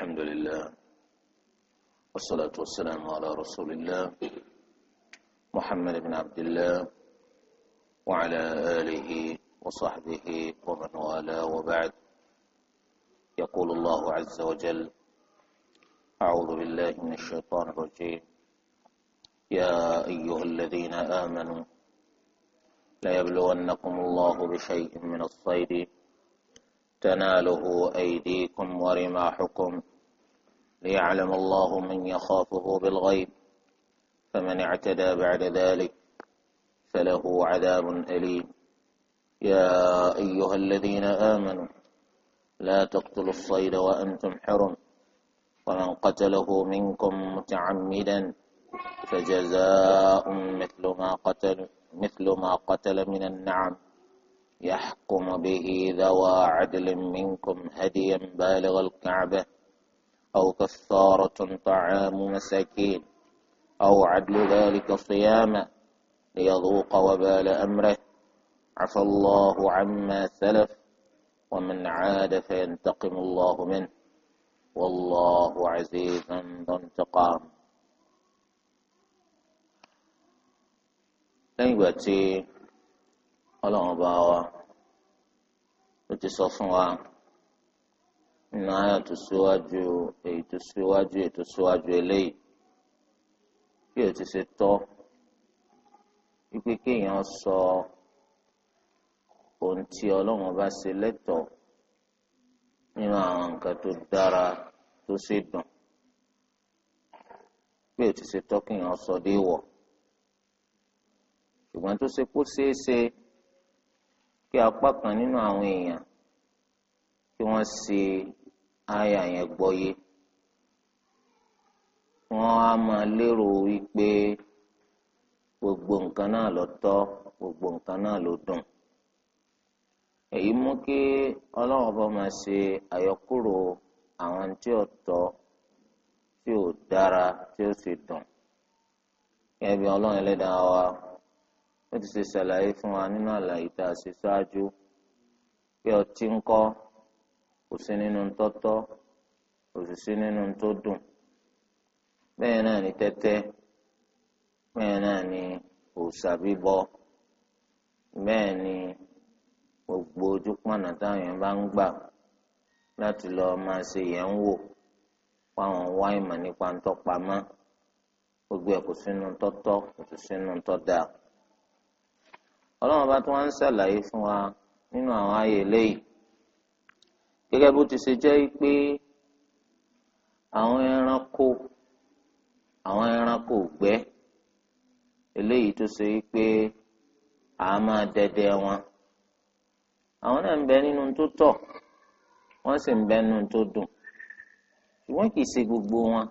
الحمد لله والصلاة والسلام على رسول الله محمد بن عبد الله وعلى آله وصحبه ومن والاه وبعد يقول الله عز وجل أعوذ بالله من الشيطان الرجيم يا أيها الذين آمنوا ليبلونكم الله بشيء من الصيد تناله أيديكم ورماحكم ليعلم الله من يخافه بالغيب فمن اعتدى بعد ذلك فله عذاب أليم يا أيها الذين آمنوا لا تقتلوا الصيد وأنتم حرم ومن قتله منكم متعمدا فجزاء مثل ما قتل مثل ما قتل من النعم يحكم به ذوى عدل منكم هديا بالغ الكعبه أو كفارة طعام مساكين أو عدل ذلك صياما ليذوق وبال أمره عفى الله عما سلف ومن عاد فينتقم الله منه والله عزيز ذو انتقام ايوه ọlọ́run bá wa ó الله sọ fún wa nínú ayọ̀ tó síwájú èyí tó síwájú èyí tó síwájú eléyìí bí o ti ṣe tọ́ wípé kéèyàn sọ ohun tí ọlọ́run bá ṣe lẹ́tọ̀ọ́ nínú àwọn nǹkan tó dára tó ṣe dùn bí o ti ṣe tọ́ kéèyàn sọ déèwọ̀ ṣùgbọ́n tó ṣe kó ṣeé ṣe kí apá kan nínú àwọn èèyàn kí wọ́n ṣe. Si àyà yẹn gbọ́ wọn a á máa lérò wípé gbogbo nǹkan náà ló tọ́ gbogbo nǹkan náà ló dùn èyí mú kí ọlọ́run bá máa ṣe àyọkúrò àwọn tí ò tọ́ tí ò dára tí ó sì dùn gẹ́gẹ́ bí ọlọ́run ẹlẹ́dàá wa ó ti ṣe ṣàlàyé fún wa nínú àlàyé tá a ṣe ṣáájú pé ọtí ń kọ́ kò sí nínú tọ́tọ́ kò sì sí nínú tó dùn bẹ́ẹ̀ náà ni tẹ́tẹ́ bẹ́ẹ̀ náà ni òòṣà bíbọ bẹ́ẹ̀ ni gbogbo ojú pọ̀nà táwọn yẹn bá ń gbà láti lọ máa ṣe yẹn ń wò fáwọn wá ìmọ̀ nípa ntọ́pamọ́ gbogbo ẹ̀ kò sínú tọ́tọ́ kò sì sínú tọ́da ọlọ́run bá tún wá ń ṣàlàyé fún wa nínú àwọn ayé eléyìí gẹ́gẹ́ bó ti ṣe jẹ́ pé àwọn ẹranko àwọn ẹranko ògbẹ́ eléyìí tó ṣe pé a máa dẹdẹ wọn àwọn náà ń bẹ nínú tó tọ́ wọ́n sì ń bẹ nínú tó dùn ṣùgbọ́n kì í ṣe gbogbo wọn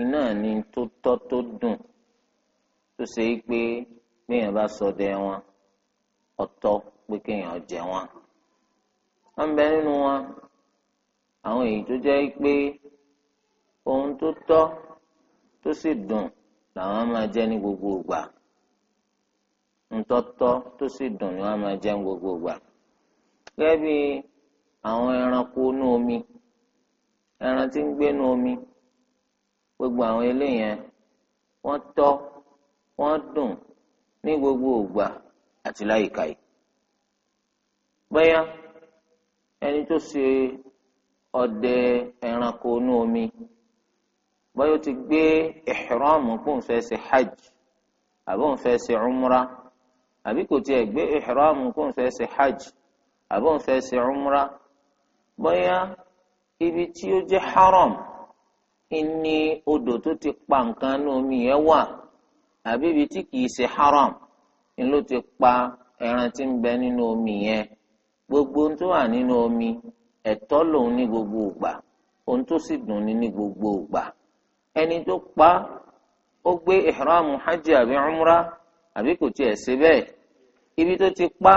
iná ni tó tọ́ tó dùn tó ṣe pé béèyàn bá ṣọdẹ wọn ọ̀tọ̀ pé kéèyàn jẹ wọn wọn bẹ nínú wọn àwọn èyí tó jẹ́ pé ohun tó tọ́ tó sì dùn làwọn máa jẹ ní gbogbo ìgbà ntọ́tọ́ tó sì dùn ni wọ́n máa jẹ ní gbogbo ìgbà gẹ́gẹ́ bí àwọn ẹranko inú omi ẹran tí ń gbé inú omi gbogbo àwọn eléyẹn wọ́n tọ́ wọ́n dùn ní gbogbo ìgbà àti láyìíká yìí bẹ́ẹ̀ ẹni tó ṣe ọdẹ ẹranko inú omi báyọ̀ ti gbé ìḥrọ́ọ̀mù kó n fẹ́ ṣe hajj àbí n fẹ́ ṣe umra àbí kò tiẹ̀ gbé kó n fẹ́ hajj àbí n fẹ́ ṣe ibi tí ó jẹ́ haram ìní odò tó ti pa nǹkan inú omi yẹn wà àbí ibi tí kìí ṣe haram ni ti pa ẹran tí ń bẹ nínú omi yẹn. gbogbo ohun tó wà nínú omi ẹ̀tọ́ lòun ní gbogbo ìgbà ohun tó sì dùn ní ní gbogbo ìgbà ẹni tó pa ó gbé ìhrámù hajj àbí umra àbí kò tiẹ̀ ṣe bẹ́ẹ̀ ibi tó ti pa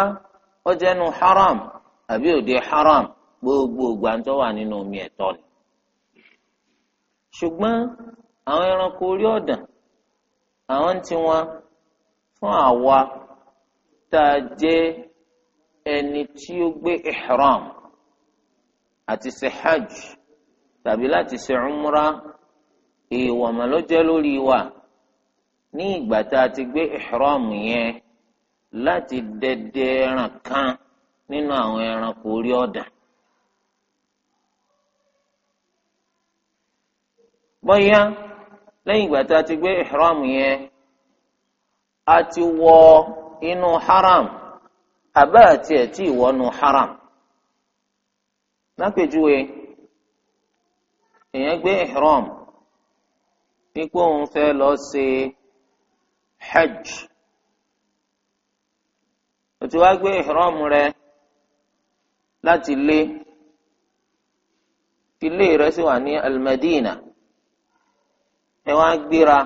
ó jẹ́nu haram àbí òde haram gbogbo ìgbà tó wà nínú omi ẹ̀tọ́ ni ṣùgbọ́n àwọn ẹranko orí ọ̀dàn àwọn tiwọn fún àwa tá a jẹ́ ẹni tí ó gbé ihram àti ṣe hajj tàbí láti ṣe umra èèwọ̀ mà ló jẹ́ lórí wa ní ìgbà tá a ti gbé ihram yẹn láti dẹdẹ ẹran kan nínú àwọn ẹranko orí ọ̀dà. bóyá lẹ́yìn ìgbà tá a ti gbé ihram yẹn a ti wọ inú haram àbá àti ẹtí ìwọnu haram lápèjúwe èèyàn gbé ihram wípé òun fẹ́ lọ ṣe hajj ó ti wá gbé ihram rẹ láti lé ilé rẹ sì wà ní almadina ẹ wá gbéra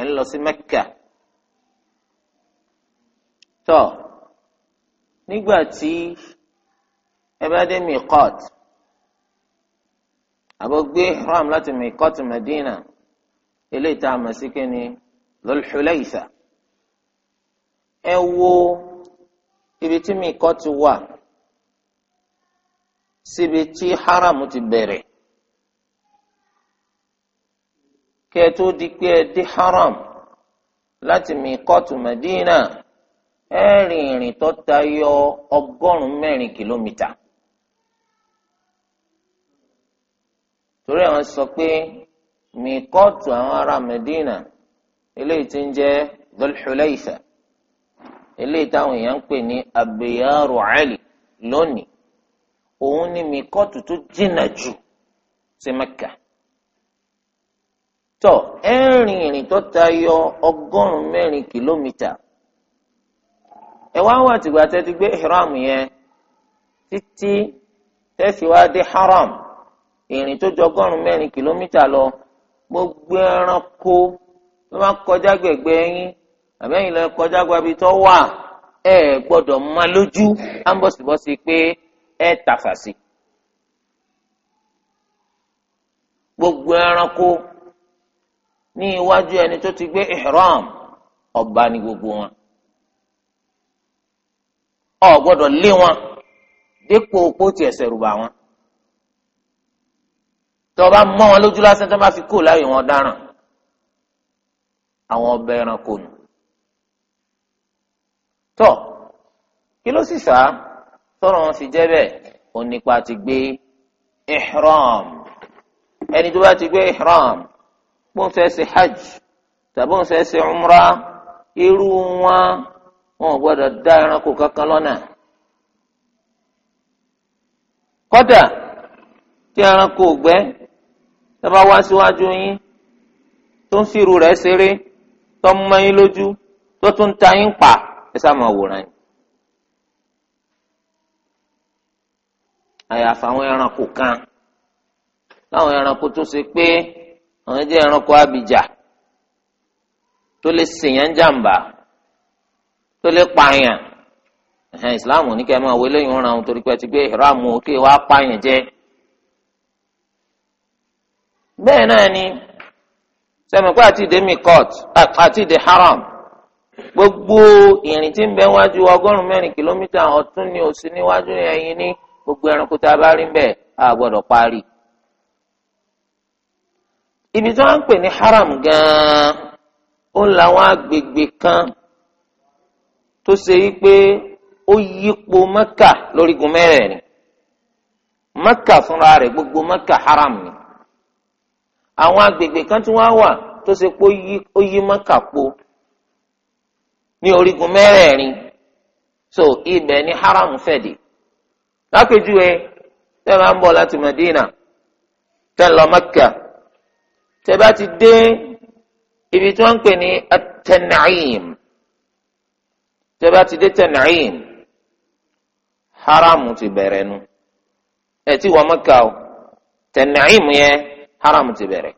ẹ ń lọ sí mẹ́kà tó. So, nígbà tí ẹ bá dé miqat àbọ̀ gbé ihram láti miqat Medina eléyìí tá a mọ̀ sí kíni Dhul Hulaytha ẹ wo ibi tí miqat wà síbi tí haram ti bẹ̀rẹ̀ kẹ́ ẹ tó di pé ẹ dé haram láti miqat Medina. ẹ rìn ìrìn tó tayọ ọgọ́rùn-ún mẹ́rin kìlómítà. torí àwọn sọ pé Medina eléyìí tí ń jẹ́ dhul eléyìí táwọn èèyàn ń pè ní Abiyaru Ali lónìí òun ni mìkọ́ọ̀tù tó jìnnà jù sí Mẹ́kà. tó ìrìn tó tayọ ọgọ́rùn ẹ wá wà tìgbà tẹ́ ti gbé ihram yẹn títí tẹ́ fi wá dé haram ìrìn tó jọgọ́rùn mẹ́rin kìlómítà lọ gbogbo ẹranko tó máa kọjá gbẹ̀gbẹ́ yín àbẹ́yìn lọ kọjá gbabi tó wà ẹ gbọ́dọ̀ má lójú á ń bọ̀sibọ́sí pé ẹ tàfà sí. gbogbo ẹranko ní iwájú ẹni tó ti gbé ihram ọba ni gbogbo wọn ọ gbọ́dọ̀ lé wọn dépò opó tí ẹsẹ̀ rúbà wọn tọba mọ wọn lójú lásán tó bá fi kó láàyè wọn dáràn àwọn ọbẹ ẹranko nù tọ kí ló sì sá tọrọ wọn fi jẹ bẹ́ẹ̀ ó ti gbé ihram ẹni tó bá ti gbé ihram bó ń fẹ́ ṣe hajj tàbí ó ń ṣe umra irú wọn. wọn ò gbọ́dọ̀ dá ẹranko kankan lọ́nà kódà tí ẹranko ògbẹ́ tó wá síwájú yín tó ń fìrù rẹ̀ ṣeré tó ń mọ́ tó tún ta yín pa ẹ sá wòran yín. àyàfà àwọn ẹranko kan láwọn ẹranko tó ṣe pé àwọn ẹranko abìjà tó lè tó lè pààyàn ẹ̀hìn ìsìláàmù ní kẹ́ ẹ máa wo eléyìí ń ran ohun torí pé ẹ ti gbé ìhìrámù òkè wá pààyàn jẹ. bẹ́ẹ̀ náà ni sẹ́mẹ̀kọ́ àti ìdè mikọ́t àti ìdè haram gbogbo ìrìn tí ń bẹ wájú ọgọ́rùn-ún mẹ́rin kìlómítà ọ̀tún ni òsì níwájú ẹ̀yìn ní gbogbo ẹranko tá a bá rí ń bẹ̀ á gbọ́dọ̀ parí. ibi tí wọ́n ń pè ní haram gan-an ó ń la wọn agbègbè kan tó ṣe wípé ó yípo mẹ́kà lórígun mẹ́rẹ̀ẹ̀rin mẹ́kà fúnra rẹ̀ gbogbo mẹ́kà haram ni àwọn agbègbè kan tí wọ́n wà tó ṣe pé ó yí mẹ́kà po ní orígun mẹ́rẹ̀ẹ̀rin so ibẹ̀ ni haram fẹ̀dí lápèjúwe tẹ́ máa ń bọ̀ láti Madina tẹ́ lọ mẹ́kà tẹ́ bá ti dé ibi tí wọ́n ń pè ní atẹnayim. At tẹ́bá ti dé tẹ̀nàìn haramu ti bẹ̀rẹ̀ nu ẹ̀ tí wọ́n mọ́kà o tẹ̀nàìn yẹn haramu ti bẹ̀rẹ̀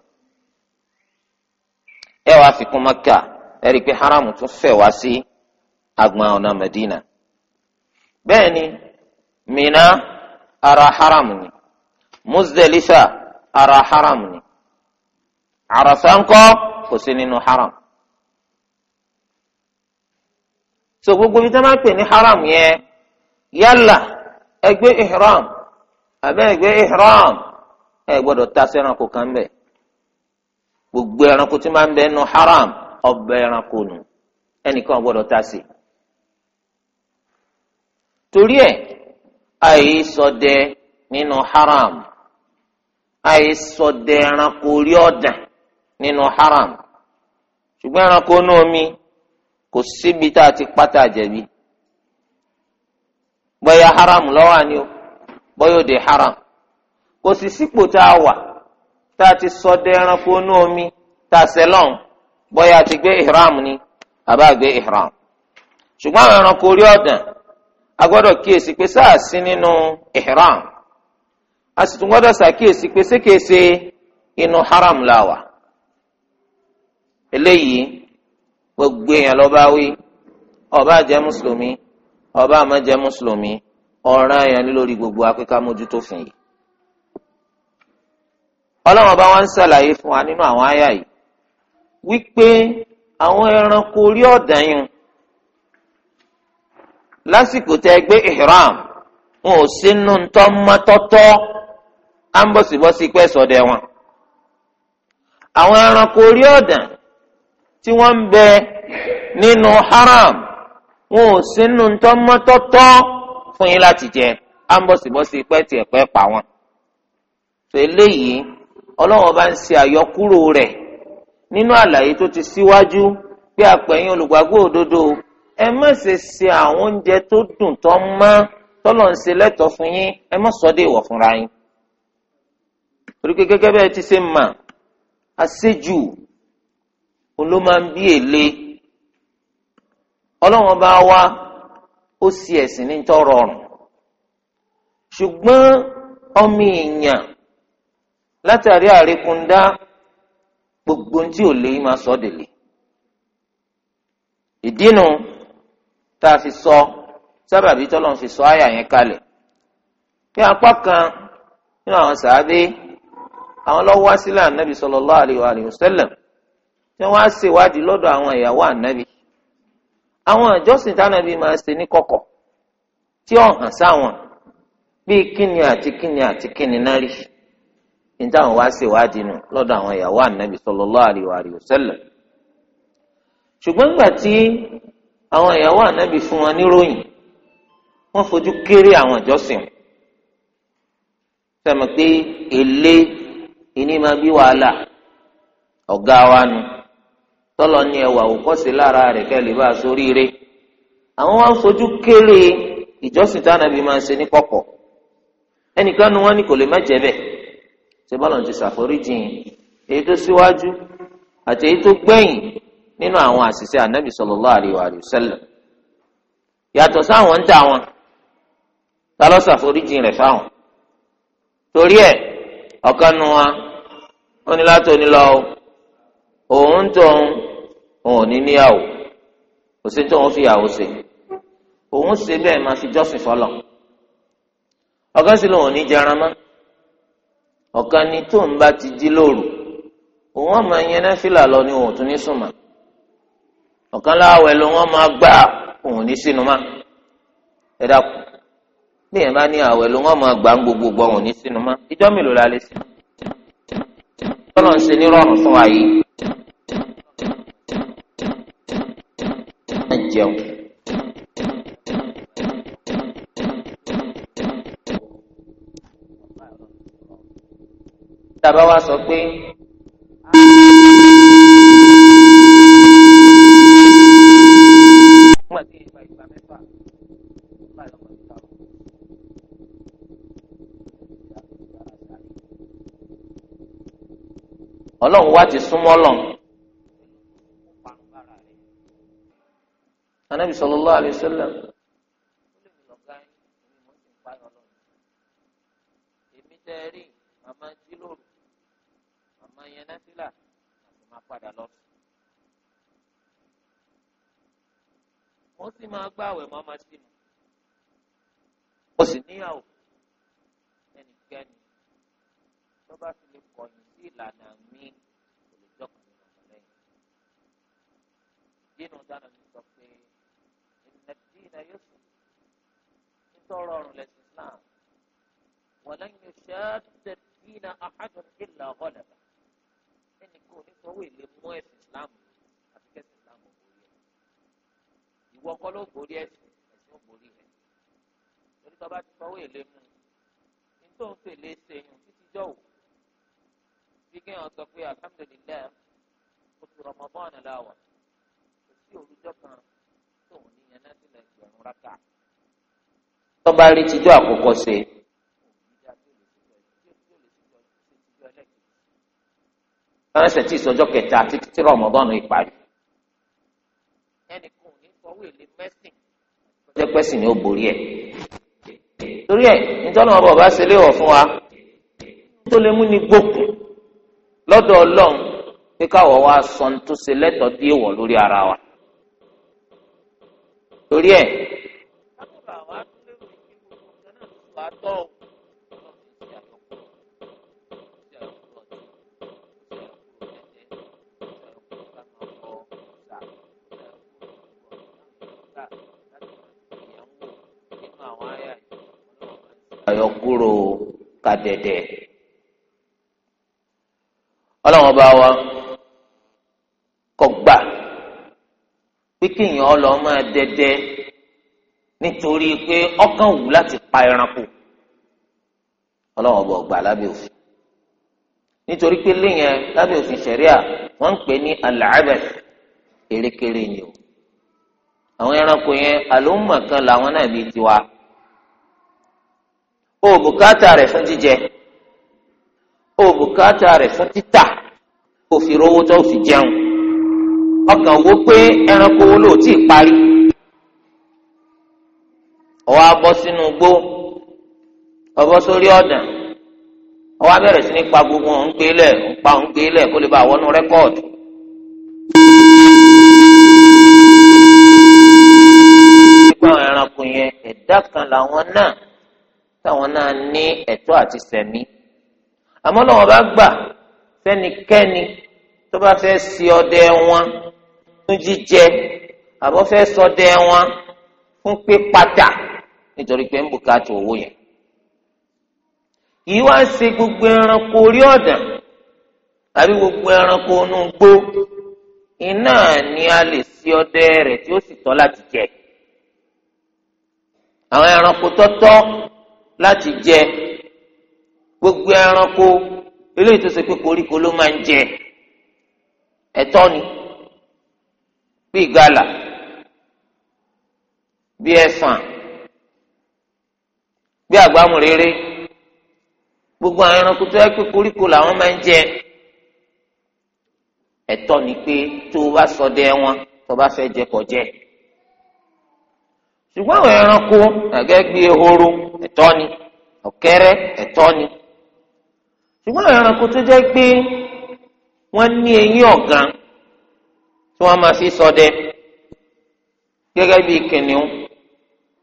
ẹ wàá fi kún mọ́kà ẹ rí i pé haramu tún fẹ̀ wá sí agbọn ọ̀nà Medina bẹ́ẹ̀ ni Mina ara haramu ni Muzdalifa ara haram ni Arafa ńkọ́ kò sí nínú so gbogbo ibi tí wọ́n máa pè ní haram yẹn yálà ẹgbẹ́ ihram àbẹ́ ẹgbẹ́ ihram ẹ gbọ́dọ̀ ta sí ẹranko kan bẹ̀ gbogbo ẹranko tí máa ń bẹ nu haram ọbẹ̀ ẹranko nù ẹnìkan gbọ́dọ̀ ta sí. torí haram, àìsọdẹ nínú haram àìsọdẹ ẹranko orí ọ̀dàn nínú haram ṣùgbọ́n ẹranko omi kò síbi tá a ti pátá jẹ̀bi bóyá haram lọ́wọ́ ni o bóyá òde haram kò sì sípò tá a wà tá a ti sọdẹ ẹranko inú omi tá a sẹlọ̀n bóyá a ti gbé ihram ni àbá gbé ihram ṣùgbọ́n àwọn ẹranko orí ọ̀dàn a gbọ́dọ̀ kíyèsí pé sáà sí nínú ihram a sì tún gbọ́dọ̀ ṣàkíyèsí pé sékèèsé inú haram la wà eléyìí. gbogbo èèyàn lọ́ba wí ọba jẹ́ mùsùlùmí ọba àmọ́ jẹ́ mùsùlùmí ọ̀ràn èèyàn ní lórí gbogbo akẹ́kọ̀ọ́ amójútó fún yìí. ọlọ́run ọba wa ń ṣàlàyé fún wa nínú àwọn àyà yìí wípé àwọn ẹranko orí ọ̀dàyàn lásìkò tẹ gbé ihram wọn ò sínú ntọ́ mọ́tọ́tọ́ á ń bọ̀sibọ́sí pẹ́ sọ́dẹ̀ wọn. àwọn ẹranko orí ọ̀dàn tí wọ́n ń bẹ nínú haram wọn ò sínú ntọ́mọ́tọ́tọ́ fún yín láti jẹ á ń bọ̀sibọ́sí pẹ́ tiẹ̀ pẹ́ pa wọn. tó eléyìí ọlọ́wọ́n bá ń ṣe àyọkúrò rẹ̀ nínú àlàyé tó ti síwájú pé àpẹ̀yìn olùgbàgbọ́ òdodo ẹ má ṣe ṣe àwọn oúnjẹ tó dùn tó mọ́ tọ́lọ̀ ń ṣe lẹ́tọ̀ọ́ fún yín ẹ má sọ dé ìwọ̀ fúnra yín. torí pé gẹ́gẹ́ bẹ́ẹ̀ ti ṣe mà àṣejù òun ló máa ń bí èlé ọlọ́wọ́n bá wá ó sì ẹ̀sìn ní tọrọ ọ̀rùn ṣùgbọ́n ọmọ èèyàn látàrí àríkúndá gbogbo tí ò lè máa sọ délé ìdínú tá a fi sọ sábàbí tọ́lọ́n fi sọ àyà yẹn kalẹ̀ pé apá kan nínú àwọn sàábé àwọn lọ́wọ́ wá sílẹ̀ ànábì sallallahu alaihi wa sallam tí wọ́n á ṣèwádìí lọ́dọ̀ àwọn ìyàwó ànábì àwọn ìjọsìn tánàbí máa ṣe ní kọ̀kọ̀ tí ó hàn sáwọn bíi kíni àti kíni àti kíni náà rí níta àwọn wá nù lọ́dọ̀ àwọn ìyàwó ànábì sallallahu alaihi wa sallam ṣùgbọ́n nígbà tí àwọn ìyàwó ànábì fún wọn níròyìn wọ́n fojú kéré àwọn ìjọsìn sẹ́mi pé èlé ìní máa bí wàhálà ọ̀gá wa nu. tọ́lọ ní ẹwà òkọ́sí lára rẹ̀ kẹ́lẹ́ bá a sórí rẹ̀ àwọn wa ń fojú kéré ìjọsìn tí Ànábì máa ń ṣe ní kọ̀kọ̀ ẹnìkan nu wọn ni kò lè má jẹ bẹ́ẹ̀ ṣe bọ́lọ̀ ti ṣàforíjì èyí tó síwájú àti èyí tó gbẹ̀yìn nínú àwọn àṣìṣe ànábì sallallahu alaihi wasallam yàtọ̀ sáwọn ń tà wọn ta ló ṣàforíjì rẹ̀ fáwọn torí ẹ̀ ọ̀kan nu wa ó ní látòní lọ òun tóun òun ò ní níyàwó kò sí tí òun fi yàwó ṣe òun ṣe bẹ́ẹ̀ máa fi jọ́sìn fọlọ́ ọ̀gá sì lòun ò ní jẹran mọ́ ọ̀kan ni tó ń bá ti jí lóru òun ọmọ yẹn náà lọ ni òun ò tún ní sùnmọ́ ọ̀kan láwẹ̀ ló wọ́n máa gbà òun ní sínú mọ́ ẹ dákun bí yẹn bá ní àwẹ̀ ló wọ́n máa gbà gbogbo òun ní sínú mọ́ ìjọ́ mélòó la lè sínú tọ́lọ́ ń ṣe ní fún wa yìí. jẹun. tàbá wa sọ pé. ọlọ́run wá ti súnmọ́ lọ́n وسلم bá rí tijọ́ àkọ́kọ́ ṣe. àwọn ẹsẹ̀ tí ìsọjọ́ kẹta títí tí rọmọdọ́nù ìparí. ẹnìkan ò ní fọwọ́ èlé mẹ́sìn. ọjọ́ pẹ́sìn ni ó borí ẹ̀. torí ẹ̀ nítorí wọn bàbá ṣe léwọ̀ fún wa tó lè mú ní gbókùn lọ́dọ̀ ọlọ́run pé káwọ̀ wá sọ ní tó ṣe lẹ́tọ̀ọ́ dé wọ̀ lórí ara wa. torí ẹ̀ kúrò kàdẹ̀dẹ̀ ọlọ́wọ́n bá wa kọ́ gbà pé kéèyàn ọlọ́ máa dẹdẹ nítorí pé ọkàn wù láti pa ẹranko ọlọ́wọ́n bọ̀ gbà lábẹ́ òfin nítorí pé léyìn lábẹ́ òfin wọ́n ń pè ní erékeré ni o àwọn ẹranko yẹn kan làwọn náà tiwa. o bukata rẹ̀ fún jíjẹ o bukata rẹ̀ fún títà kò fi rówó tó fi jẹun ọkàn wo pé ẹranko wo ló ti parí ọwọ́ abọ́ sínú igbó ọbọ̀ sórí ọ̀dàn ọwọ́ abẹ́rẹ́ sí ní pa gbogbo ọ̀hún gbé lẹ̀ ń pa ọ̀hún gbé lẹ̀ kó lè bá wọnú rẹ́kọ̀dù. nípa ẹranko yẹn ẹ̀dá kan làwọn náà. táwọn náà ní ẹ̀tọ́ àti sẹ̀mí àmọ́ lọ́wọ́ bá gbà fẹ́nikẹ́ni tó bá fẹ́ sí ọdẹ wọn fún jíjẹ àbọ̀ fẹ́ sọdẹ wọn fún pípàtà nítorí pé ń bùkátà owó yẹn yìí wá ṣe gbogbo ẹranko orí ọ̀dàn àbí gbogbo ẹranko inú gbó iná ni a lè sí ọdẹ rẹ̀ tí ó sì tọ́ láti jẹ àwọn ẹranko tọ́tọ́ láti jẹ gbogbo ẹranko eléyìí tó ṣe pé koríko ló máa ń jẹ ẹ̀tọ́ ni bí gàlà bí ẹ̀sán bí àgbámúréré gbogbo àwọn ẹranko tó yẹ pé koríko làwọn máa ń jẹ ẹ̀tọ́ ni pé tó o bá ṣọdẹ wọn tó o bá fẹ́ jẹ kó ṣùgbọ́n àwọn ẹranko gẹ́gẹ́ bí ehoro ni ọ̀kẹ́rẹ́ ẹtọ ni ṣùgbọ́n àwọn ẹranko tó jẹ́ pé wọ́n ní eyín ọ̀gán tí wọ́n máa fi ṣọdẹ gẹ́gẹ́ bí kìnìún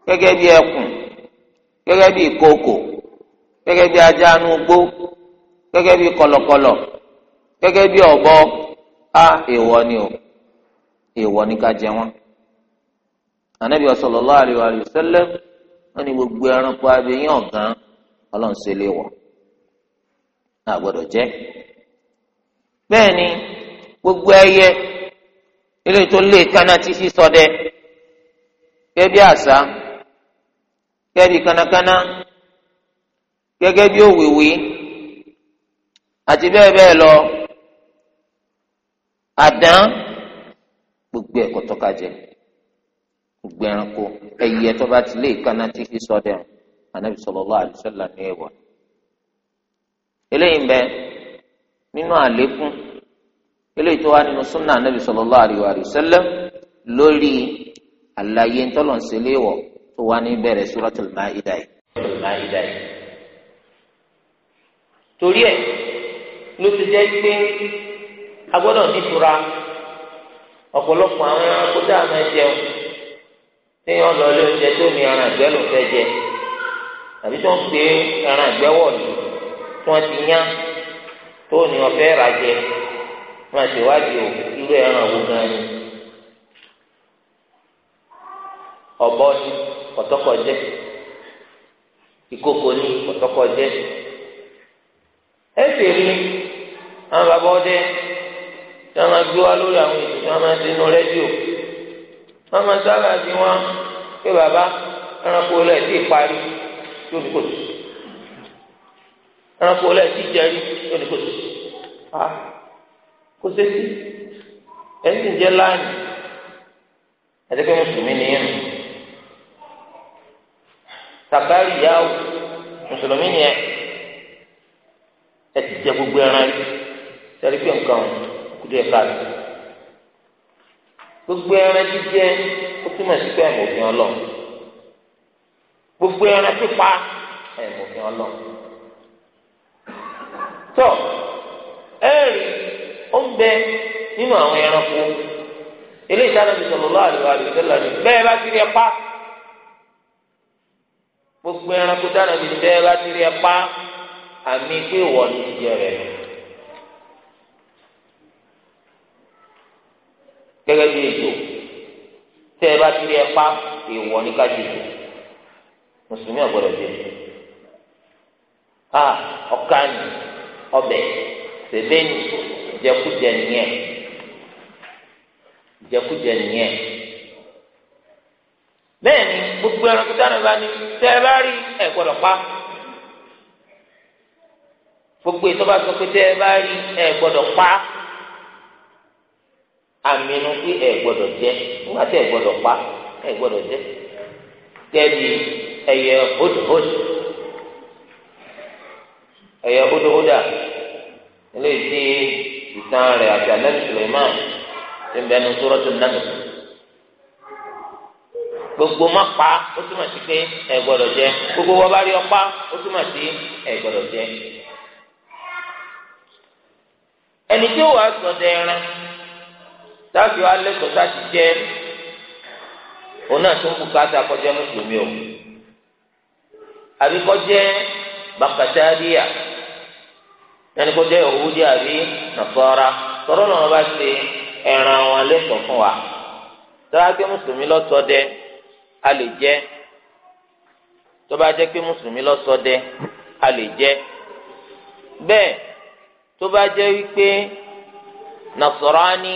gẹ́gẹ́ bí ẹkùn gẹ́gẹ́ ajá a èèwọ̀ ni o èèwọ̀ ni ká jẹ anabi sallallahu alayhi wa sallam wọn ni gbogbo ẹranko ọgán wọ náà jẹ ni gbogbo ẹyẹ ilé tó lé kaná tí fi ṣọdẹ gẹ́gẹ́ bí àṣá kánákáná gbogbo gbogbo ẹranko ẹyẹ tó bá ti lé ìkànnà tí kì í sọ dẹrùn anabi sallallahu alaihi wasallam ní ẹwà eléyìí bẹ nínú àlékún eléyìí tó wá nínú súnà anabi sallallahu alaihi wasallam lórí àlàyé ńtọ́lọ̀nsẹ̀léwọ̀ tó wá ní bẹ̀rẹ̀ suratul Maida yìí. torí ẹ̀ ló ti jẹ́ pé a gbọ́dọ̀ nítura ọ̀pọ̀lọpọ̀ àwọn ẹranko dáhùn ẹ jẹun. téèyàn lọ lé oúnjẹ tó ní me ìgbẹ́ ló fẹ́ jẹ àbí tó ń pè ẹran ìgbẹ́ wọ̀lú tí wọ́n ti yán tó ní ọ̀fẹ́ rà jẹ wọ́n àti irú ẹran wo gan ni ọ̀bọ ni kọ̀tọ́kọ̀ jẹ ìkókò ni kọ̀tọ́kọ̀ jẹ ẹ sì rí àwọn wọn máa sábà bí wọn pé bàbá ẹranko lẹ ti parí yóò ní kò sí ẹranko lẹ ti jẹrí yóò ní kò sí a kò sẹsì ẹsìn jẹ láàyè àti pé mùsùlùmí nìyẹn tàbárí yàwó mùsùlùmí nìyẹn ẹ ti jẹ gbogbo ẹran yìí sẹrí pé nǹkan kúdìẹ káàdì gbogbo ẹran jíjẹ ó túmọ̀ sí pé ẹ̀mọ̀fin ọlọ́ gbogbo ẹran pípa ẹ̀mọ̀fin ọlọ́ tọ́ ẹ̀rì ó ń bẹ nínú àwọn ẹranko eléyìí tí a lọ́ọ́ fi sọ̀rọ̀ lọ́wọ́ àdìgbò àdìgbò tó lọ́ọ́ bẹ́ẹ̀ bá ti rí ẹ pa gbogbo ẹranko tí a lọ́ọ́ fi bẹ́ẹ̀ bá ti rí ẹ pa àmì pé ìwọ ni jíjẹ rẹ̀ nù. gẹ́gẹ́ bí ètò tẹ́ ẹ bá ti rí ẹpá ìwọ ní kájíjì mùsùlùmí ọ̀gbọ́dọ̀ jẹ a ah, ọ̀kánì ọbẹ̀ sèbéènì jẹkújẹ nìyẹn jẹkújẹ nìyẹn bẹ́ẹ̀ ni gbogbo ẹranko dáná bá ní tẹ́ ẹ bá rí ẹ pa gbogbo ìtọ́ sọ pé tẹ́ ẹ bá rí ẹ pa. Aminu tí ẹ gbọ́dọ̀ jẹ nígbà tí ẹ gbọ́dọ̀ pa ẹ gbọ́dọ̀ jẹ kẹbi ẹyẹ hódòhódò ẹyẹ hódòhódà eléyìí tí ìtàn rẹ̀ àti alẹ́ Suleiman ti ń bẹnu gbogbo má pa ó túmọ̀ sí pé ẹ gbogbo wọn bá rí ọ pa ó túmọ̀ sí ẹ sọ táàbì wa lẹ́tọ̀ọ́ sáti jẹ́ òun náà tó ń kú kọjá mùsùlùmí o àbí kọjá kọjá òwúdí àbí nàfọ́ra tọ́rọ́ náà wọ́n bá ṣe ẹran wọn lẹ́tọ̀ọ́ wa tọ́lá mùsùlùmí lọ́sọ̀ dẹ a lè jẹ́ tọ́ba jẹ́ mùsùlùmí lọ́sọ̀ dẹ a lè jẹ́ bẹ́ẹ̀ tó wípé nàfọ́ra ni.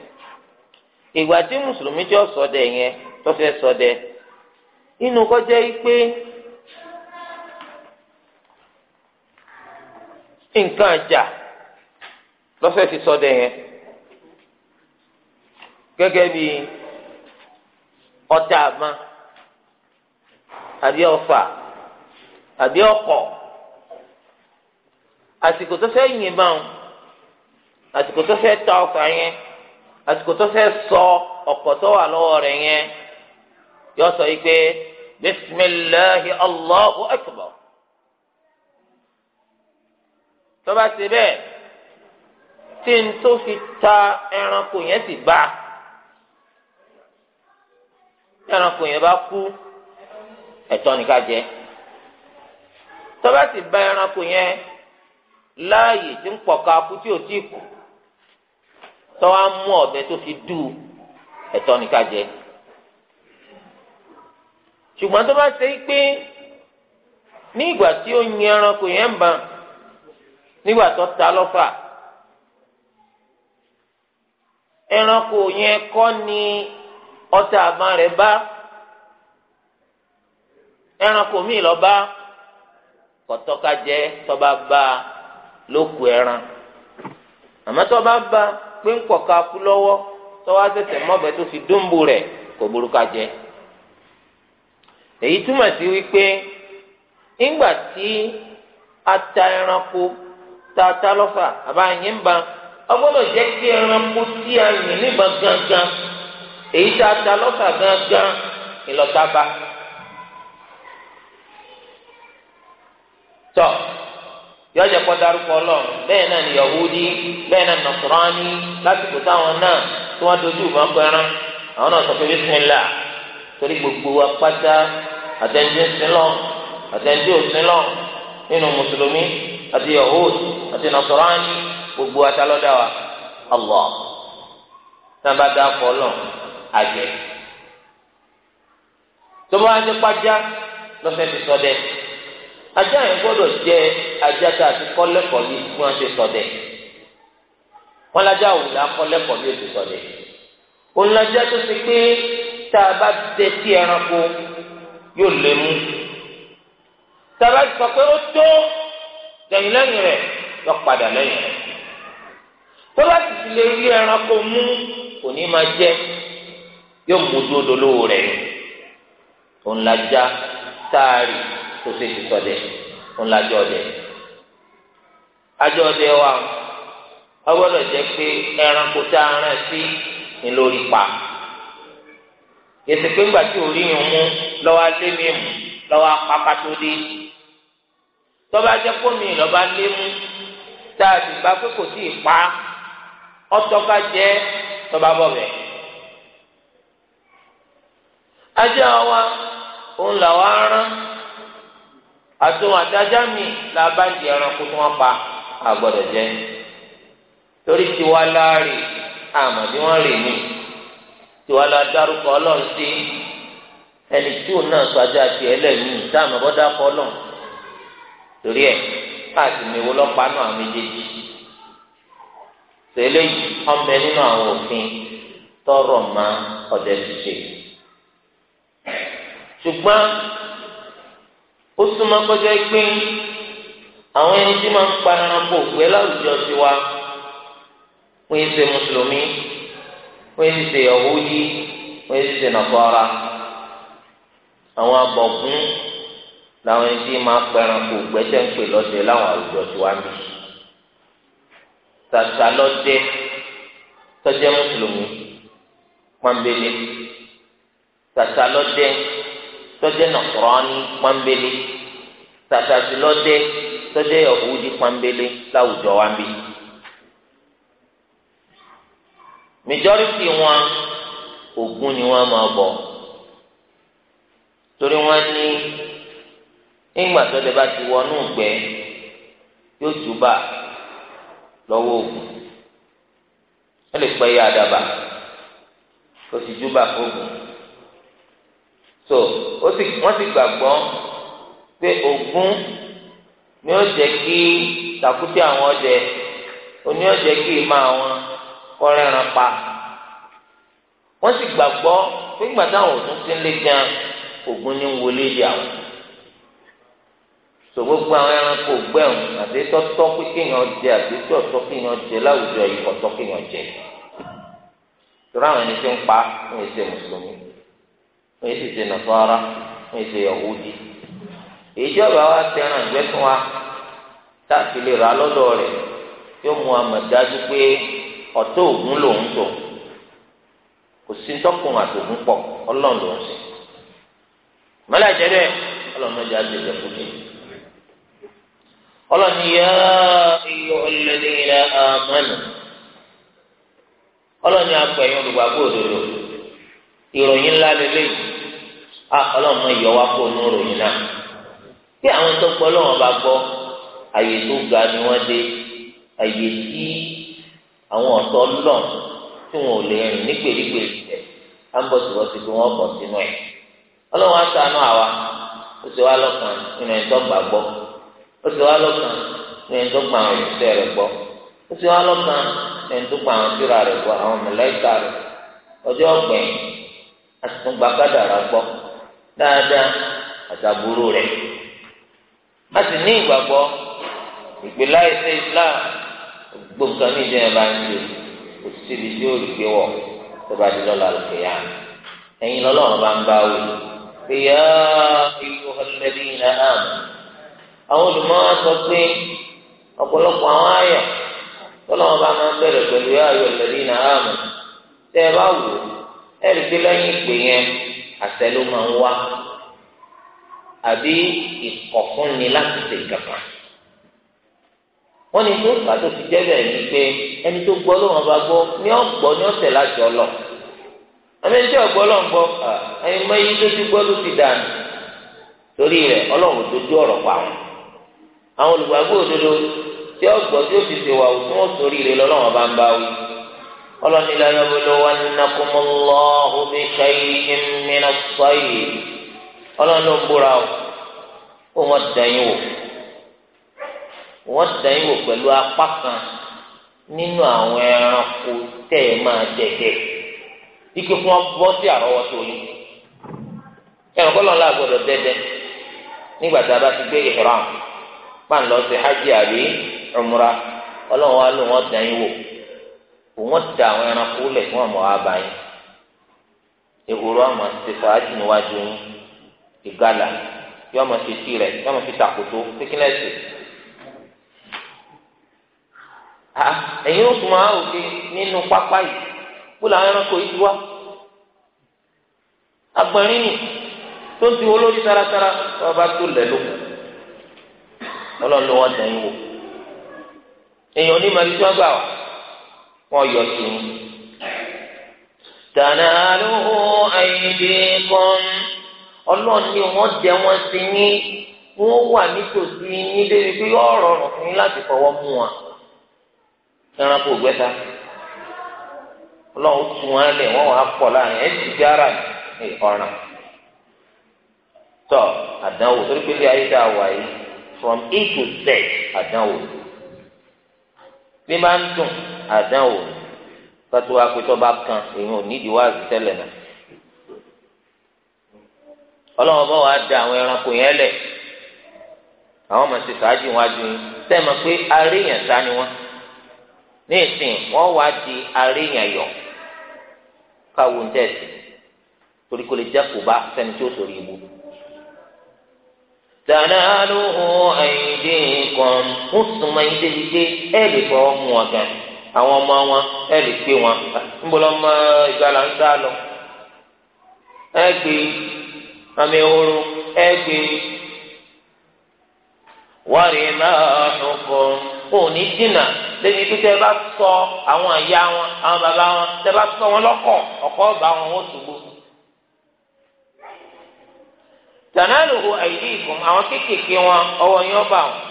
ìgbà tí mùsùlùmí tí ó yẹn tó fẹ́ inú kọjá yìí pé nǹkan àjà lọ́fẹ́ fi ṣọdẹ yẹn gẹ́gẹ́ bí àbí ọfà ta ọfà yẹn. àsìkò tó fẹ́ sọ ọ̀pọ̀ tó wà lọ́wọ́ rẹ̀ yẹn yọ sọ yìí pé bisimilahi allahu akbar tó bá bẹ́ẹ̀ tí n tó fi ta ẹranko yẹn sì bá ẹranko yẹn bá kú ẹ̀tọ́ bá ẹranko yẹn láàyè tí ń tọ́wọ́ á mú ọ̀bẹ tó fi dù ẹ̀tọ́ ní ká jẹ ṣùgbọ́n tó bá ṣe é pé ní ìgbà tí ó yin ẹranko yẹn ń ban nígbà tó ta lọ́fà ẹranko yẹn kọ́ ni ọta àbá rẹ̀ bá ẹranko míì lọ bá kọ̀tọ́ka jẹ́ tọ́ba bá lóku ẹran àmọ́ tọ́ba bá. pé ń kọ̀ka kú lọ́wọ́ tọ́wọ́ àtẹ̀tẹ̀ mọ́bẹ̀ tó fi dúnbù rẹ̀ kò burúkú jẹ. èyí túmọ̀ sí wípé ńgbà tí a ta ẹranko ta ta lọ́fà ba ọgbọ́dọ̀ jẹ́ kí ẹranko tí a yìn ta lọ́fà ìlọ́ta bá. yọjọ kọ darúkọ Ọlọ́run bẹ́ẹ̀ náà ni yahudi bẹ́ẹ̀ náà nọsọrọani lásìkò táwọn náà tí wọn dojú ìbọn pẹran àwọn náà sọ pé bísímìlà torí gbogbo apáta àtẹnudé sílọ àtẹnudé òsínlọ nínú mùsùlùmí àti yahudi àti nọsọrọani gbogbo atalọdà wa Allah náà bá dá kọ Ọlọ́run àjẹ tó bá wá dé pàjá lọfẹ ti sọdẹ ajá yẹn gbọ́dọ̀ jẹ ajá tá a ti kọ́ lẹ́kọ̀ọ́ ní bí wọ́n ṣe ṣọdẹ wọn lajá òwúlà kọ́ lẹ́kọ̀ọ́ bí o ti ṣọdẹ òun lajá tó ti pé tá a bá dẹ sí ẹranko yóò lè mú tá a bá sọ pé ó tó lẹ́yìn lẹ́yìn rẹ̀ lọ padà lẹ́yìn rẹ̀ tó bá sì ti lè rí ẹranko mú kò ní máa jẹ yóò mú dúró dolówó rẹ̀ òun lajá táàrí. kó ṣe ti sọdẹ òun lajọ ọdẹ ajọ ọdẹ wa ó gbọ́dọ̀ pé ẹranko tá a rán sí ni lórí pa ètò pé ńgbà orí yìí mú lọ́wọ́ lé mi mú lọ́wọ́ apápá tó dé tọ́ba lé mú tá a sì gbà pé kò wa òun làwọn àtúnwò àtàjà mi là bá ń di ẹranko tí wọn pa àgbọ́dọ̀ jẹ torí tiwa láàrè àmọ́ bí wọn rè mí tiwa la dárúkọ Ọlọ́run sí ẹni tí òun náà sọjọ àti ẹlẹmìí dáàmú bọdá kọ Ọlọ́run torí ẹ káàtì mi wo lọpàá náà méjèèjì tẹ́lẹ̀ ọmọ nínú àwọn òfin tọrọ ma ọdẹ ṣiṣẹ́ ṣùgbọ́n ó súnmọ́ kọjá pé àwọn ẹni tí máa ń pa ẹranko ògbẹ́ láwùjọ sí wa wọ́n yìí ṣe mùsùlùmí wọ́n yìí ṣe Yahudi wọ́n yìí ṣe nàkọ́ra àwọn abọ̀kún làwọn ẹni tí máa ń pa ẹranko ògbẹ́ tẹ́ ń pè lọ́sẹ̀ láwọn àwùjọ sí wa bí tàtà lọ́dẹ tọ́jẹ́ mùsùlùmí pọ́nbélé tàtà lọ́dẹ tọjẹ nọkùrọni pọnbélé tàtàtì lọdẹ tọjẹ yọhùdí láwùjọ wa bí. majority wọn Ògún ni wọn máa bọ torí wọn ní ìgbà tọdẹ bá ti wọnú gbẹ yóò túbà lọ́wọ́ Ògún wọn lè pẹ yá àdàbà kò sì júbà fóògùn so ó sì wọ́n sì gbàgbọ́ pé Ògún ni ó jẹ́ kí tàkútì àwọn ọdẹ oní ó jẹ́ kí ìmọ̀ àwọn kọ́rẹ́ran pa wọ́n sì gbàgbọ́ pé ìgbà táwọn òtún ti ń lé jẹun Ògún ni ń wọlé yà wọ́n so gbogbo àwọn ẹranko gbẹ̀hùn àti tọ́tọ́ pé kéèyàn jẹ àti tí ọ̀tọ́ kéèyàn jẹ láwùjọ yìí ọ̀tọ́ kéèyàn jẹ tọ́ra àwọn ẹni tí ń pa ń ṣe mùsùlùmí. èyí sì ṣe nàfọ́ra èyí ṣe yahudi ìjọba wa fẹ́ràn ìgbẹ́ fún wa tá lè ra lọ́dọ̀ rẹ̀ yóò mú àmọ̀ pé ọ̀tọ̀ ògún lòún tó kò sí tọkùn àtògún pọ̀ ọlọ́run lòún sí mọ́lá ìjẹ́bẹ̀ ọlọ́run ya á ti fún mi. ọlọ́run ni yá iyọ̀ ọlọ́run ni apẹ̀yìn á ah, ọlọ́run mọ ìyọ́ wa kó nú ròyìn náà bí àwọn tó gbọ́ lọ́wọ́ ga ni wọ́n dé àyè tí àwọn ọ̀tọ̀ lọ̀ tí wọn ò lè rìn ní pèlípèlì rẹ̀ á ń bọ̀ síbọ̀ sí pé wọ́n bọ̀ sínú ẹ̀ á àwa ó sì wá lọ́kàn nínú ẹ̀ tó gbà gbọ́ ó sì wá lọ́kàn ọjọ́ àti dáadáa àtàbúrò rẹ̀ má sì ní ìgbàgbọ́ ìpìlá ìṣe Islam gbogbo ní ìjọba bá ń ṣe kò síbi tí ó gbé wọ tó bá di lọ́la lókè yá ẹ̀yin lọ́lọ́run bá ń bá wò pé yá iyú ọlẹ́bí iná àwọn olùmọ̀ wa sọ pé ọ̀pọ̀lọpọ̀ àwọn ayọ̀ tọ́lọ́wọ́n bá máa ń àṣẹ ló máa ń wá àbí ìkọ̀fúnni láti ṣe ìkàkà wọ́n ní tó ìgbà tó fi jẹ́ bẹ́ẹ̀ ni pé ẹni tó gbọ́ lóun bá gbọ́ ní ọ̀gbọ́ ní ọ̀sẹ̀ láti ọlọ àmì ẹni tí ọ̀gbọ́ lọ́n gbọ́ ẹni mọ iye tó ti gbọ́ ló ti dànù torí rẹ̀ ọlọ́run tó dé ọ̀rọ̀ pa wọn àwọn olùgbàgbọ́ òdodo tí ọ̀gbọ́ tí ó fi ṣèwà òtún ó sórí rẹ̀ lọ́lọ́run bá ń bá wí. ọlọ́ni la yabluwannakum Allahu bi shay'in min as-sayr ọlọ́ni ló ń búra o ó wọ́n dẹ̀yìn wò wọ́n dẹ̀yìn wò pẹ̀lú apá kan nínú àwọn ẹranko tẹ́ ike fún wọn bọ́ sí gbọ́dọ̀ dẹ́dẹ́ nígbà a bá ti gbé pàǹlọ́sẹ̀ hajj àbí ọlọ́run wa ló wọ́n da àwọn ẹranko lẹ̀ fún ọmọ àbá yín ehoro àmọ́ ti fàájì níwájú yín ìgalà yóò máa fi ti rẹ̀ yóò máa fi tàkótó fíkínẹ́sì. ẹ̀yin ó tún máa òde nínú pápá yìí kó làwọn ẹranko yìí wá agbọ̀nrín nì tó ń ti wọ́n lórí taratara wọ́n bá tó lẹ̀ lóko ọlọ́run ló wọ́n dẹ̀ wò èèyàn onímọ̀ ẹni tí wọ́n gbà wá. wọ́n yọ sí i. tànàlù wọ́n jẹ wọ́n sí wà nítòsí débi pé yọ fún láti fọwọ́ mú ọlọ́run tún wọn lẹ̀ wọ́n wàá pọ̀ láàrin ayé wà yìí from A to Z àdánwò kátó wá pé tó bá kan èèyàn ò nídìí wá àti tẹ́lẹ̀ náà ọlọ́wọ́n bá wàá da àwọn ẹranko yẹn lẹ̀ àwọn ọmọ ṣe ṣáájú wájú yín sẹ́ẹ̀mọ̀ pé aréèyàn sá ni wọ́n ní ìsìn wọ́n wàá di aréèyàn yọ̀ káwo ń tẹ̀sí torí kò lè jẹ́ kó bá sẹ́ni tí ó sọ̀rọ̀ ìbò. tànàlù ọ̀hún àyíǹde kan mùsùlùmí ayíǹde yìí dé ẹ̀ lè fọwọ́ mú ọ̀gá yìí. àwọn ọmọ wọn ẹ lè gbé wọn ńbọlọ ọmọ ìgbàlá ń sá lọ ẹ gbé àmì ooru ẹ gbé wọ́ọ̀rì náà ọ̀nùkọ̀ òní dínà lẹ́yìn pé tẹ́ bá sọ àwọn ìyá wọn àwọn bàbá wọn tẹ́ bá sọ wọn lọ́kọ̀ ọ̀kọ́ bá wọn ó àìdí ìfún àwọn kéékèèké wọn ọwọ́ yín ọba wọn.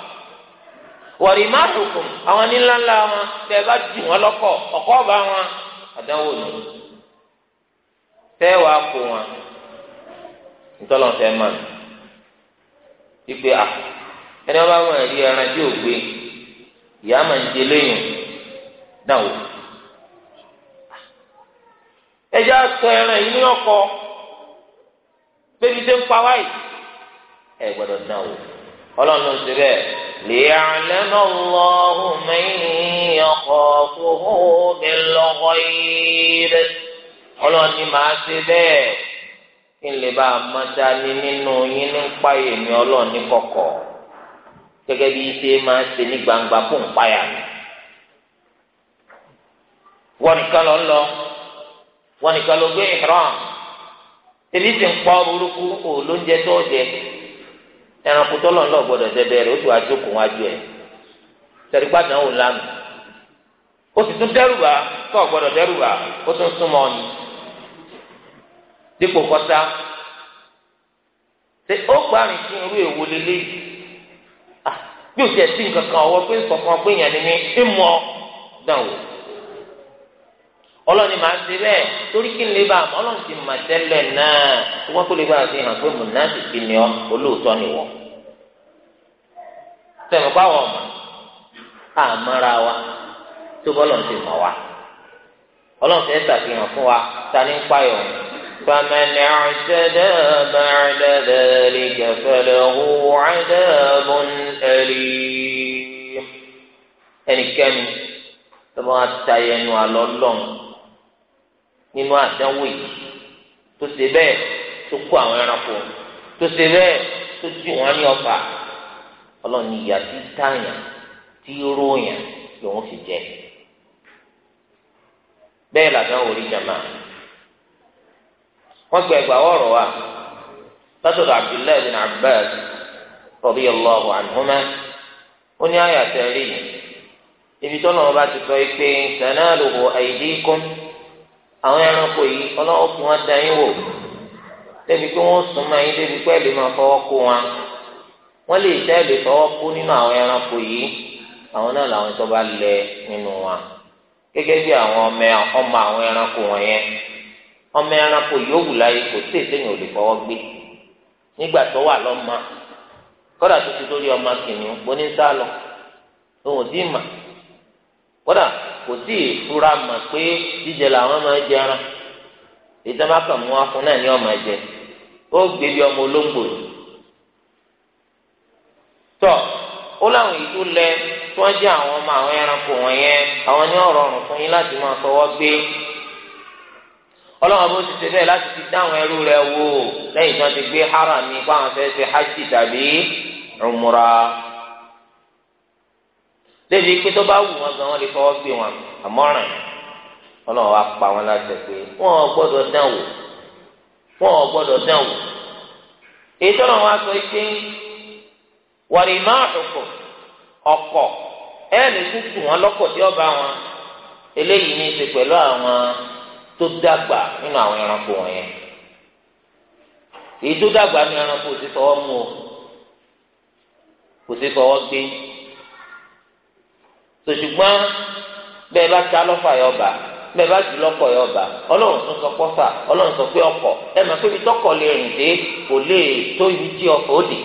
wọ̀rì má tukùn àwọn níláńlá wọn tẹ ẹ bá jù wọn lọ́kọ̀ ọ̀kọ́ ọba wọn àdánwò nù tẹ́ wàá kó wọn ntọ́lọ́fẹ́ mọ̀ ìpè à ẹni wọn bá wọn rí ẹran tí ò gbé ìyá mà ń jẹ lẹ́yìn náà wò ẹjẹ ẹran yìí ní ọkọ bébí tẹ ń pa wáyé ẹ náà wò ليعلم الله من يخافه بالغيب ọlọ́run ni màá ṣe bẹ́ẹ̀ kí n lè bá a máa dání nínú yín ní páyé mi ọlọ́run ní kọ̀kọ̀ gẹ́gẹ́ bí ṣe máa ṣe ní gbangba kó n mi. wọ́n nìkan lọ lọ wọ́n nìkan ló gbé ìhram ebi sì ń pọ́ burúkú òòlóúnjẹ tó jẹ. ẹranko tọlọ ńlọ gbọ́dọ̀ dẹdẹ rẹ ó sì wá jókòó wájú ẹ tẹrígbà náà wò lánàá ó sì tún dẹ́rùbà tọ gbọ́dọ̀ dẹ́rùbà ó tún súnmọ́ ọyìn dípò kọta ṣe ó gbàrin sí irú èwo lélẹ̀ ah, bí o ọlọ́ni máa ṣe bẹ́ẹ̀ torí kí n lè bá àmọ́ ọlọ́run ti mà tẹ́lẹ̀ náà tí wọ́n kó lè bá àti hàn pé mùnásìkì ni ọ olóòótọ́ ni wọ́n. sẹ́mi pa wọ́n àmọ́ra wa tó bọ́ ọlọ́run ti mọ̀ wa ọlọ́run ti ẹ̀ ṣàfihàn fún wa ta ní ń payọ̀ فمن اعتدى بعد ذلك فله عذاب أليم ẹnikẹ́ni tó bá ta ẹnu àlọ́ lọ́hùn nínú àdánwò yìí tó ṣe bẹ́ẹ̀ tó kó àwọn ẹranko tó ṣe bẹ́ẹ̀ tó ti wọ́n ní ọfà ọlọ́ọ̀ni ìyá tí táyà tí róòyàn lòun fi jẹ bẹ́ẹ̀ làdánwò rí jàmá wọ́n gba ẹgbàá ọ̀rọ̀ wa látọ̀dọ̀ Abdullahi bin Abbas radiyallahu anhuma ó ní àyà tẹ̀lé ibi tọ́lọ́mọba ti sọ pé àwọn ẹranko yìí ọlọ́wọ́ fún wọn dá yín wò débi pé wọ́n sùn máa yín débi pé ẹ̀lẹ́ máa fọwọ́ kó wọn wọ́n lè dá ẹ̀lẹ́ fọwọ́ kó nínú àwọn ẹranko yìí àwọn náà làwọn tó bá lẹ nínú wọn gẹ́gẹ́ bí àwọn ọmọ àwọn ẹranko ọmọ ẹranko láyé kò ò lè fọwọ́ gbé nígbà tó wà lọ́mọ kọ́dà tó ti kìnìún òun ò mà kọ́dà kò tí ì fura mà pé jíjẹ làwọn máa jẹ ara ìjọba kan mú afun náà ní ọmọ jẹ ó gbé ọmọ olóńgbò tọ ó láwọn èyí lẹ tí wọn jẹ àwọn ọmọ àwọn ẹranko wọn yẹn àwọn ní ọ̀rọ̀ ọrùn fún yín láti máa fọwọ́ gbé ọlọ́run bó ti ṣe bẹ́ẹ̀ láti fi dáhùn ẹrú rẹ wò ti gbé fáwọn fẹ́ẹ́ ṣe hajj tàbí débi pé tó bá wù wọn gan wọn lè fọwọ́ gbé wọn àmọ́ràn ọlọ́run wa pa wọn láti pé wọn ò gbọ́dọ̀ dán wò wọn ò gbọ́dọ̀ dán wò ike wàrí máa dùkọ̀ ọkọ̀ ẹ lè tútù wọn lọ́kọ̀ tí ọba wọn eléyìí ní í ṣe pẹ̀lú àwọn tó dàgbà nínú àwọn ẹranko wọ̀nyẹn dàgbà nínú ẹranko fọwọ́ mú sòṣùgbọ́n bẹ́ẹ̀ bá ta lọ́fà yọ bá bẹ́ẹ̀ bá jù lọ́kọ̀ yọ bá ọlọ́run tún sọ pọ́fà ọlọ́run sọ pé ọkọ̀ ẹ mọ̀ pé ibi tọkọ̀ lè rìn dé kò lè tó ibi tí ọkọ̀ ó dé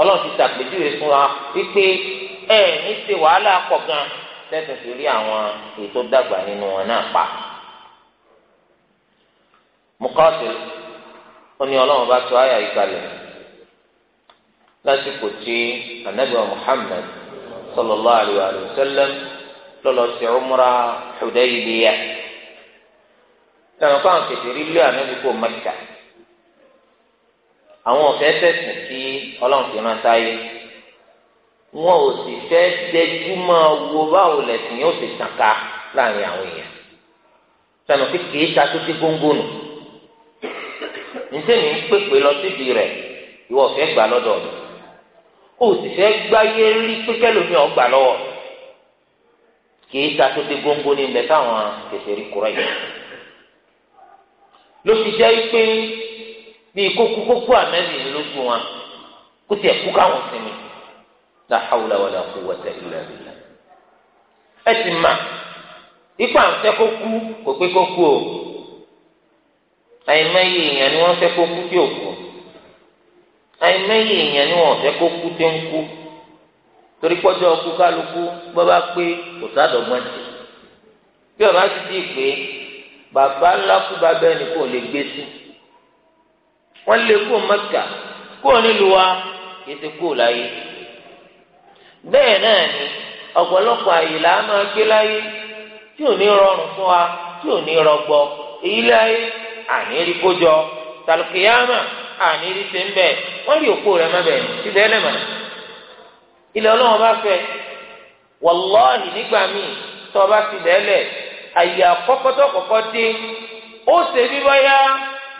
ọlọ́run ti tàpéjúwe fún wa wípé ẹ ní ṣe wàhálà pọ̀ gan lẹ́sìn fi rí àwọn ètò dàgbà nínú wọn náà pa. mukọ́sì ó ní ọlọ́run bá tó àyà ìkàlẹ̀ lásìkò tí anabi muhammed صلى الله wa sallam وسلم sí umra Hudaybiyah tẹ̀wọ́n kọ́ في kẹsìrì lé ànábi kó Mẹ́kà àwọn ọ̀fẹ́ tẹ̀sìn kí ọlọ́run fi máa sáyé wọn ò sì fẹ́ dẹjú máa wo báwo lẹ̀sìn yóò ti tàn ká láàrin àwọn èèyàn tẹ̀wọ́n kí ta tó ti góńgó nítorí ń pèpè lọ síbi rẹ̀ ìwọ ọ̀fẹ́ gbà lọ́dọ̀ ọ̀dọ̀ kó o sì fẹ́ gbáyé rí pípẹ́ lómi ọgbà lọ́wọ́ kìí ta tó dé góńgó ní ilẹ̀ táwọn kẹsìrì kúrọ̀ yìí ló fi jẹ́ pé bíi kókó kókó ànábì lójú wọn kó tiẹ̀ kú káwọn sinmi la hawla wala quwwata illa billah ẹ sì mà ipa àwọn fẹ́ kó kú kò pé kó kú o àyìnbáyé èèyàn ni wọ́n fẹ́ kó kú tí ò kú àìmẹ́yẹ èèyàn ni wọn fẹ́ kó kú tẹ́ ń kú torí pọ́jọ́ ọkú kálukú bọ́ bá pé kò sádọ́gbọ́n jù bí ọba ti di pé bàbá ńlá kú bàbá ẹni kò lè gbé sí wọ́n lè kó Mẹ́kà kó nílùú wa kìí kó bẹ́ẹ̀ náà ni ọ̀pọ̀lọpọ̀ àyè là á máa gbé láyé tí ò ní rọrùn fún wa tí ò a rí ṣe ń wọn wọ́n rí òkú rẹ̀ mẹ́bẹ̀ ibẹ̀ ẹlẹ́mọ̀ ilẹ̀ ọlọ́wọ́n bá fẹ́ wàlọ́ọ̀hì nígbà míì tó o bá fi lẹ́lẹ̀ àyè dé ó ṣe bí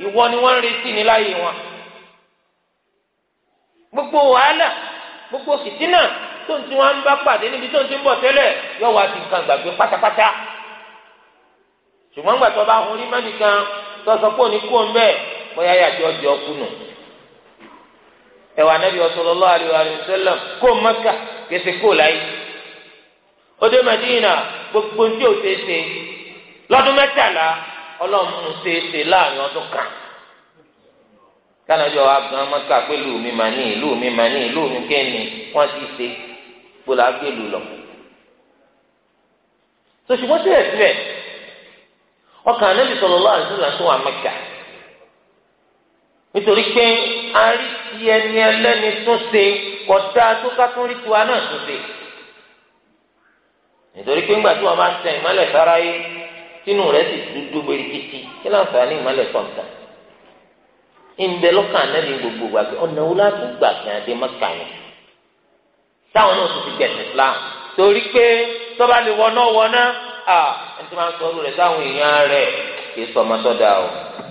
ìwọ ni ń retí ní láyé wọn gbogbo wàhálà gbogbo kìtínà tó ń wọn bá pàdé níbi tó ń ń wá ti nǹkan bóyá yàtí ọjọ́ kùnú ẹwà nàbí sallallahu alaihi wasallam kó maka kése kó láyé ọdẹ Madina gbogbo ndí òṣèṣe lọ́dún mẹ́tàlá Ọlọ́run ṣeéṣe láàrin ọdún kan kánàjọ agan maka pẹ̀lú mi mà ìlú mi mà ìlú mi kẹni wọn ti ṣe gbọlá agbèlú lọ sọṣùgbọ́n sílẹ̀ sílẹ̀ ọkàn anábì sallallahu alaihi wasallam wà nítorí pé a rí ti ẹni ẹlẹ́ni tún ṣe kọ̀dá tó ká tún rí tiwa náà tún ṣe. nítorí pé ńgbà tí wọ́n máa ń tẹ ìmọ́lẹ̀ sára yé tínú rẹ̀ sì dúdú gbèrèkìtì kí láǹfààní ìmọ́lẹ̀ sọ̀tàn. ìbẹ̀ lọ́kàn náà ní gbogbo gbàgbé ọ̀nà wo láti gbà kí adé mọ́kà yẹn. táwọn náà tún ti gbẹ̀sẹ̀ Islam torí pé tọ́ba lè wọná wọná à ẹni tí máa ń sọ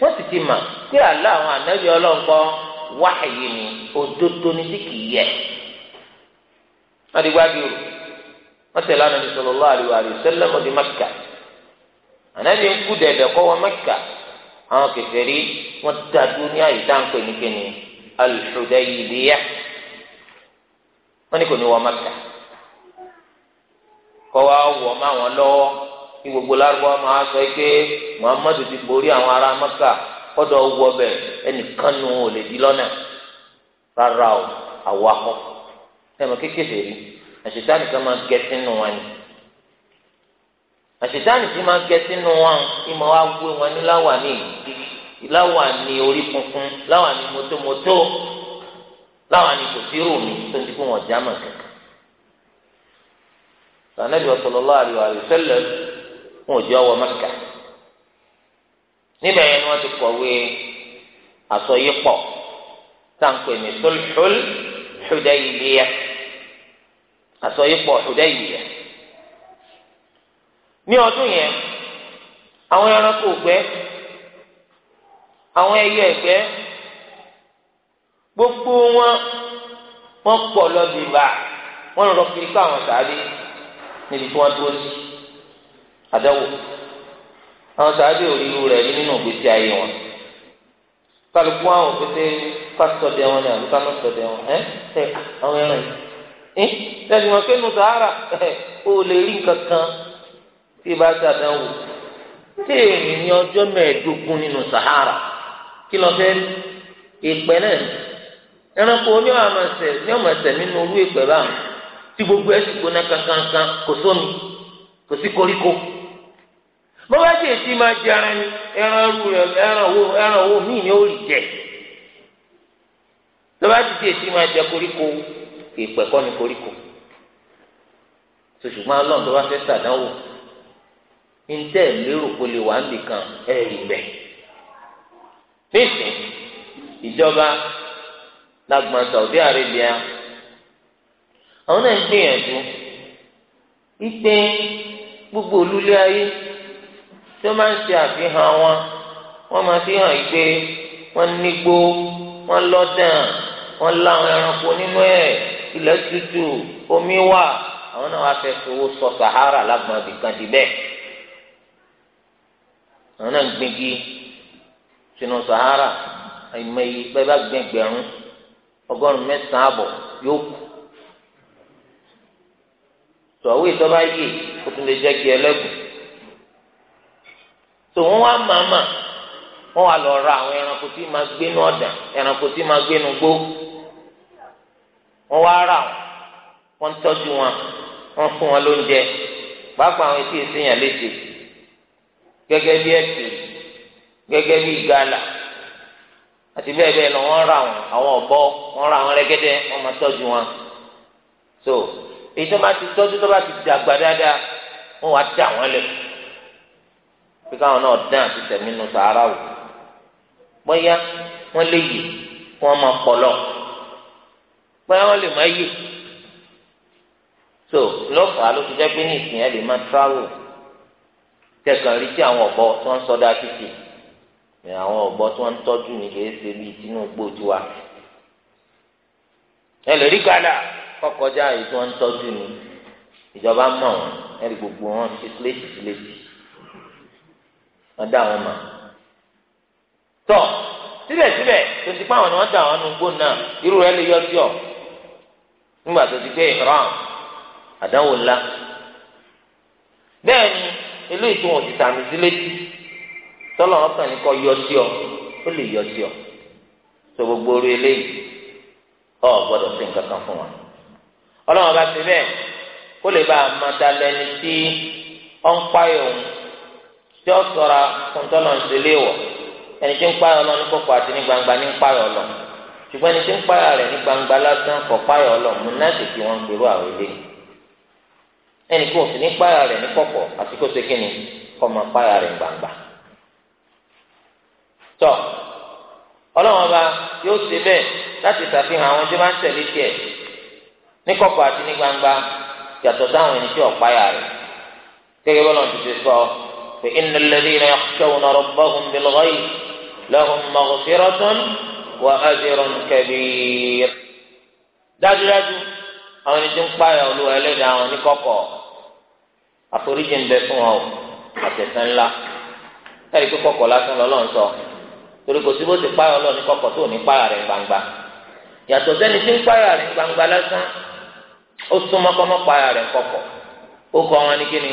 wọ́n sì ti mà pé àlọ́ àwọn ànábì ọlọ́nkọ́ wáhàyè ni òdodo ni tí kì í yẹ. wọ́n ti gbá bíi wọ́n tẹ̀lé ànábì sallallahu alaihi wa sallam di Mẹ́kà ànábì ń kú dẹ̀dẹ̀ kọ́ wọ Mẹ́kà àwọn kèfèrí wọ́n dá dúró ní àyè dáńpẹ́ nìkẹ́ni al-Hudaybiyah wọ́n ní kò ní wọ Mẹ́kà kọ́ wa wọ̀ ọ́ lọ́wọ́ kí gbogbo lárúbọ máa sọ pé muhammadu ti borí àwọn ará maka kọdọ wọ bẹ ẹnìkan nù ò lè di lọ́nà rárá o àwọ akọ tẹmọ kékeré rí àṣetánì kan máa gẹ sínú wọn ni àṣetánì tí máa gẹ sínú wọn ni mo wá gbé wọn ní láwàní láwàní orí funfun láwàní mọ́tòmọ́tò láwàní kò sí rò mí tó fún wọn jámà kankan. sànẹ́bí ọ̀sọ̀lọ́lá àríwá àríwá sẹ́lẹ̀ wọn ò jẹ́ ọwọ́ mẹ́kà níbẹ̀ yẹn ni wọ́n ti kọ̀wé àsọyípọ̀ táǹpé ní sulhul Hudaybiyah àsọyípọ̀ Hudaybiyah ní ọdún yẹn àwọn ẹranko ògbẹ́ àwọn ẹyẹ ẹgbẹ́ gbogbo wọn wọn pọ̀ lọ́bìbà wọn rọ kiri ká àwọn sáré níbi tí wọ́n dúró sí àdáwò àwọn sàádé òrìrú rẹ̀ ní nínú ìgbésí ayé wọn kálukú àwọn òfin ṣe pásítọ̀dẹ̀ wọn ni àbí pásítọ̀dẹ̀ wọn ẹ ẹ àwọn ẹran yìí ẹ lẹ́yìn wọn kẹ́nu sàárà ẹ ó lè rí nǹkan kan tí ì bá ṣàdánwò tí èmi ní ọjọ́ mẹ́ẹ̀ẹ́dógún nínú sàárà kí lọ fẹ́ ìpẹ́ náà ẹranko ní ọmọ ẹsẹ̀ ní ọmọ ẹsẹ̀ nínú orú ìpẹ́ báwọn tí gbogbo ẹ̀ sì gbóná kankan kò sómi kò sí koríko. bọ́lá tí èsì máa jẹ ẹran ẹran ru rẹ ẹran wo ẹran wo jẹ ti máa jẹ koríko ìpẹ́ ni koríko sòṣùgbọ́n alọ́n tó bá fẹ́ sàdánwò ntẹ́ lérò kó lè wà nìkan ẹ̀rì nísìn ìjọba lágbọn Saudi Arabia àwọn náà ń gbìyànjú gbogbo olúlé ayé. tí wọ́n máa ń ṣe àfihàn wọn wọ́n máa fi hàn yìí pé wọ́n nígbó wọ́n lọ́dàn wọ́n láwọn ẹranko nínú ẹ̀ ilẹ̀ tútù omi wà àwọn náà wá fẹ́ fowó sọ Sahara lágbọ̀n abìkan ti bẹ́ẹ̀ àwọn náà ń gbégi sínú Sahara àìmọye bẹ́ẹ̀ bá gbẹ̀gbẹ̀rún ọgọ́rùn mẹ́sàn-án àbọ̀ yóò kù tọ̀wé tó bá ó tún lè jẹ́ kí ẹlẹ́gùn. tó wọn wá màmá wọn wà lọ ra àwọn ẹranko tí máa gbénu ọ̀dà ẹranko tí máa gbénu gbó wọn wá rà wọn ń wọn wọn fún wọn lóúnjẹ pàápàá àwọn etí ìsìnyàn léṣe gẹ́gẹ́ bí ẹtì bí gàlà àti lọ ra wọn àwọn ọ̀bọ wọ́n ra wọn rẹ́gẹ́dẹ́ wọ́n wọn so èyí tó bá ti tọ́jú tó bá ti dàgbà dáadáa wọ́n wá dà pé káwọn náà dán àti tẹ̀mí nu sàárà wò bóyá wọ́n lè yè kí wọ́n máa pọ̀ lọ bóyá wọ́n lè má yè so lọ́fàá ló ti jẹ́ pé ní ìsìn ẹ̀ lè máa travel tẹ̀sán rí tí àwọn ọ̀bọ tí wọ́n ń sọdá títì ní àwọn ọ̀bọ tí wọ́n ń tọ́jú ní kìí ṣe bíi Tinubu tiwa ẹ lè rí gàdà èyí tí wọ́n ń tọ́jú ní ìjọba mọ̀ wọn gbogbo wọn ti léṣi léṣi wọn dá wọn ma tọ síbẹ̀síbẹ̀ tó ti pa àwọn ni wọn dá àwọn nugbó náà irú lè yọ sí ọ nígbà tó ti gbé ńlá ni eléyìí tí wọn ti sàmì sí létí tọlọ wọn kàn kọ yọ sí ọ ó lè yọ sí ọ tó gbogbo orí eléyìí ọ gbọ́dọ̀ sí nǹkan kan fún wa bá ti kó lè bá a máa tí ọ tí ó sọra kóńtọ́nà ń ṣe léèwọ̀ ẹni tí ń pààyàn ọlọ́run ní kọ̀kọ̀ àti ní gbangba ní ń pààyàn ọlọ́run ṣùgbọ́n ẹni tí ń pààyàn rẹ̀ ní gbangba lásán kọ̀ pààyàn ọlọ́run mú náà gbèrú àwọn ilé ẹni ní rẹ̀ ní kọ̀kọ̀ àti kó ṣe kí ni kọ́ máa rẹ̀ gbangba. tọ́ ọlọ́run ọba yóò ṣe bẹ́ẹ̀ láti ṣàfihàn àwọn tí فإن الذين يخشون ربهم بالغيب لهم مغفرة وأجر كبير dájúdájú àwọn ẹni tí ń pààyà olúwa ẹlẹ́dàá àwọn oníkọ̀kọ̀ àforíjì ń bẹ fún wọn o àtẹ̀sán ńlá ẹ̀rí pé kọ̀kọ̀ lásán lọ́lọ́run sọ torí kò sí bó ti pààyà ọlọ́run oníkọ̀kọ̀ tó ní pààyà rẹ̀ gbangba yàtọ̀ sẹ́ni tí ń pààyà rẹ̀ gbangba lásán ó súnmọ́ kọ́mọ́ pààyà rẹ̀ kọ̀kọ̀ ó kọ́ wọn ní kíni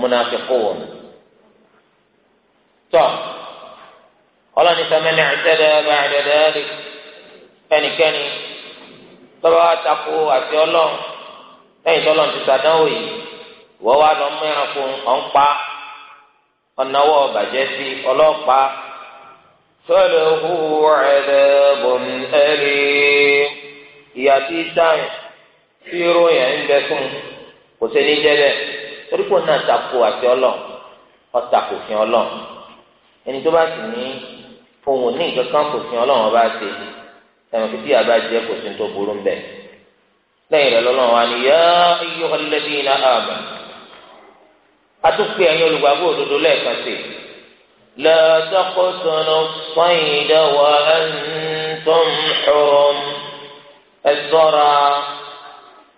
múnafikó wọn. tọ́ ọlọ́ni sọmẹ́lẹ̀ ẹ̀ṣẹ́dẹ̀ bá ẹ̀dẹ̀dẹ̀ rí ẹnikẹ́ni tọ́ba wa àti ọlọ́run lẹ́yìn tọ́lọ́run ti sàdánwò yìí wọ́n wá lọ mú ẹranko ọ̀npa ọ̀nàwọ́ bàjẹ́ sí ọlọ́pàá ẹ̀rí ìyá tí táyì tí irú yẹn fún kò sí ní náà tako àti ẹni tó bá sì ní ohun ní ìkankan kò fi ọlọ́run ọba ṣe ẹ̀rọ fìdí àbá jẹ́ kò sí tó burú ń bẹ̀. lẹ́yìn rẹ̀ lọ́lọ́run wa ni yá iyọ̀ ọlẹ́bí iná ààbà atúpẹ́ ẹ̀yin olùgbàgbọ́ òdodo lẹ́ẹ̀kan sí lẹ́ẹ̀dọ́kọ̀sọ̀nà fáyìndàwà ẹ̀ńtọ́m xọ́rọ́m ẹ̀sọ́ra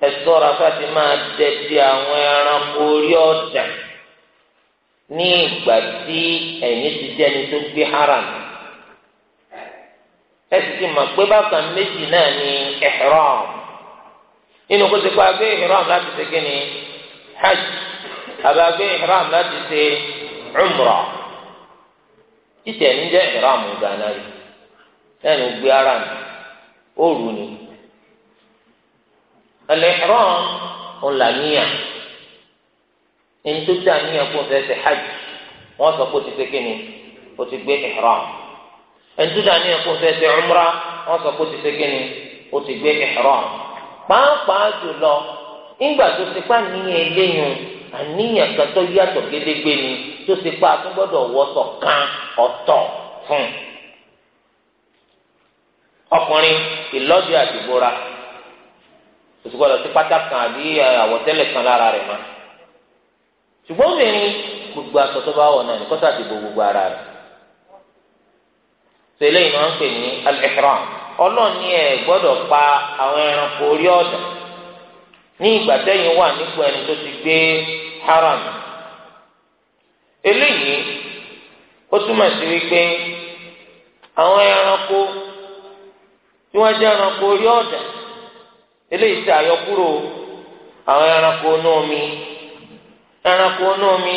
ẹ̀sọ́ra fàtí máa dẹ̀ àwọn ẹranko orí ọ̀dàn. ní ìgbà tí ẹ̀yin ti jẹ́ ẹni tó gbé haram ẹ sì ti mọ̀ pé bákan méjì náà ni ihram nínú kó ti láti ṣe kí ni hajj àbá gbé ihram láti ṣe umra títẹ̀ ní jẹ́ gánà rí náà gbé haram òru ni al-ihram ẹni tó dá níyàn kó fẹ́ ṣe hajj wọ́n sọ pé ti ṣe kíni ó ti gbé ihram ẹni tó dá níyàn kó fẹ́ ṣe umra wọ́n sọ pé ti ṣe kíni ó ti gbé ihram pàápàá jùlọ ńgbà tó ti pa níyàn eléyìn àníyàn kan ni tó ti pa tó kan ọ̀tọ̀ fún ọkùnrin àdìbòra ti àbí àwọ̀tẹ́lẹ̀ kan lára rẹ̀ ṣùgbọ́n obìnrin gbogbo aṣọ tó bá wọ̀ náà ní kọ́tà ti bo gbogbo ara rẹ̀ ṣe eléyìí máa ń pè ní al ọlọ́run pa àwọn ẹranko orí ọ̀dà ní ìgbà tẹ́yìn wà nípò ẹni ti gbé haram eléyìí ó túmọ̀ sí wípé àwọn ẹranko tí wọ́n jẹ́ ẹranko orí ọ̀dà eléyìí omi. ẹranko inú omi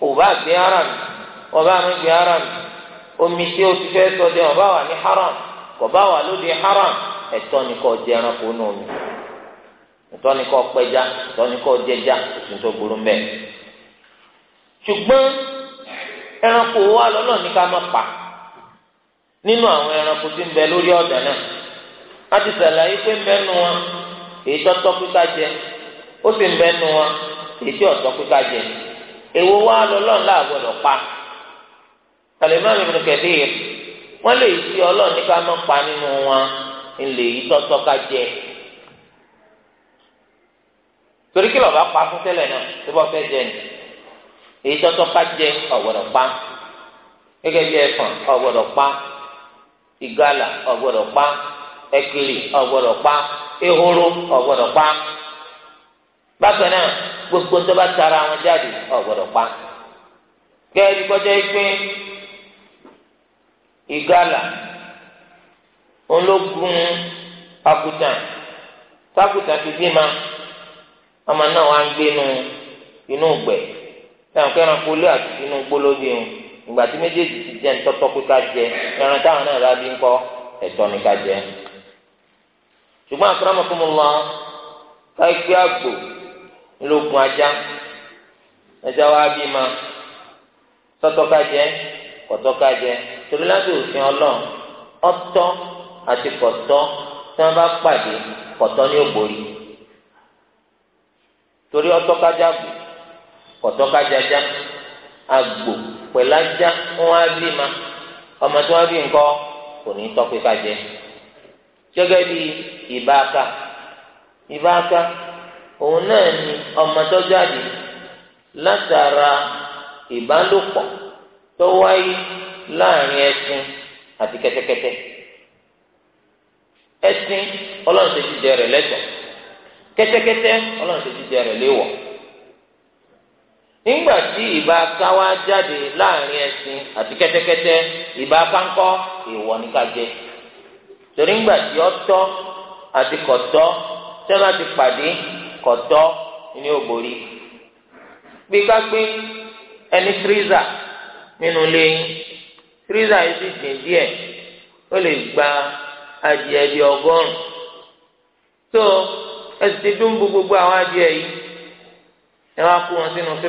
òbá gbé haram ọba mi gbé haram omi tí o ti fẹ́ sọdẹ ọba wà ní haram kọba wà lóde haram ẹtọ́ ni kò jẹ ẹranko inú omi ẹ̀tọ́ ni kò pẹja ni kò jẹja òtún tó burú mbẹ ṣùgbọ́n ẹranko wa lọ́nà ní ká má pa nínú àwọn ẹranko tí ń bẹ lórí ọ̀dà náà sàlàyé pé ń bẹ nu wọn èyí tọ́tọ́ pípa jẹ ó sì ń bẹ nu èsì ọ̀sọ́ pípa jẹ ewu wa lọ́lọ́run la pa Al-Imam Ibn wọ́n lè ti ọlọ́run ní ká pa nínú wọn ńlẹ̀ yìí tọ́tọ́ ká jẹ torí kí lọ́ba pa fún tẹ́lẹ̀ náà tó bá fẹ́ jẹ ni èyí tọ́tọ́ ká jẹ ọ̀gbọ̀dọ̀ pa gẹ́gẹ́ bí ẹ̀fọn ọ̀gbọ̀dọ̀ pa ìgalà ọ̀gbọ̀dọ̀ pa gbogbo tó bá tara wọn jáde ọgbọdọ pa kẹ́ẹ̀rí kọjá ìpín ìgalà ológun àkùtàn sákùtàn ti bímọ ọmọ náà wà ń gbénu inú gbẹ táwọn kẹran kólé àti inú gbólóde ń ìgbà tí méjèèjì ti jẹ ńtọ́tọ́ pé jẹ ẹran táwọn náà ń ká jẹ ṣùgbọ́n lọ àgbò. ńlọgùn ajá ẹja wa bí ma tọtọka jẹ kọtọka jẹ torí láti òfin Ọlọ́run ọ̀tọ̀ àti kọ̀tọ̀ tí wọn bá pàdé kọ̀tọ̀ ní ògbórí torí ọtọkajá gbò kọtọkajájá àgbò pẹ̀lájá wọn á bí ma ọmọ tí wọn bí nǹkan kò ní tọpẹ kájẹ gẹ́gẹ́ bí ìbáka ìbáka. òun náà ni ọmọ tó jáde látara ìbálòpọ̀ tó wáyé láàrin ẹṣin àti kẹ́tẹ́kẹ́tẹ́ ẹṣin ọlọ́run ṣe jíjẹ rẹ̀ lẹ́tọ̀ kẹ́tẹ́kẹ́tẹ́ ọlọ́run ṣe jíjẹ rẹ̀ léwọ̀ nígbà tí ìbá ká jáde láàrin ẹṣin àti kẹ́tẹ́kẹ́tẹ́ ìbá kánkọ́ èèwọ̀ ní ati torí ńgbà tí kọ̀tọ́ ní ògbórí gbígbá gbé ẹni tírísà nínú ilé tírísà yìí ti dìn díẹ̀ ó lè gba adìẹ bí ọgọ́rùn tó ẹ sì ti dúnbù gbogbo àwọn adìẹ yìí ẹ wá kó wọn sínú tẹ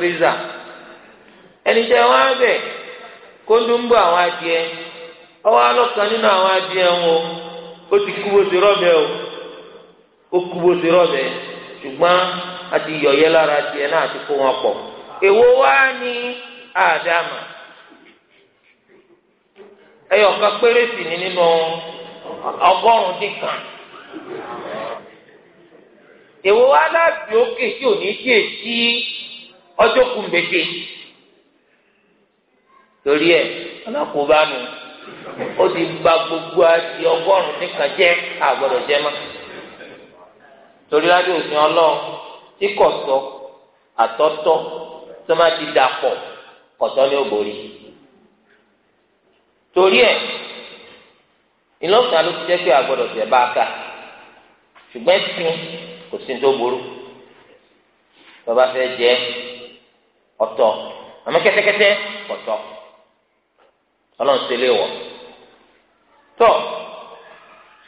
wọn àwọn nínú àwọn wọn ti kú bó ti o ó kú bó ti ṣùgbọ́n a ti yọ̀yẹ́ lára tiẹ̀ náà ti kó wọn pọ̀ èwo wá ní àdàmà ẹyọ̀kan péré sì ní nínú ọgọ́rùn-ún dín kan èwo wá láti òkè tí ò ní díẹ̀ sí ọjọ́ kùnbèdè torí ẹ alákòóbá nu ó ti bà gbogbo àti ọgọ́rùn-ún dín kan jẹ́ àgbọ̀dọ̀ jẹ́ mọ́. torí lábẹ́ òfin ọlọ́run tí kò sọ àtọ́tọ́ tó má ti dà pọ̀ kọ̀tọ́ ní ògbórí. torí ẹ̀ ìlọ́sàn ló ti jẹ́ pé àgbọ̀dọ̀ tẹ̀ bá a kà ṣùgbọ́n ẹ̀sìn kò sí tó burú bàbá fẹ́ jẹ ọ̀tọ̀ àmọ́ kẹ́tẹ́kẹ́tẹ́ kọ̀tọ̀ ọlọ́run ṣe lé wọ̀ tọ́. So,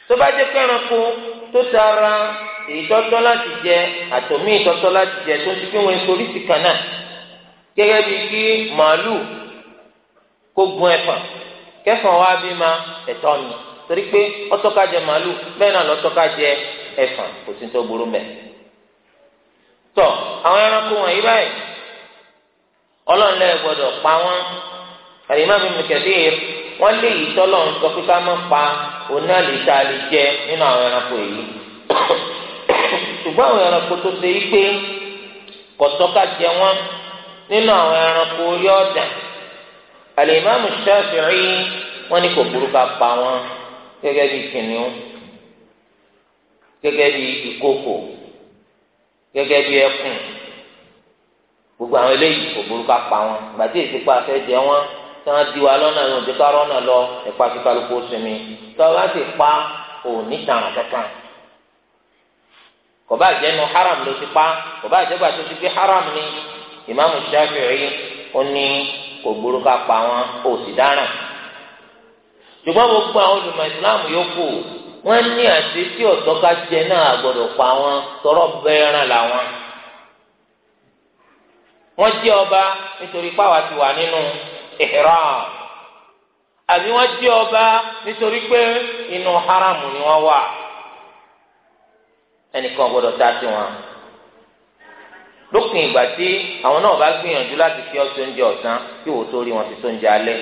tó bá jẹ́ pé tó tara ìtọ́tọ́ láti jẹ àtòmí ìtọ́tọ́ láti jẹ tó ń ti fi wọn sórí sí kan náà gẹ́gẹ́ bí kí màálù kó gun ẹ̀fọn kẹfọn wa bí ma ẹ̀tọ́ ni torí pé ọtọ́ka jẹ màálù bẹ́ẹ̀ náà lọ́tọ́ka jẹ kò sí tó burú mẹ́. tọ àwọn ẹranko báyìí pa àyè má mi mú wọ́n lé oná lè ta lè jẹ nínú àwọn ẹranko yìí ṣùgbọ́n àwọn ẹranko tó ṣe yí pé kọ̀tọ́ka jẹ wọ́n nínú àwọn ẹranko yọ̀ọ̀dà alimami Shafi'i wọ́n ní kò burú ká pa wọ́n gẹ́gẹ́ bí kìnìún gẹ́gẹ́ bí ìkókò gẹ́gẹ́ bí ẹkùn gbogbo àwọn eléyìí kò burú ká pa wọ́n gbàdí èsì pa afẹ́ jẹ wọ́n tán di wa lọ́nà yóò di ká rọ́nà lọ ẹ̀pá kíkálukú sinmi tọ́ bá sì pa òní tàn kankan kò bá jẹ́ nu haram ló ti pa kò bá jẹ́ gbà tó ti gbé haram ni ìmáàmù Shafi'i ó ní kò burú ká pa wọn ó sì dáràn ṣùgbọ́n gbogbo àwọn olùmọ̀ Islam yòókù wọ́n ní àti tí ọ̀tọ́ ká jẹ náà gbọ́dọ̀ pa wọn tọrọ bẹ́ẹ̀ràn làwọn wọ́n jẹ́ ọba nítorí pàwọ́ ti wà nínú ihram àbí wọ́n jí ọba nítorí pé inú haram ni wọ́n wà ẹnìkan gbọ́dọ̀ ta sí wọn lópin ìgbà tí àwọn náà bá gbìyànjú láti fi ọsọ oúnjẹ ọ̀sán kí wò tó rí wọn fi sóúnjẹ alẹ́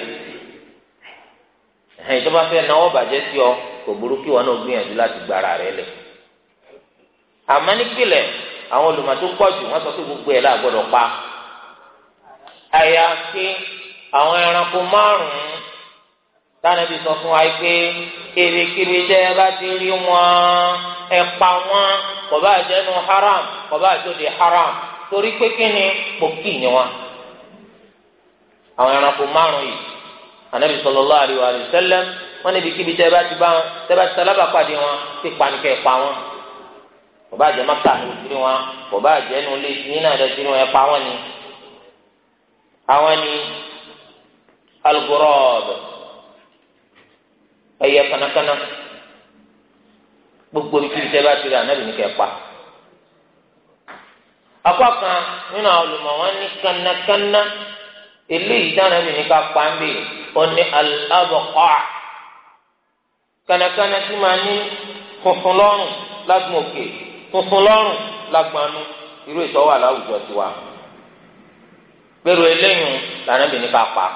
ẹ̀hìn tó bá fẹ́ náwó bàjẹ́ sí ọ kò burú kí wọn náà gbìyànjú láti gbara rẹ lẹ̀ àmọ́ nípìnlẹ̀ àwọn olùmọ̀ tó pọ̀ jù wọ́n sọ pé gbogbo ẹ̀ láà gbọ́dọ̀ pa àyàfi àwọn ẹranko márùn-ún tánàbí sọ fún wa pé kébékébé jẹ́ ẹ bá ti rí wọn ẹ pa wọn kò bá haram kò bá haram torí pé kí ni pòkì ni wọn. àwọn ẹranko márùn-ún yìí ànábì sallallahu alaihi wa sallam wọn níbi kíbi tẹ́ bá ti bá wọn tẹ́ bá ti sálábàpàdé wọn ti panikẹ́ pa wọn kò bá jẹ maka lójú wọn kò bá jẹ nu lé yín náà wọn ẹ pa wọn ni àwọn ni al-ghurab ẹyẹ kanakana gbogbo ibi tí bá ti rà náà lónìí kẹpa apá kan nínú àwọn olùmọ̀ wọn ní kanakana eléyìí dáná mi ní ká pa ń bè ọ ní alábọ̀kọ́ kanakana tí máa ní funfun lọ́rùn lágbọ̀n òkè funfun lọ́rùn lágbọ̀nú irú ìtọ́wà láwùjọ tiwa gbèrò eléyìí lànà bìíní ká pa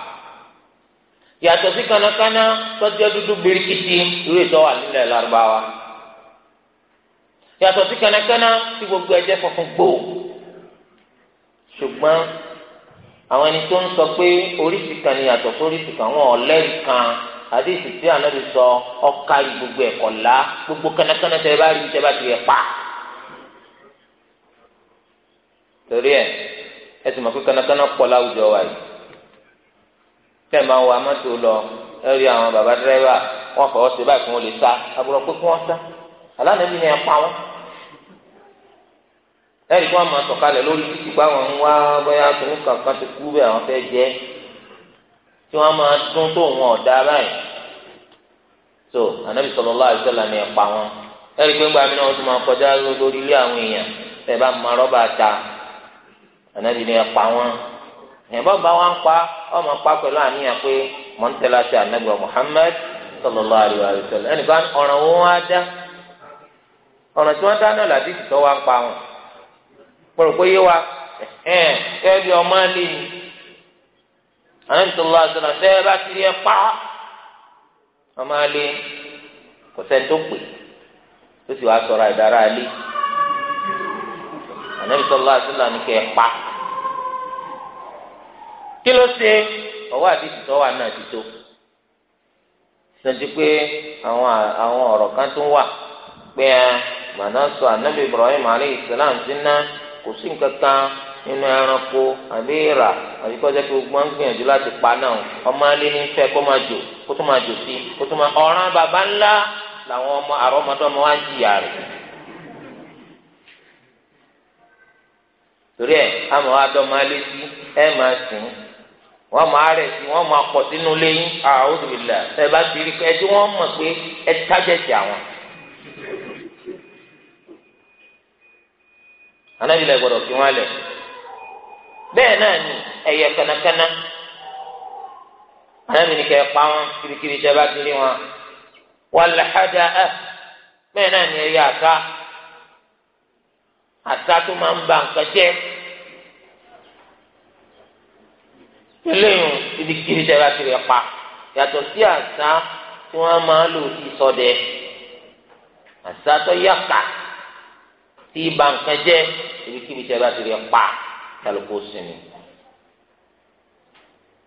yàtọ̀ sí kánákáná tọ́jú dúdú birikiti irú ìtọ́ wà nílẹ̀ Lárúbáwá yàtọ̀ sí kánákáná tí gbogbo ẹ̀jẹ̀ funfun gbò ṣùgbọ́n àwọn ẹni tó ń sọ pé oríṣi kan ni yàtọ̀ sóríṣi kan wọn ọ̀lẹ́rì kan àdéhìsì tí ànábi sọ ọ̀ka gbogbo ẹ̀kọ́ la gbogbo kánákáná tẹ́ bá rí tẹ́ bá ti rẹ̀ pa torí ẹ̀ ẹ sì mọ̀ pé kánákáná pọ̀ láwùjọ wa yìí. tẹ̀ máa wà mọ́tò lọ ẹ rí àwọn bàbá dírẹ́wà wọn fọwọ́ sí báyìí kí wọ́n lè sa àbúrò pé kí wọ́n sá alánàbí ni ẹ pa wọn ẹ̀rí kí wọ́n máa sọ̀kalẹ̀ lórí títí pa wọn wá bóyá kìnnì kankan ti kú bẹ́ẹ̀ àwọn fẹ́ jẹ́ tí wọ́n máa dún ọ̀dà so anabi sallallahu alaihi ni pa wọn ẹ̀rí pé ńgbà mìíràn máa kọjá lórí ilé àwọn èèyàn ìyẹ̀bọ̀ bá wa ń pa ọmọ pa pẹ̀lú àníyàn pé mọ̀ anagba tẹ́lá sí ànágbà Muhammad ẹnìkan ọ̀ràn wọn á dá ọ̀ràn tí wọ́n dá náà wa ń pa wọn pọ̀rọ̀ pé wa ọmọ bá ti rí ẹ pa ọmọ kò sẹ́ni tó pè ó sì wá sọ̀rọ̀ àìdára kí ló ṣe ọwọ́ àdìsí tó wà náà ti tó sọjú pé àwọn àwọn ọ̀rọ̀ kan tó wà pé màná sọ anabi ibrahim alayhi salam ti ná kò sí nǹkan kan nínú ẹranko àbí ìrà àbí kọjá pé gbọ́n gbìyànjú láti pa náà ọmọ ní kó máa jò kó tó máa jò sí kó tó máa bàbá ńlá làwọn ọmọ wọ́n máa rẹ̀ sí wọ́n máa pọ̀ sínú lẹ́yìn a'udhu billah ẹ bá ti rí ẹ tí wọ́n mọ̀ pé ẹ tájẹ̀tì àwọn. anábìlẹ̀ gbọ́dọ̀ fi wọ́n lẹ̀ bẹ́ẹ̀ náà ni ẹ̀yẹ kánákáná anábìlẹ̀ kẹ́ pa wọn kirikiri tẹ́ bá ti rí wọn wàlàhádà ẹ̀ bẹ́ẹ̀ náà ni ẹ̀yẹ àká àká tó máa ń ba nǹkan jẹ́ eléyìí ibi kiri tẹ́ bá ti rẹ̀ pa yàtọ̀ sí àṣà tí wọ́n máa lò sí sọdẹ àṣà tó yàtà tí ibà nǹkan jẹ́ ibi kiri tẹ́ bá ti rẹ̀ pa kálukú sinmi.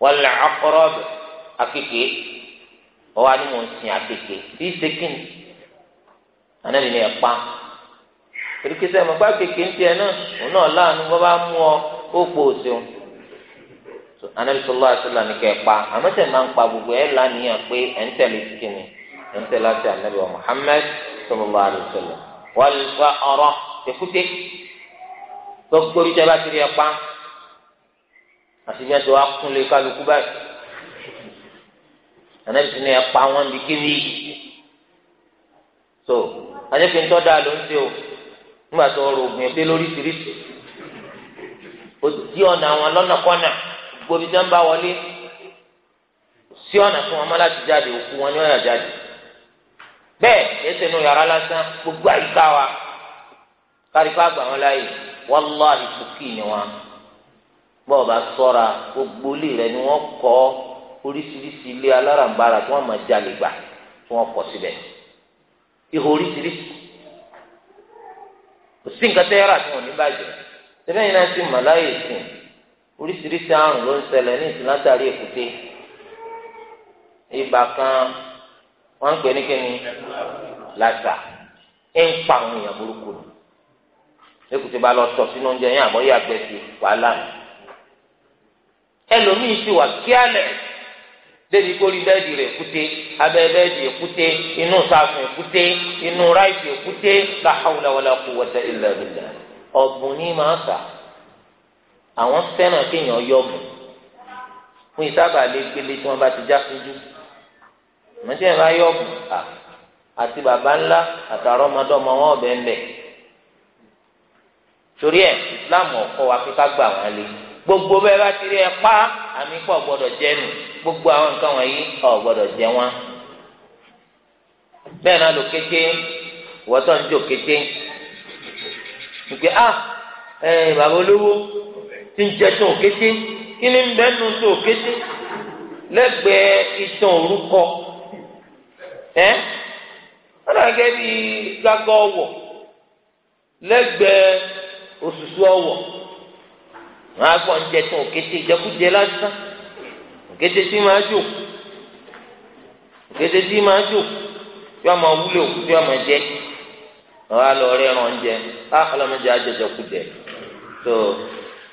wọ́n lè ọkọ̀rọ̀ akéèké wọ́n wá ní mò ń sin akéèké tí sẹ́kìn anábì ni ẹ̀ pa erikisẹ́ mọ̀ pé akéèké ń tiẹ̀ náà òun náà láàánú bọ́ bá mú ọ ó pò òsèun anabi sọlá àṣọlá ni kẹ pa àmọ́ tẹ máa ń pa gbogbo ẹ lánìyàn pé ẹ ń tẹ̀lé sikini ẹ ń tẹ̀lé àti anabi wa muhammed sọlá àṣọlá wàlúwà ọ̀rọ̀ tẹkútẹ gbogbo ìjọba bá ti rí ẹ pa ti wá kúnlé kálukú báyìí anabi sọlá ẹ wọn bí kíni so adéfin tọ́ da ló ń ṣe o nígbà tó rògùn ẹ pé lóríṣiríṣi o ti ọ̀nà àwọn lọ́nà kọ́nà. gbòbí tí wọn bá wọlé sí ọ̀nà fún wọn mọ́ láti jáde òkú wọn ni o jáde bẹ́ẹ̀ ẹsẹ̀ nù yàrá lásán gbogbo àyíká wa kárípá gbà wọn láàyè wàláhì kùkì ni wọn bọ́ọ̀ bá sọ́ra gbogbo ilé rẹ ni wọ́n kọ́ oríṣiríṣi ilé alárànbarà tí wọ́n máa jalè gbà tí wọ́n kọ́ síbẹ̀ ihò oríṣiríṣi kò sí nǹkan tẹ́yàrá tí wọ́n ní bàjẹ́ náà ti mọ̀ láyè oríṣiríṣi àrùn ló ń ṣẹlẹ̀ ní ìsìn látàrí èkúté ibà kan wọ́n ń pè ní kíni làṣà ń pa àwọn èèyàn burúkú ni èkúté bá lọ tọ̀ sínú oúnjẹ yẹn àmọ́ yàgbẹ́ sí wàhálà ẹlòmíín ti wà kíálẹ̀ débi kórì bẹ́ẹ̀dì rẹ̀ kúté abẹ́ bẹ́ẹ̀dì èkúté inú sàfún èkúté inú ráìtì èkúté la hawla wala quwwata illa billah ọ̀gbun ní màá sà àwọn fẹ́ràn kéèyàn yọ̀bù fún ìsábà lé gbélé tí wọ́n bá ti já sójú mọ̀tí ẹ̀ bá yọ̀bù àti bàbá ńlá àtàrọ́ ọmọdọ́mọ wọn ọ̀bẹ ńbẹ torí ẹ Islam ọkọ wa kíkà gbà wọn lé gbogbo bẹ́ẹ̀ bá ti rí ẹ pa àmì pọ̀ gbọ́dọ̀ jẹ nù gbogbo àwọn nǹkan wọ̀nyí ọ̀ gbọ́dọ̀ jẹ wọn bẹ́ẹ̀ náà lò kété wọ́tọ̀ ń jò kété wípé ah ẹ bàbá olówó. ti ń jẹ tán òkété kí ni mẹ́nu tó òkété lẹ́gbẹ̀ẹ́ ìtàn orúkọ ẹ́ wọ́n náà gẹ́gẹ́ bí gágá ọwọ lẹ́gbẹ̀ẹ́ òṣùṣù ọwọ wọ́n á gbọ́n jẹ tán òkété ìjẹkújẹ lásán òkété tí máa jò òkété tí máa jò yóò máa wúlò yóò máa jẹ wọ́n á lọ rẹ́ràn jẹ á ah, ọlọ́mọdé á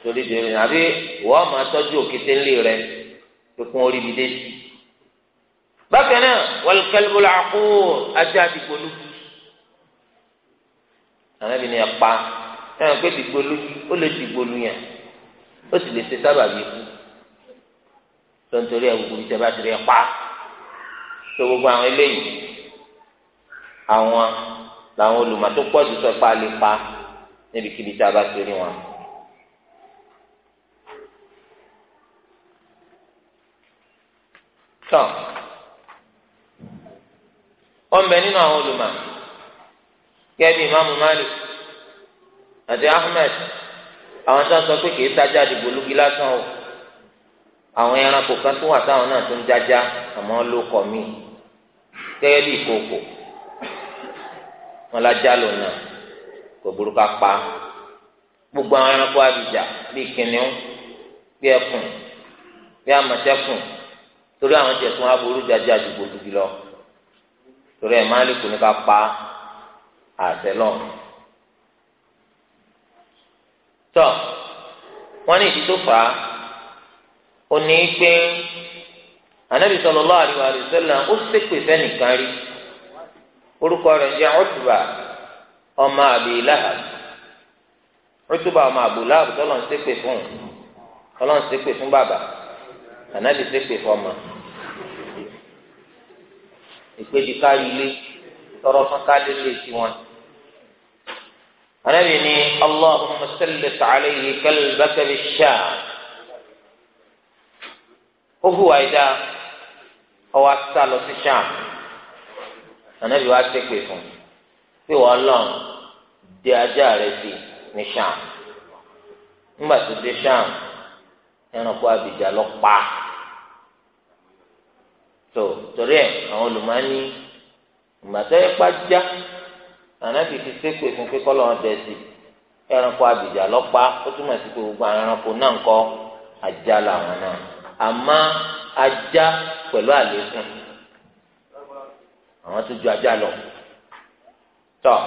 torí dèrè àbí wọ́n máa tọ́jú òkété ńlẹ̀ rẹ kíkún orí mi dé sí. bákan náà wal kalbul aqur ajá àdìgbò lójú. àwọn ẹbí ni ẹ pa ẹ̀rọ pé dìgbò lójú ó lè dìgbò lu yàn ó sì lè ṣe sábà bí ikú. lọ́ntorí ẹ̀ gbogbo ìjọba ti rí ẹ pa tó gbogbo àwọn eléyìí àwọn làwọn olùmọ̀ tó pọ̀ jù sọ pé a lè pa níbikíbi tí a bá torí wọn. tọ́ wọ́n bẹ nínú àwọn olùmọ̀ kẹ́bí ìmáàmù Malik àti Ahmed àwọn tó ń sọ pé kì í sájà o àwọn ẹranko kan tó wà táwọn náà tó ń jájá àmọ́ ló kọ̀ mí gẹ́gẹ́ bí wọn gbogbo àwọn ẹranko àbíjà bíi kìnìún bíi ẹkùn bíi àmọ̀tẹ́kùn. torí àwọn jẹ̀sùn aburú jáde àdúgbò dùbí lọ torí ẹ̀ máa ń lékun ní ká pa àṣẹ lọ. tọ́ wọ́n ní ìdí tó fà á ó ní í pé anabi sallallahu alaihi wa sallam ó ṣépè fẹ́nìkan rí orúkọ rẹ̀ jẹ́ Utba ọmọ Abi Lahab ọmọ Abu Lahab ń ṣépè fún un ń ṣépè fún bàbá anabi ṣépè fún ọmọ ìpèdè káyọlé tọrọ fún kálílé tiwọn. anabi ni allahumma sallis alayhi kalbaka bishaa ó hùwà ìdá ọwọ asá lọ sí shaa anabi wa ṣépè fún pé wọn lọ di ajá rẹ sí ní shaa nígbà tó dé shaa ẹranko abidjan lọ pa á. tó torí ẹ àwọn olùmọ̀ọ́ni ìgbàsẹ́yẹ pàjá ànábì ti sépè fún kíkọ́ lọ́wọ́ bẹ́ẹ̀ sí ẹranko àbìjà lọ́pàá ó túmọ̀ sí pé gbogbo ẹranko náà ń kọ́ ajá làwọn náà àmọ́ ajá pẹ̀lú àlékún àwọn tó ju ajá lọ tọ́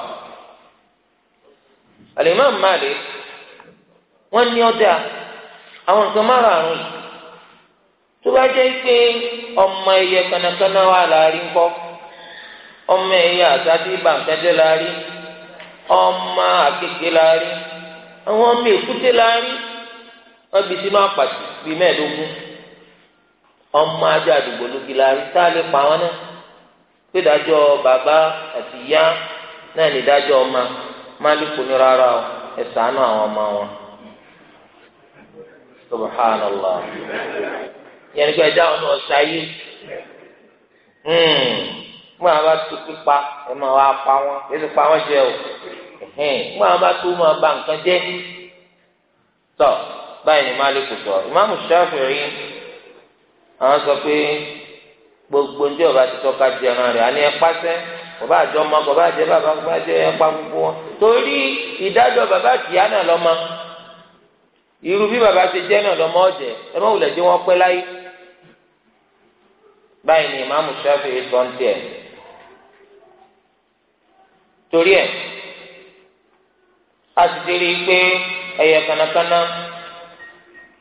Al-Imam wọ́n ní ọjà àwọn nǹkan márùn-ún yìí. tó bá jẹ́ pé ọmọ ẹyẹ kanakana wà láàrin kọ́ ọmọ ẹyẹ àtàdé bàǹkẹ́jẹ́ láàrin ọmọ àkekèé láàrin àwọn ọmọ èkúté láàrin wọ́n bí sínú àpàtì bíi mẹ́ẹ̀ẹ́dógún ọmọ ajá àdúgbò lógi láàrin tá a lè pa wọn náà pé ìdájọ́ bàbá àti ìyá náà ní ìdájọ́ ọmọ rárá o yẹn ní pé ẹja ọ̀nà ọ̀sà yìí hmm. mú àwọn bá tu pípa ẹ máa wá pa wọn èsì pa wọn jẹ o mú àwọn bá tu máa ba nǹkan jẹ tọ báyìí ni Malik sọ ìmáàmù Shafi'i àwọn sọ pé gbogbo ndé ọba ti tọ́ka di ẹran rẹ̀ àní ẹ̀pá sẹ́ bàbá àjọ ọmọ bàbá àjẹ bàbá bàbá àjẹ ẹ̀pá gbogbo wọn torí ìdájọ́ bàbá kìá náà lọ́mọ irú bí bàbá ti jẹ́ náà lọ́mọ ọ̀jẹ̀ ẹ wulẹ̀ jẹ́ wọn pẹ́ láyé. báyìí ni ìmáàmù Ṣáfi'í sọ ń tiẹ̀ torí ẹ̀ a sì ti rí i pé ẹyẹ kanakana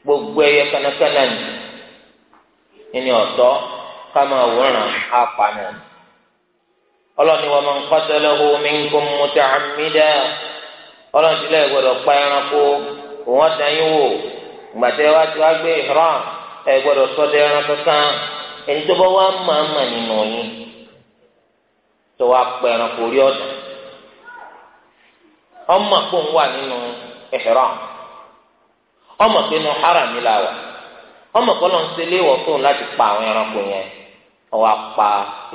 gbogbo ẹyẹ kanakana ni ẹni ọ̀tọ́ ká máa wòran apànìyàn ọlọ́ni wa man qatalahu minkum muta'ammida ọlọ́ni tí lẹ́yìn gbọ́dọ̀ pa ẹranko òun ọ̀dà yín wò gbàtẹ́ wá ti wá gbé ẹni tó bá wá máa mà nínú yín tó wá pẹ ẹranko orí ọ̀dà ọmọ kò ń wà nínú ihram ọmọ pé inú haram la wà ọmọ kọ́ ló ń ṣe léwọ̀ fóun láti pa àwọn ẹranko yẹn ọwọ́ apá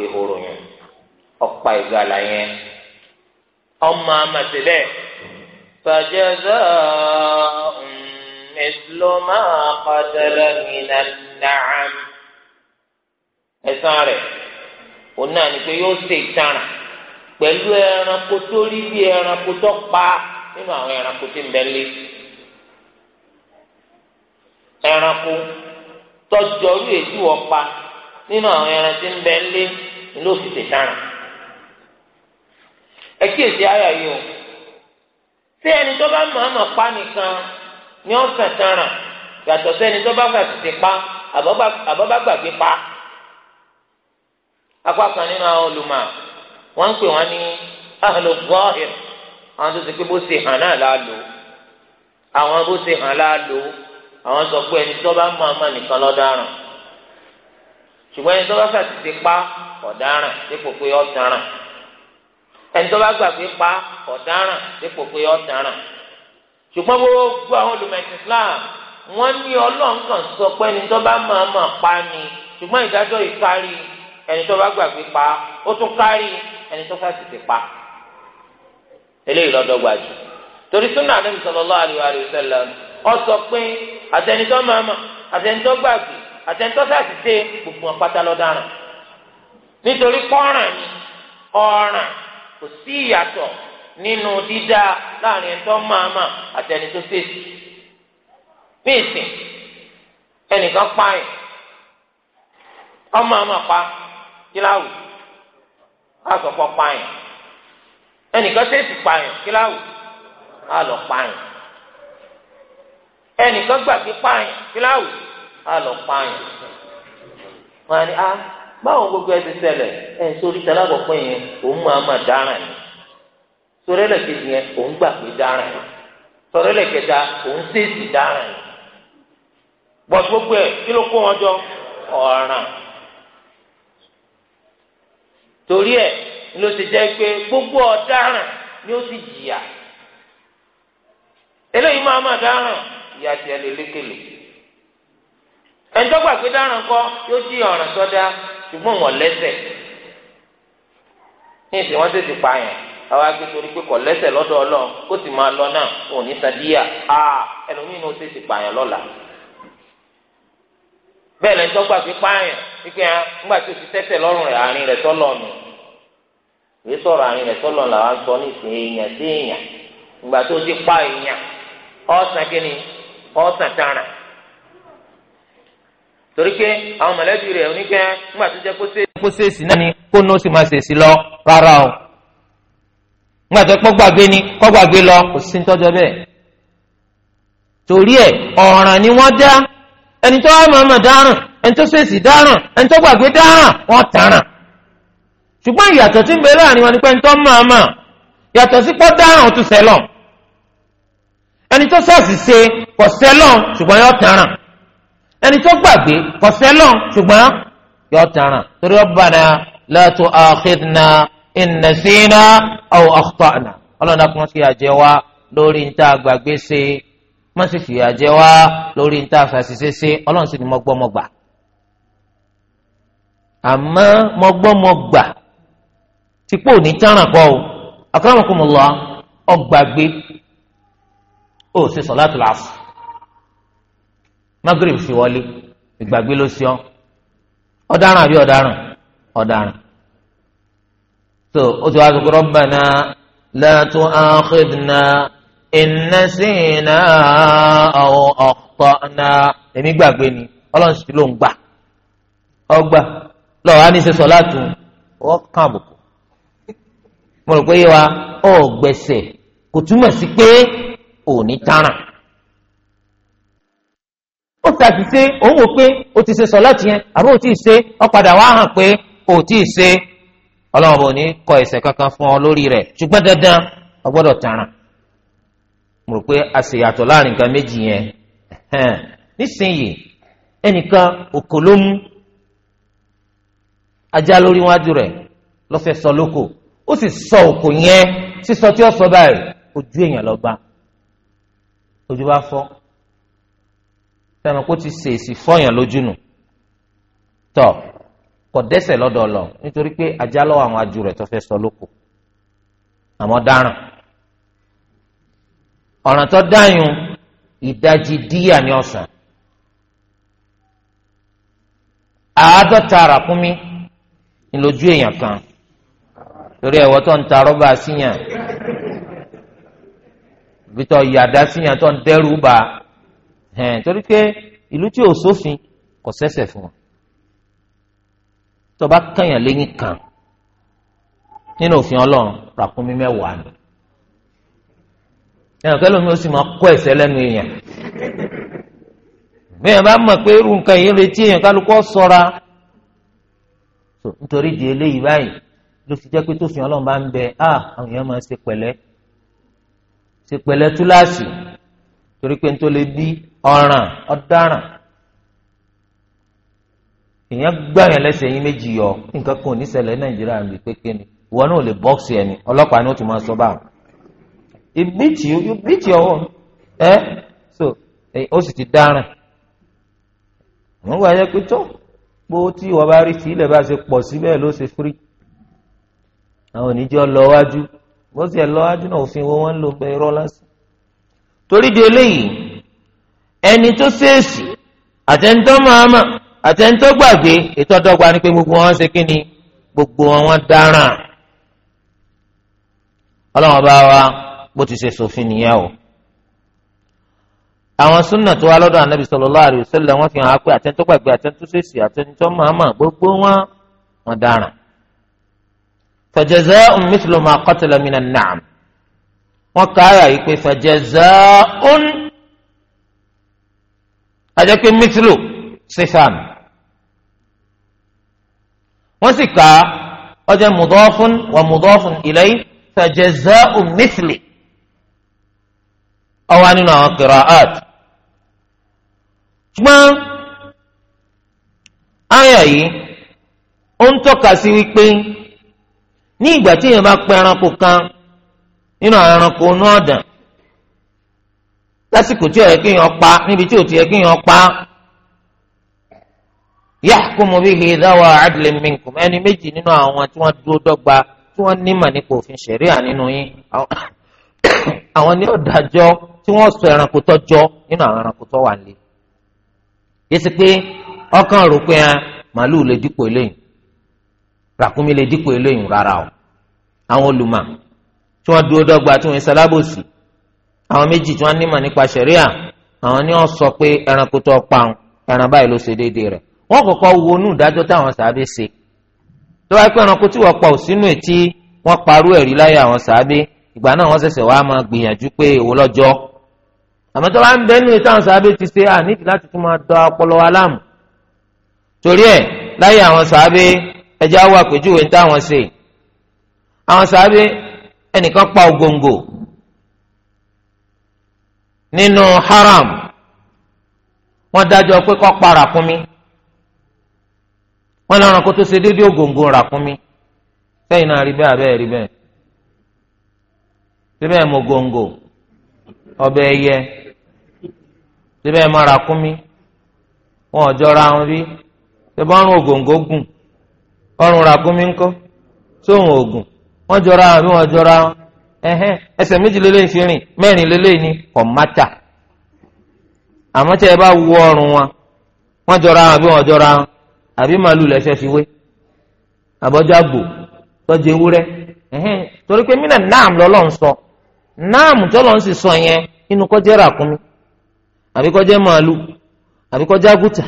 ehoro yẹn ọ̀pá ìgbàlà yẹn ọmọ amàtẹ́lẹ̀ fàjẹ́zọ́ mẹ́sìlọ́mà qatala minan na'am. ẹ̀san rẹ̀ òun náà ni pé yóò ṣe ìtaràn pẹ̀lú ẹranko tó rí bí ẹranko tó pa nínú àwọn ẹranko tí ń bẹ lé ẹranko tọjọ orí èdè nínú àwọn ẹran tí ń bẹ lé o ẹni tó bá pa nìkan ni ó ń yàtọ̀ sẹ́ni pa gbàgbé pa. apá kan nínú àwọn olùmọ̀ wọ́n ń pè wọ́n ní ahlu zahir àwọn tó ti pé bó ṣe hàn náà la lò àwọn bó ṣe hàn la lò àwọn sọ pé ẹni tó bá mọ̀ ọmọ nìkan lọ́daràn ṣùgbọ́n ẹni tó bá fàtìsí pa ọ̀daràn dípò pé ọ̀daràn ẹni tó bá gbàgbé pa ọ̀daràn dípò pé ọ̀daràn ṣùgbọ́n gbogbo àwọn olùmẹ̀tì Islam wọ́n ní ọlọ́nkàn sọ pé ẹni tó bá mọ̀ ọmọ pa ni ṣùgbọ́n ìdájọ́ ìkárí ẹni tó bá gbàgbé pa ó tún kárí ẹni tó fẹ́ tètè pa eléyìí lọ́dọ́gba jù torí súnà àdéhùn sallallahu alaihi wa sallam ọ sọ pé àtẹnitọ́ màmá àtẹnitọ́ gbàgbé àtẹnitọ́ sàtìsẹ́ gbogbo àpáta lọ́daràn nítorí kọ́ràn ni ọ̀ràn kò sí ìyàtọ̀ nínú dídá láàrin àtẹnitọ́ sèṣì pa. kíláwù àsọpọ̀ pààyàn ẹnìkan ṣèèṣì pààyàn kíláwù àlọ́ kíláwù ni a báwọn gbogbo ẹ ti ṣẹlẹ̀ ẹ sórí tẹlẹ àkọ́kọ́ òun ma dáràn ni sórí ẹlẹ́kejì yẹn òun gbàgbé dáràn ni sórí ẹlẹ́kẹta òun torí ẹ̀ ló ti jẹ́ pé gbogbo ọ̀daràn ni o sì jìyà eléyìí máa máa dáràn ìyá tiẹ̀ lè lékele ẹ̀ńtọ́gbà pé dáràn kọ́ yóò jí ọ̀ràn sọ́dá ṣùgbọ́n wọn lẹ́sẹ̀ ní ìsìn wọn tètè pààyàn àwọn agbésórí pé kò lẹ́sẹ̀ lọ́dọ̀ ọlọ́run kó sì máa lọ náà sadíyà tètè pààyàn lọ́la. bẹ́ẹ̀ lẹ́ni tó gbà fi pààyàn wípé ẹ ńgbà tó ti tẹ́tẹ̀ lọ́rùn rẹ̀ àárín rẹ̀ tọ́lọ̀ nù èyí sọ̀rọ̀ àárín rẹ̀ tọ́lọ̀ làwọn sọ ní ìsìn èèyàn sí èèyàn tó ti pa èèyàn ọ̀sán kínní ọ̀sán tààrà torí pé àwọn mọ̀lẹ́bí rẹ̀ oníkẹ́ náà ni kó ní ó sì máa ṣèèṣì lọ rárá o ńgbà tó kọ́ gbàgbé ni kọ́ gbàgbé lọ kò sí ẹni tó wá màmá dáràn ẹni tó ṣèṣì dáràn ẹni tó gbàgbé dáràn wọ́n tàràn ṣùgbọ́n ìyàtọ̀ tí ń bẹ láàrin wọn ni pé ẹni tó màmá yàtọ̀ sí pọ́ dáràn ọ̀tún sẹ́lọ̀ ẹni tó ṣàṣì ṣe kọ̀ sẹ́lọ̀ ṣùgbọ́n yọ tàràn ẹni tó gbàgbé kọ̀ sẹ́lọ̀ ṣùgbọ́n yọ tàràn torí ọ̀bàdà la tu'akhidna in nasina aw ọlọ́dà kún sí má sì fìyà jẹ wá lórí níta àfàṣìṣe ṣe ọlọ́run sì ni mo gbọ́ mo gbà àmọ́ mo gbọ́ mo gbà tí pò ní tàràn kọ́ o akramakumullah ọgbàgbé ó ṣe sọ̀láàtù làásù magrib fi wọlé ìgbàgbé ló ṣe ọ́ ọ̀daràn àbí ọ̀daràn ọ̀daràn tó o ti wá sọ pé rabbana la tu'akhidna. ìnàsínà ọ̀pọ̀nà èmi gbàgbé ni ọlọ́run sì ló ń gbà ọgbà lọ́wọ́ á ní ṣe sọ́láàtù wọ́n kàn àbùkù mo rò pé yé wa ọ̀ gbẹ̀sẹ̀ kò túmọ̀ sí pé òní ó òun wò pé o ti o ti ṣe ọ padà wá hàn pé o ti ṣe ọlọ́run ò ní kọ kankan fún ọ lórí rẹ̀ ṣùgbọ́n dandan ọ gbọ́dọ̀ mo rò pé a sì yàtọ̀ láàrin nǹkan méjì yẹn nísìnyìí ẹnìkan òkò ló mú ajá lórí wájú rẹ̀ lọ́fẹ́ sọ lóko ó sì sọ òkò yẹn sísọ tí ó sọ báyìí ojú èèyàn lọ bá ojú bá fọ́ fẹ́ràn kó ti ṣèèṣì fọ́yàn lójú nù tọ́ kò dẹ́ṣẹ̀ lọ́dọ̀ nítorí pé ajá lọ́wọ́ àwọn ajú rẹ̀ tó fẹ́ sọ lóko àmọ́ dáràn ọ̀ràn tó dáyùn ìdajì díyà ní ọ̀sán àádọ́ta ràkúnmí ńlójú èèyàn kan torí ẹ̀wọ́ tó ń ta rọ́bà síyàn bítọ̀ yàdá síyàn tó ń dẹ́rù bá torí pé ìlú tí ò sófin kò sẹ́sẹ̀ fún wọn tó bá kan nínú òfin ọlọ́run ràkúnmí mẹ́wàá ni ẹnì kan lómi ó sì máa kó ẹsẹ̀ lẹ́nu èèyàn bí èèyàn bá mọ̀ pé irú nǹkan yìí ń retí èèyàn kálukọ́ sọ́ra nítorí di eléyìí báyìí ló fi jẹ́ pé tó fi ọlọ́run bá ń bẹ á àwọn èèyàn máa ṣe pẹ̀lẹ́ ṣe pẹ̀lẹ́ túláàsì torí pé nítorí lè ọràn ọ̀ràn ọ̀daràn lẹ́sẹ̀ yín méjì yọ nǹkan kan ò ní nàìjíríà pé ìwọ sọ báwọn. it beat you you beat your own ẹ eh? so eh, ó sì ti dáràn wọn wáyé pé tó gbó tí wọn bá rí sí ilẹ̀ bá ṣe pọ̀ sí bẹ́ẹ̀ ló ṣe firi àwọn oníjọ́ lọ wájú bó ṣe lọ wájú náà òfin wo wọ́n ń lò pé irọ́ lásán torí di eléyìí ẹni tó ṣèèṣì àtẹnitọ́ màmá àtẹnitọ́ gbàgbé ètò ọ̀dọ́gba ni pé gbogbo wọn ṣe kí ni gbogbo wọn dáràn ọlọ́wọ́n bá wa bó ti ṣe sòfin nìyẹn o àwọn súnà tó wá lọ́dọ̀ ànábì sallallahu alaihi wasallam wọ́n fi hàn á pé àtẹ́ntó gbàgbé àtẹ́ntó ṣèṣì àtẹ́ntó màmá gbogbo wọn wọn dáràn. fajaza'un mithlu ma qatala minan na'am wọ́n káyà yìí pé fajaza'un ajẹ́ pé mithlu sifam wọ́n sì ká ọjọ́ mudafun wa mudafun ilayhi fajaza'un mithli. ọwọ́ nínú àwọn qira'at ṣùgbọ́n àyà yìí ó ń tọ́ka sí wípé ní ìgbà tí èèyàn bá pẹ ẹranko kan nínú àwọn ẹranko náà dàn lásìkò tí ó yẹ kéèyàn pa níbi tí ò ti yẹ kéèyàn pa yahkumu bihi dhawa adlin minkum ẹni méjì nínú àwọn tí wọn dúró dọgba tí wọn ní nímọ̀ nípa òfin ṣẹ̀ríà nínú yín àwọn ni ó dájọ́ tí wọ́n sọ ẹranko tó jọ nínú àwọn ẹranko tọ wà nílé yìí pé ọkàn rò pé ah, màálù lè dípò eléyìn ràkúnmí lè dípò eléyìn rárá o àwọn tí wọ́n dúró dọ́gba tí wọ́n àwọn méjì tí wọ́n nímọ̀ nípa ṣẹ̀ríà àwọn ni wọ́n sọ pé ẹranko tó pa ọ ẹran báyìí ló ṣe déédéé rẹ̀ kọkọ wo inú àwọn sàábé ìgbà náà wá máa àmọ́ tó bá ń bẹ́ẹ̀ nínú táwọn sàábé ti ṣe àníbi láti tún máa dán ọpọlọ wa láàmú torí ẹ̀ láyé àwọn sàábé ẹja wà pèjúwe ń táwọn ṣe àwọn sàábé ẹnìkan pa ògòǹgò nínú haram wọ́n dájọ́ pé kó pa ràkúnmí wọ́n lọ́rùn kó tó ṣe déédéé ògòǹgò ràkúnmí sẹ́yìn náà rí bẹ́ẹ̀ abẹ́ẹ̀ rí bẹ́ẹ̀ rí bẹ́ẹ̀ mọ ògòǹgò ọbẹ̀ ẹyẹ. síbẹ̀ ẹ̀ mọ́ra kún mi wọn ò jọra wọn bí síbẹ̀ ọrùn ògòǹgò gùn ọrùn ràkúnmí ńkọ́ sóhun ògùn wọn jọra wọn bí wọn jọra wọn ẹ̀hẹ́n méjì lélẹ́yìn fi rìn mẹ́rin ni kò ẹ bá wu ọrùn wọn wọn jọra bí wọn jọra àbí màálù fi wé gbò àbí kó jẹ́ màálù àbí kó jẹ́ àgùtà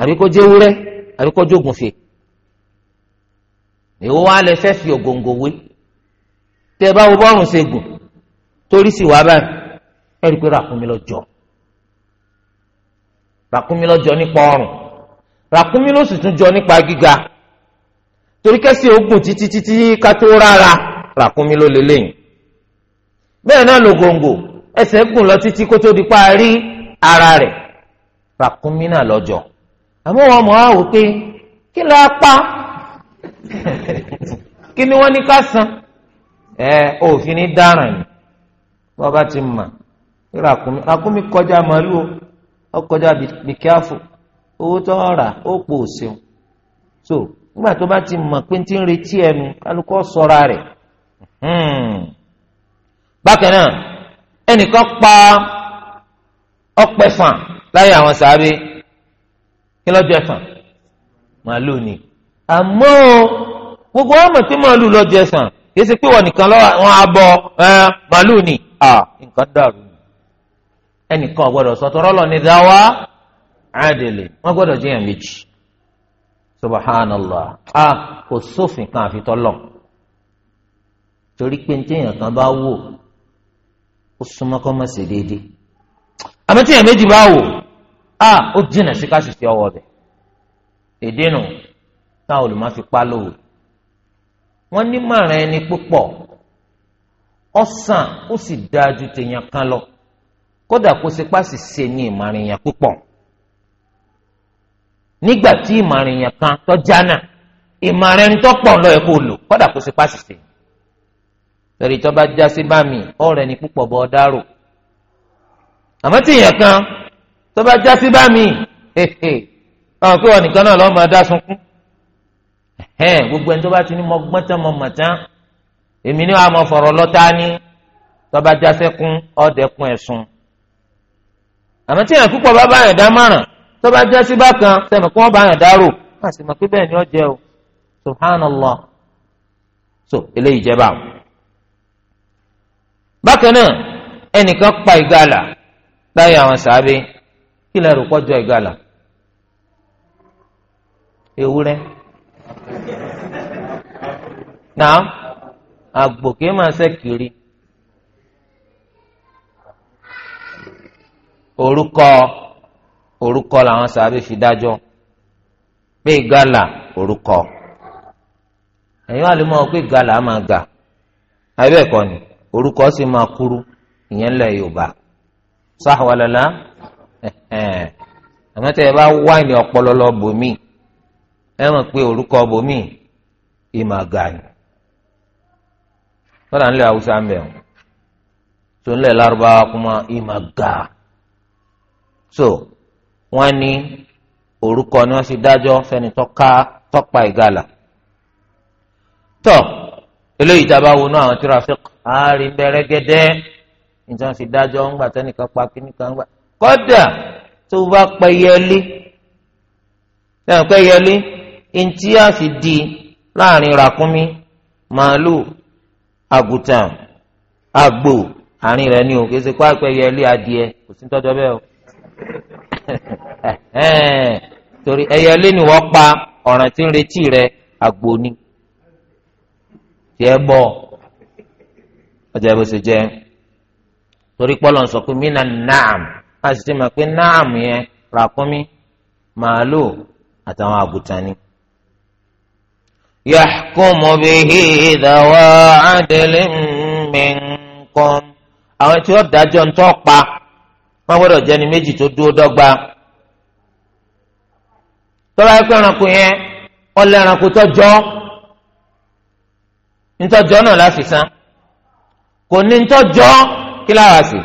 àbí kó jẹ́ ewúrẹ́ àbí kó jẹ́ ògùnfẹ̀ èwo wá lẹ fẹ́ fi ògòǹgò wé tẹ́ ẹ bá wo bọ́ọ̀rùn ṣe gùn torí sì wá báyìí ẹ rí i pé ràkúnmí lọ jọ ràkúnmí nípa ọrùn ràkúnmí ló sì tún jọ nípa gíga torí kẹ́sì ogun títí títí ká tó rárá ràkúnmí ló lélẹ́yìn bẹ́ẹ̀ náà lògòǹgò ẹsẹ̀ gùn lọ títí kó tó di pa ara rẹ̀ ràkúnmí náà lọ́jọ́ wọn pé kí ló pa kí ni wọn ní ká san ẹ òfin ní dáràn ni wọ́n bá ti mà kọjá màálù ó kọjá bìkíáfù owó tó ń rà ó pò so nígbà tó bá ti mọ̀ pé ti ń retí ẹnu kálukọ́ sọ́ra rẹ̀ hmm. bákan náà ọpẹ sàn láyé àwọn sàábé kí lọ́jọ́ sàn màálù ni àmọ́ gbogbo ọmọ tí màálù lọ́jọ́ sàn kì í ṣe pé wọ́n nìkan wọ́n á bọ màálù ni nǹkan dàrú ẹnìkan ọ̀gbọ́dọ̀ sọ̀tọ̀rọ̀ lọ ní dáwà àdèlè wọ́n gbọ́dọ̀ jẹ́yàn méjì subhanallah a kò sófin kan àfitọ́lọ̀ torí pé ní téèyàn kan bá wò ó súnmọ́ kọ́ mọ̀ sí déédéé àmọ́ tí èèyàn méjì bá wò á ó jìnà sí ká sì fi ọwọ́ bẹ̀ èdè nù táwọn olùmọ̀ fi pa lóhùn wọ́n ní mọ̀ràn ẹni púpọ̀ ọ̀sán ó sì dáa ju tèèyàn kan lọ kódà kó ṣe pàṣẹ ṣe ní ìmọ̀rìyàn púpọ̀ nígbà tí ìmọ̀rìyàn kan tó jánà ìmọ̀ràn ẹni tó pọ̀ lọ́ọ́ ẹ̀kọ́ lò kódà kó ṣe pàṣẹ ṣe lórí já sí bá mi ọ̀rẹ́ ni púpọ̀ bọ́ dárò àmọ́ tí èèyàn kan tó bá já sí bá mi àwọn pé wọn nìkan náà lọ́ọ́ máa dá sunkún gbogbo ẹni tó bá ti ní mọ gbọ́ntàn mọ mọ̀tán èmi ni wàá mọ fọ̀rọ̀ lọ́tà ní tó bá já sẹ́kún ọ̀dẹ́kun ẹ̀sùn àmọ́ tí èèyàn púpọ̀ bá bá yàn dá márùn tó bá já sí bá kan sẹ́mi kí wọ́n bá yàn má sì mọ̀ pé bẹ́ẹ̀ ni ó jẹ́ o subhanallah so eléyìí jẹ́ báwọn. bákan náà ẹnìkan pa ìgalà láyé àwọn sàábé kí lè rò pọ́jọ́ ìgbàlà ewúrẹ́ náà àgbò kìí máa ṣe kiri orúkọ orúkọ làwọn sàábé fi dájọ́ pé orúkọ ẹ̀yin wà lè mọ̀ pé máa gà ni orúkọ sì máa kúrú ìyẹn sáhùwàlálá àmọ́ tẹ́ ẹ bá wáìnì ọpọlọlọ bòmí ẹ mọ̀ pé orúkọ bòmí ìmàgàní wọ́n là ń lé haúsá ń bẹ̀ wọ́n tó ń lẹ̀ lárúbáwá kuma ìmàgà so wọ́n ní orúkọ ni wọ́n fi dájọ́ fẹ́ni tọ́ka tọ́pa ìgalà tọ́ eléyìí tá a bá wo náà àwọn tíra fẹ́ àárín bẹ́rẹ́gẹ́dẹ́. níta fi dájọ́ ńgbà tẹ́nìkan pa kíníkan ńgbà kọ́dà tó bá pẹyẹlé tẹ́nì pẹyẹlé ntí a fi di láàrin ràkúnmí màálù àgùtàn àgbò àárín rẹ̀ ni o kì í ṣe pa pẹyẹlé adìẹ kò sí tọ́jọ́ bẹ́ẹ̀ o torí ẹyẹlé ni wọ́n pa ọ̀ràn tí ń retí àgbò ni ọjà ìbùsùn torí pọ́lọ́ sọ na naam a sì ti mọ̀ pé naam yẹn ràkúnmí màálù àtàwọn àgùntàn ni. yahkumu bihi dhawa adlin minkum àwọn tí wọ́n dájọ́ ń tọ́ wọ́n gbọ́dọ̀ jẹ́ni méjì tó dúró dọ́gba. tọ́lá ẹ̀kọ́ ẹranko yẹn ọlẹ́ ẹranko tọ́jọ́ ntọ́jọ́ náà láti san kò ní kí láwa sí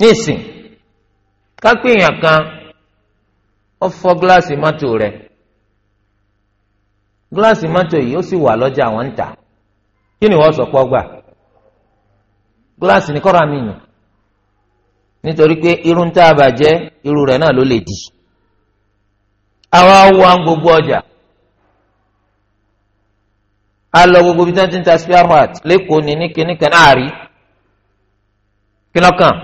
nísìn kápẹ́ kan ó fọ gíláàsì mọ́tò rẹ̀ gíláàsì mọ́tò yìí ó sì wà lọ́jà wọn ń tà kí ni wọ́n sọ pọ́ gbà gíláàsì ni kọ́ra mi nù nítorí pé irú ń tá a bàjẹ́ irú rẹ̀ náà ló lè di àwa wọ́n gbogbo ọjà. a lọ gbogbo bí wọ́n ti ń ta spare part lẹ́kọ̀ọ́ ní kíní kan náà rí kílọ̀kàn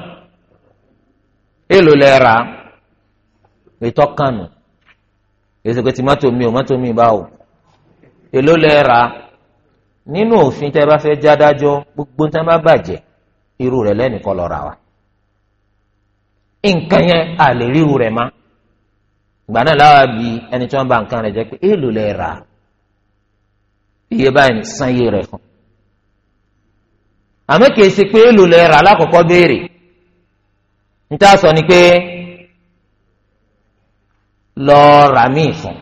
èèlò lẹ rà á ètò kànù èsì pé ti mọ́tò mi ò mọ́tò mi bá o èèlò lẹ rà á nínú òfin tẹ́ bá fẹ́ jádájọ́ gbogbo tẹ́ bá bàjẹ́ irú rẹ̀ lẹ́nìkan lọ rà wá nǹkan yẹn a ríru rẹ̀ má gbà náà láwa ẹni tí wọ́n bá nǹkan rẹ̀ jẹ́ pé èèlò lẹ rà iye báyìí san iye rẹ̀ fún àmọ́ kìí ṣe pé èlò lẹ rà alákọ̀ọ́kọ́ béèrè níta sọ ni pé lọ rà míì fún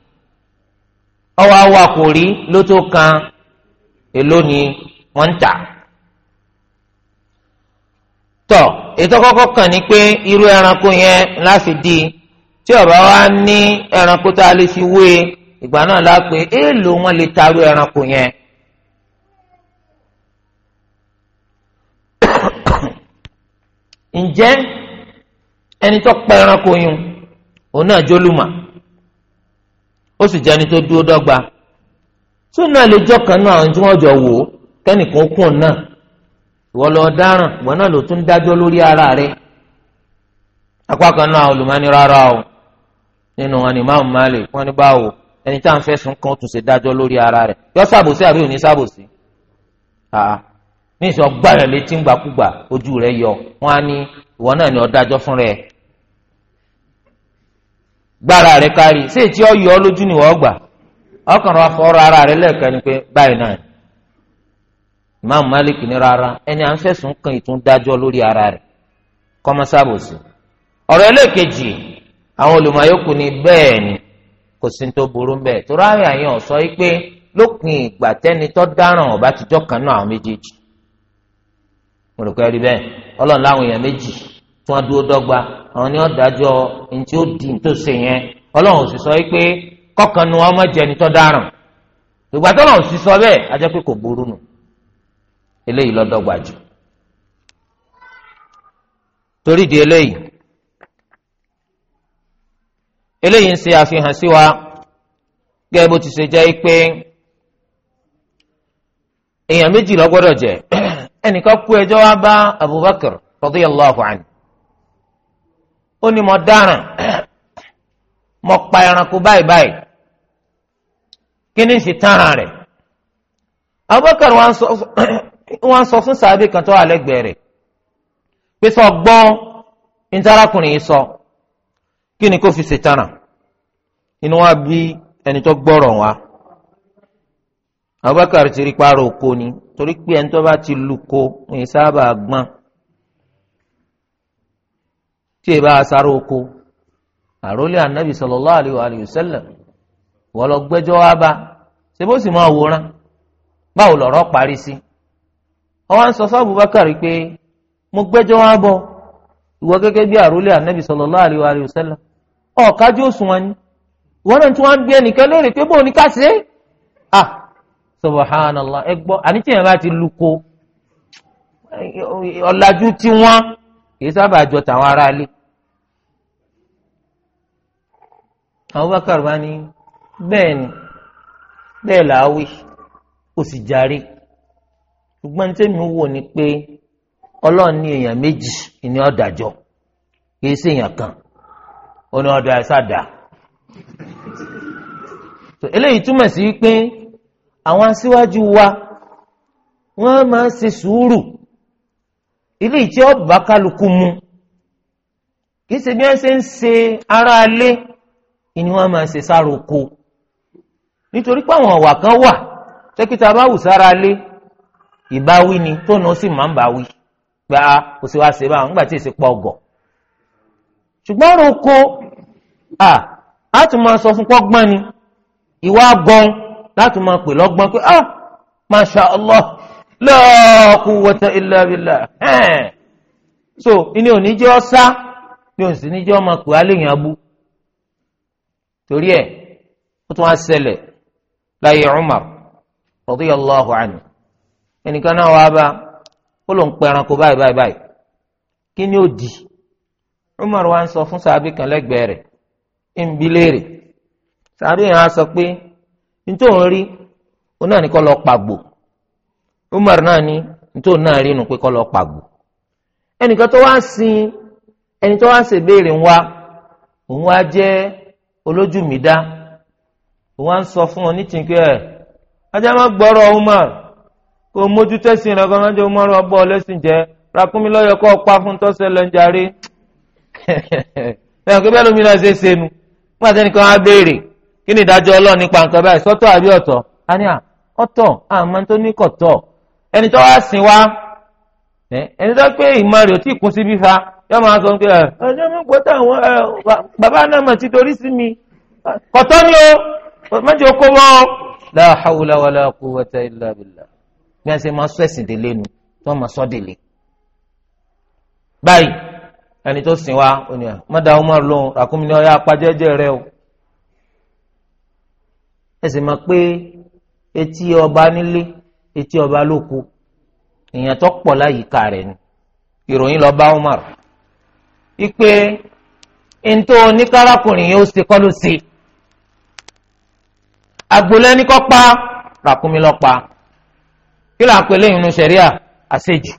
ọwa awa kò rí ló tó kan èlò ni wọ́n ń tà tọ ètò kọ́kọ́ kàn ní pé irú ẹranko yẹn láti di tí ọba wa ní ẹranko tá a lè fi wé e. ìgbà náà la pé èèlò wọn lè taru ẹranko yẹn. ǹjẹ́ ẹni tó pa ẹranko yun òun náà jólùmọ̀ ó sì jẹ́ ẹni tó dúró dọ́gba tó náà lè jọ́ kan náà àwọn tí wọ́n jọ wò ó kẹ́nìkan kùn náà ìwọ lọ dáràn ìwọ náà ló tún dájọ́ lórí ara rẹ̀ apá kan náà olùmọ́ni rárá o nínú wọn ni Imam Malik wọn ẹni tá à ń fẹ̀sùn kan tún ṣe dájọ́ lórí ara rẹ̀ yọ sábòsí àbí òní sábòsí ní sọ gbàrẹ̀ létí ńgbàkúgbà ojú rẹ̀ yọ wọn á ní ìwọ náà ni ọ dájọ́ fún rẹ̀ gbára rẹ̀ kárí ṣé tí ọ yọ ọ lójú ni wọ́n gbà ọkàn rẹ̀ fọ́ọ́rọ̀ ara rẹ̀ lẹ́ẹ̀kan ni pé báyìí náà Imam Malik ní rárá ẹni à ń fẹ̀sùn kan ìtún dájọ́ lórí ara rẹ̀ kọ́mọ́sábòsí ọ̀rọ̀ ẹlẹ́ẹ̀kejì àwọn olùmọ̀ọ́yọ́kù ni bẹ́ẹ̀ ni kò sí tó burú bẹ́ẹ̀ torí àwọn àyàn sọ yìí pé lópin ìgbà tẹ́ni tó dáràn ọba tìjọ́ kan àwọn méjèèjì mo rò pé rí bẹ́ẹ̀ ọlọ́run láwọn èèyàn méjì tí wọ́n dọ́gba àwọn ni wọ́n dájọ́ tí ó di tó ṣe yẹn ọlọ́run sì sọ yìí pé kọ́kan sọ bẹ́ẹ̀ a pé kò burú eléyìí ń ṣe àfihàn sí wa gẹ́gẹ́ bó ti ṣe jẹ́ pé èèyàn méjì ló jẹ́ ẹnìkan kú ẹjọ́ wa bá Abubakar radiyallahu anhu ó ní mo dáràn mo pa ẹranko báyìí báyìí kí ni sì tán rẹ Abubakar wọn sọ fún sàbẹ̀ kan tó wà pé sọ So kí ni kó fi ṣètànà inú wa bí ẹni tó gbọ́rọ̀ wa Abubakar ti rí oko ni torí pé ẹni tó bá ti lu ko òun sábà gbọ́n tí ì bá sáré oko àròlé anabi sallallahu alayhi wa sallam wọ́n gbẹ́jọ́ wa bá ṣe sì máa wòran báwo lọ̀rọ̀ parí sí ọwọ́ ń sọ fún Abubakar ọ̀kájú wọn ni wọ́n náà tí wọ́n ń gbé ẹnìkan léèrè pé bóun ní ká ah subhanallah ẹ gbọ́ àní ti luko ọ̀làjú tí wọ́n kì í sábà jọ tàwọn Abubakar ni bẹ́ẹ̀ ni bẹ́ẹ̀ là á wí kò sì ṣùgbọ́n tẹ́mi wò ni pé ọlọ́run ní èèyàn méjì ni kan. ó ní ọdọ àìsàdà eléyìí túmọ̀ sí pé àwọn aṣíwájú wa wọ́n máa ń ṣe sùúrù ilé ìtí ọba kálukú mu kì í ṣe bí wọ́n ṣe ń ṣe ara alé ni wọ́n máa ṣe sároko nítorí pé àwọn ọ̀wà kan wà tẹ́kítà bá wù sára alé ìbáwí ni tó náà sì máa ń báwí gba òṣèwà ṣe báwọn nígbà tí èsì pọ̀ ọgọ̀ ṣùgbọ́n oko à láti máa sọ fún pọ́gbọ́n ni ìwà gbọ́n láti máa pè lọ́gbọ́n pé ah masha allah la quwwata illa so ní òní jẹ́ ọ́sá ní òsì ní jẹ́ ọmọ pè á lè abú torí ẹ̀ ó tún á ṣẹlẹ̀ láyé Umar radiyallahu anhu ẹnìkan náà wàá bá ó ni ó di. Umar wa ń sọ fún sàbí kan legbe rẹ ń bi léèrè sàbí yẹn a sọ pé nítorí rí òun náà ní kọ́ lọ pàgbò Umar náà ní nítorí náà rí nu pé kọ́ lọ pàgbò ẹnìkan tó wá sin ẹni tó wá ṣèbéèrè ń wá òun wá jẹ́ olójú mi dá òun wá sọ fún ọ ní Umar kò rẹ̀ kọ́ máa jẹ́ Umar jẹ́ fún tọ́sẹ̀ bẹ́ẹ̀ kí bẹ́ẹ̀ lómi náà ṣe é ṣe nu fún àtẹnìkan á béèrè kí ni ìdájọ́ ọlọ́ọ̀ nípa nǹkan báyìí sọ́tọ̀ àbí ọ̀tọ̀ a ní à ọ̀tọ̀ àmọ́ tó ní kọ̀tọ̀ ẹni tó wá sìn wá ẹni tó pé ìmọ̀ rẹ̀ ò tí ì kún síbí fa yọ máa sọ pé ọjọ́ mi gbọ́ táwọn bàbá náà mà ti torí sí mi kọ̀tọ́ ni o mẹ́jọ kó wọ́n o. la hawla wala quwwata báyìí ẹni tó sìn wá oníyà mọ́dà umar lóhùn ràkúnmí ni ọ̀yà apájẹ́jẹ́ rẹ o ẹ sì mọ̀ pé etí ọba nílé etí ọba lóko èèyàn tó pọ̀ láyìíká rẹ̀ ni ìròyìn lọ bá umar ipe ntọ́ oníkárakùnrin yóò ṣe kọ́ ló ṣe agbolẹ́ni kọ́ pa ràkúnmí lọ́ pa kí ló àpèlè ìrìnnú sẹ̀ríà àṣejù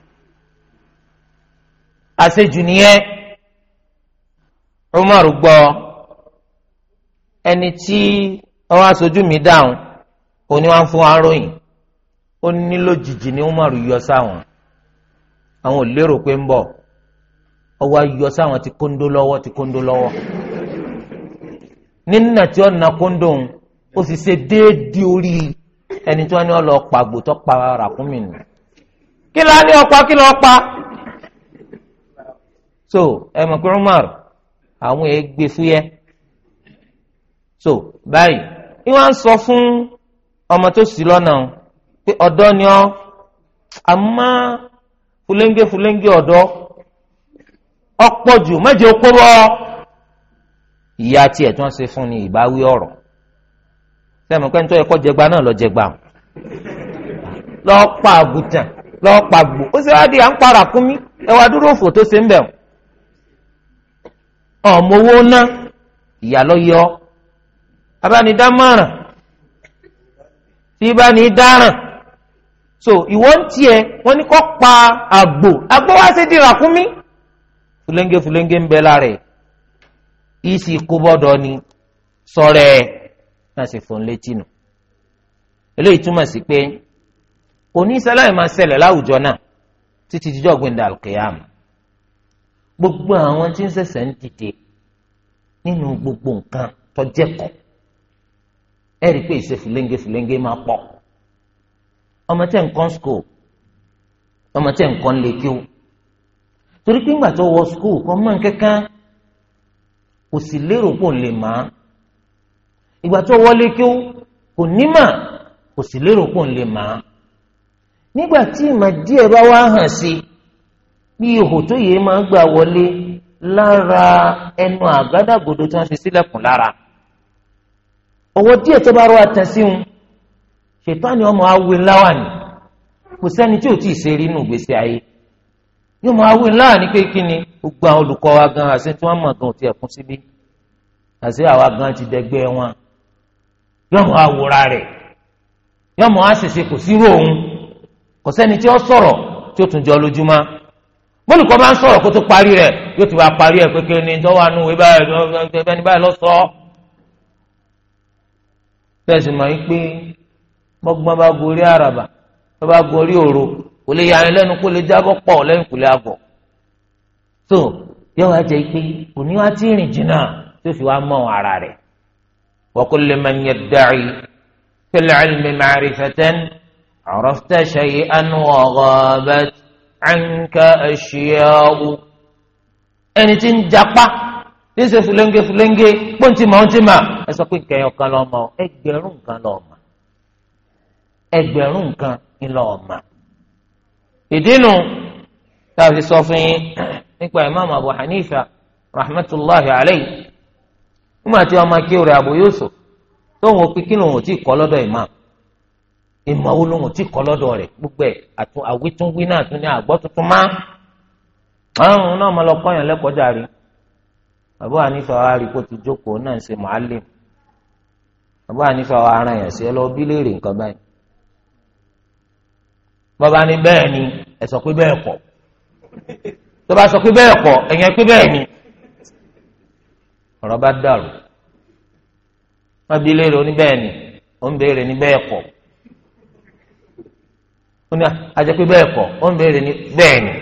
àṣejù nìyẹn Umar gbọ ẹni tí ọwọ́ aṣojú mi dáhùn òní wọn fún wa ó ní lójijì ni Umar yọ sáwọn àwọn ò lérò pé ń bọ ọwọ́ ayọ ti kóńdó lọwọ ti kóńdó lọwọ. nínú tí ó na kóńdó ń ó sì ṣe déédéé orí ẹni tí ní ọ lọ pa àgbò tó pa nù kí ló pa. so ẹ mọ̀ pé Umar àwọn ègbè fúyẹ́ so báyìí ni wọ́n sọ fún ọmọ tó sì lọ́nà pé ọ̀dọ́ ni ọ́ àmọ́ fúlẹ́ńgé fúlẹ́ńgé ọ̀dọ́ ọ̀pọ̀ jù méje kúrò ìyá tiẹ̀ tí wọ́n ṣe fún ni ìbáwí ọ̀rọ̀ sẹ́mi pé nítorí ẹ̀kọ́ jẹgba náà lọ jẹgba lọ́ọ́ pa àgùtàn lọ́ọ́ pa gbò ó sì wá di à ń para kúmi ẹ̀wà dúró fò tó ṣe ń bẹ̀rù ọmọ owó ná ìyàlọ́ yọ abánidámọ̀ràn tí bá ní dáràn so ìwọ ń tiẹ̀ wọ́n ní kó pa àgbò àgbò wá sí di ràkúnmí fúlẹ́ńgẹ́ fúlẹ́ńgẹ́ ń bẹ lára ẹ̀ ìsì kó bọ́dọ̀ ni sọ̀rọ̀ ẹ̀ náà sì fún létí nù eléyìí túmọ̀ sí pé oníṣẹ́ láì máa ṣẹlẹ̀ láwùjọ náà títí jíjọ́ gbẹ̀ndà gbogbo àwọn tí ń ṣẹ̀ṣẹ̀ ń dìde nínú gbogbo nǹkan tọ́jẹ́kọ̀ ẹ rí i pé ìṣe fìlẹ́ńgẹ́ fìlẹ́ńgẹ́ máa pọ̀ ọmọ tẹ̀ ń kọ́ school ọmọ tẹ̀ ń kọ́ ń lè o torí pé ńgbà tó wọ school kọ́ mọ́ nǹkankan kò sì lérò pò ń lè má ìgbà tó wọlé kí o kò ní mà kò sì lérò pò ń lè má nígbà tí ìmọ̀ díẹ̀ bá wá hàn sí i bí ihò tó yẹ máa gbà wọlé lára ẹnu àgádágodo tí wọ́n fi sílẹ̀kùn lára ọwọ́ díẹ̀ tó bá rọ àtẹ̀síhun ṣètánì ọmọ awé láwàní kò sẹ́ni tí ò tí ì ṣe rí inú ìgbésí ayé yóò máa wí láàánú pé kí ni gbogbo àwọn olùkọ́ wa gan àṣẹ tí wọ́n mọ̀ gan ò ẹ̀kún síbí àṣẹ àwa gan ti dẹgbẹ́ wọn yóò máa wòra rẹ̀ yóò máa ṣèṣe kò sírò òun kò sẹ́ni tí ó sọ̀rọ̀ tí ó tún jọ lójúmọ́ bólùkọ́ bá ń sọ̀rọ̀ kó tó parí rẹ̀ yóò ti wá parí ẹ̀ kékeré ní tó wà nùwé báyìí báyìí lọ́sọ̀ọ́. bẹ́ẹ̀ sì máa ń pé mọ́gbọ́n bá gorí àràbà tó bá gorí òru kò lè yàrá lẹ́nu kó lè jábọ́ pọ̀ lẹ́yìn kò lè àgọ̀. tó yóò wá jẹ́ pé kò ní wá tí ìrìn jìnnà tó fi wá mọ́ ara rẹ̀. wa kullu man yadda'i fil ilmi ma'rifatan 'arafta shay'an ànkà àṣìyàwó ẹni tí ń japa tí ń ṣe fúlẹ́ńgé fúlẹ́ńgé pọ́ǹtì mà ọ́ǹtì ẹ sọ pé kẹyìn ọ̀kan lọ́ọ́ mọ̀ ẹgbẹ̀rún nǹkan lọ́ọ́ ẹgbẹ̀rún nǹkan sọ fún yín imam abu hanifa rahmatulahi alayhi wọ́n àti ọmọ abu yusuf tó ń wọ pé kí imam. ìmọ̀ wo lòun ti kọ́ lọ́dọ̀ rẹ̀ gbogbo ẹ̀ àtún àwítúnwí náà tún ní àgbọ̀ tuntun má. àrùn náà máa lọ kọ́yàn lẹ́kọ̀ọ́ jàre àbúrò ànífà wa rí kó ti jókòó náà ń ṣe màálìm àbúrò ànífà wa ara yàn sí ẹ lọ bí léèrè nǹkan báyìí. bàbá ni bẹ́ẹ̀ ni ẹ sọ pé bẹ́ẹ̀ kọ́ tó bá sọ pé bẹ́ẹ̀ kọ́ ẹ̀yẹn pé bẹ́ẹ̀ ni ọ̀rọ̀ bá dàrú wọ́n bí léèrè oníbẹ̀ẹ́ ni ó ń béèrè níbẹ̀ẹ́ kọ́ ó ní ajẹ́ pé bẹ́ẹ̀ kọ́ ó ń béèrè ní bẹ́ẹ̀ ni.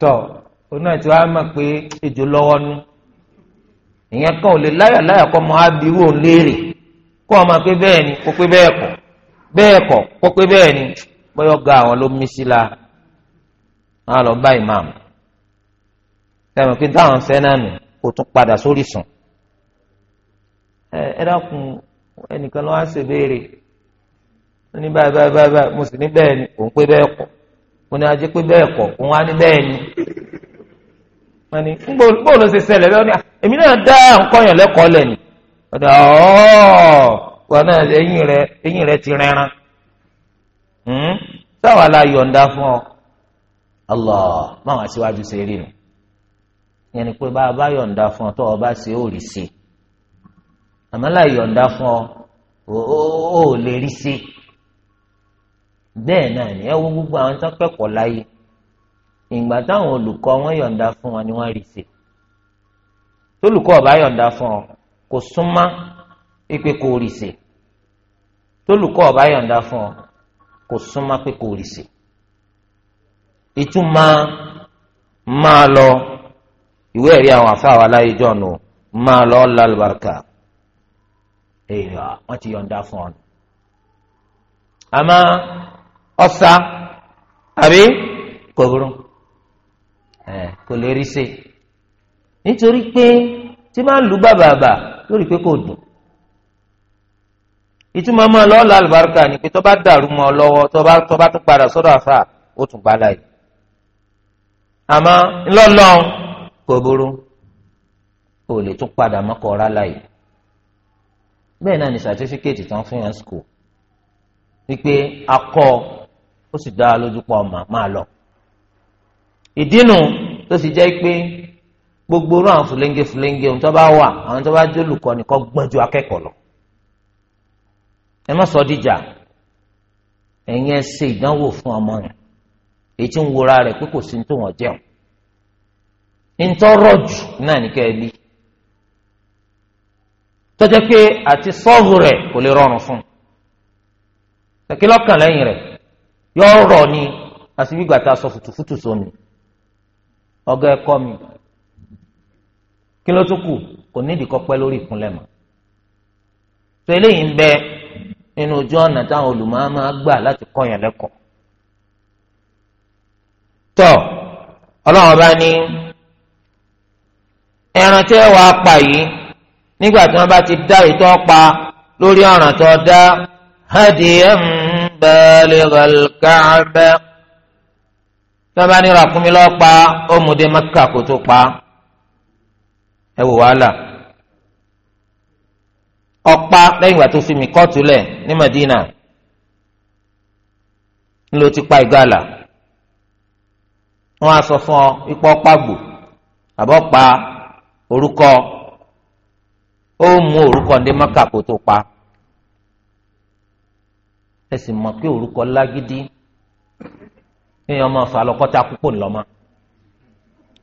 tọ́ oní àti wàá mọ̀ pé ejò lọ́wọ́ nú ìyẹn kan ò lè láyà láyà kọ́ mọ́ abirú òun léèrè kó ọmọ pé bẹ́ẹ̀ ni kó pé bẹ́ẹ̀ kọ́ bẹ́ẹ̀ kọ́ kó pé bẹ́ẹ̀ ni bọ́yọ̀ ga àwọn ló mí sí la wọn lọ bá ìmáàmù tẹ̀wọ̀n pé táwọn fẹ́ náà tún padà sórí sùn ẹ ẹ dákun ẹnìkan lọ́wọ́ á ṣèbéèrè. ó ní báyìí báyìí ni kò pé bẹ́ẹ̀ kọ́ ní ajé pé bẹ́ẹ̀ ni wọ́n ní bó ló ṣe ṣẹlẹ̀ bẹ́ẹ̀ ni ah, èmi náà dá nǹkan yàn lẹ́kọ̀ọ́ lẹ̀ ni ọ̀dà ọ̀ọ́ wọn náà rẹ rẹ ti rẹran sáwọn hmm? fún ọ aṣíwájú ṣe rí nu yẹn ni pé bá a bá yọ̀ǹda fún ọ tó o bá ṣe ó rí sí àmọ́ bẹ́ẹ̀ náà ni ẹ wo gbogbo àwọn tó kẹ́kọ̀ọ́ láyé ìgbà táwọn olùkọ́ wọn yọ̀ǹda fún wọn ni wọ́n rí ṣe tólùkọ́ ọ̀bá yọ̀ǹda fún ọ kò súnmọ́ pé kò rí ṣe tólùkọ́ ọ̀bá yọ̀ǹda fún ọ kò súnmọ́ pé kò rí ṣe ìtumọ̀ máa lọ ìwé ẹ̀rí àwọn àfáàwọ̀ aláyéjọ́ nù máa lọ lálùbáríkà èèyàn wọ́n ti yọ̀ǹda fún ọ àmọ́ ọ̀sà àbí kòkòrò ẹ̀ kò lè rí ṣe nítorí pé tí máa ń lu bàbàbà lórí pé kò dùn ìtumọ̀ máa lọ́ọ́ la àlùbáríkà ni pé tó bá dàrú mọ́ ọ lọ́wọ́ tó bá tó bá tún padà sọ́dọ̀ àfà ó tún gbá láyé àmọ́ ńlọ́lọ́ kò kò lè tún padà mọ́kọ ọ̀rá láyé bẹ́ẹ̀ náà ni sàtífíkẹ́tì tán fún yàn skul wípé akọ́ ó sì dá lójú pa ọmọ máa lọ ìdínú tó sì jẹ́ pé gbogbo orú àwọn fúlẹ́ńgé fúlẹ́ńgé ohun tó bá wà àwọn tó bá jẹ́ olùkọ́ nìkan gbọ́n ju akẹ́kọ̀ọ́ lọ ẹ má sọ dìjà ẹ̀yin ẹ ṣe ìdánwò fún ọmọ yẹn èyí tí ń wora rẹ̀ pé kò sí ní tó wọ́n jẹun ntọrọ jù náà ní ká ẹbí tọ́jẹ́ pé àti sọ́ọ̀bù rẹ̀ kò lè rọrùn fún un kàkí lọ́kàn lẹ́yìn rẹ̀ yọ rọ ni àsìbígbà tá a sọ fùtùfùtù sómi ọgá ẹkọ mi kí ló tún kù kò nídìí kọpẹ lórí ìkúnlẹ̀ mọ́ tó eléyìí ń bẹ nínú ojú ọ̀nà táwọn olùmọ̀ọ́ gbà láti kọ́ yẹn lẹ́kọ̀ọ́ ẹran tí ẹ wàá pa yìí nígbà tí wọ́n bá ti dá ìtọ́ pa lórí ọ̀ràn tó dá بالغ الكعبة tọ́ba ní ràkúnmí lọ́ọ́ pa ó mú dé mẹ́kà kó tó pa ẹ wò wàhálà ọ̀pá lẹ́yìn ìgbà tó fi mí kọ́ọ̀tù lẹ̀ ní Madina ńlọ ti pa ìgalà wọ́n á sọ fún ọ ipò ọ̀pá gbò àbọ̀ pa orúkọ ó mú orúkọ dé mẹ́kà kó tó pa ẹ sì mọ̀ pé orúkọ lágídí èèyàn máa fà lọ́kọ́ta púpọ̀ ńlọ́mọ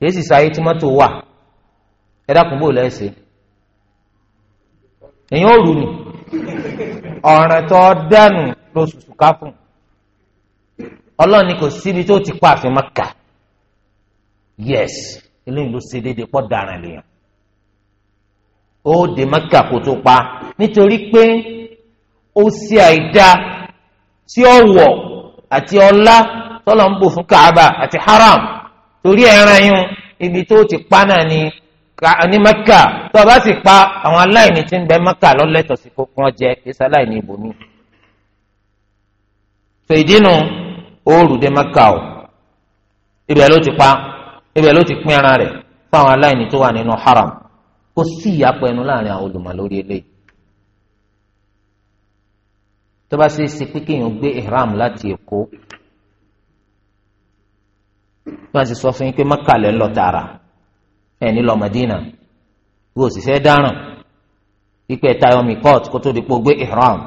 èyí sì sáyé tí mọ́tò wà ẹ bò lẹ́sẹ̀ èèyàn ò rù ní tó dánù ló sùsù ká fún ọlọ́run ni kò síbi tó ti pa àfin mọ́kà yes eléyìí ló ṣe déédéé pọ́ dáràn lèèyàn ó de mọ́kà kó tó pa nítorí pé ó ṣe àìdáa. sí ọ̀wọ̀ àti ọlá tọ́lọ̀ ń bò fún kaaba àti haram torí ẹran yín ibi tó ti pa náà ní maka tó o bá pa àwọn aláìní tí ń bẹ maka lọ́lẹ́tọ̀ sí kókó ọjẹ́ kí sáláìní ibòmí. tó ìdínú ooru dé o ló ti pa ibẹ̀ ló ti pín ẹran rẹ̀ fún àwọn aláìní tó haram láàrin tó bá ṣe é ṣe pé kéèyàn gbé ihram láti èkó bí ti sọ fún yín pé lọ tààrà ẹ̀ ní lọ Mẹ́dínà bí o sì fẹ́ dáràn pípẹ́ tayo mikot kó tó di pé o gbé ihram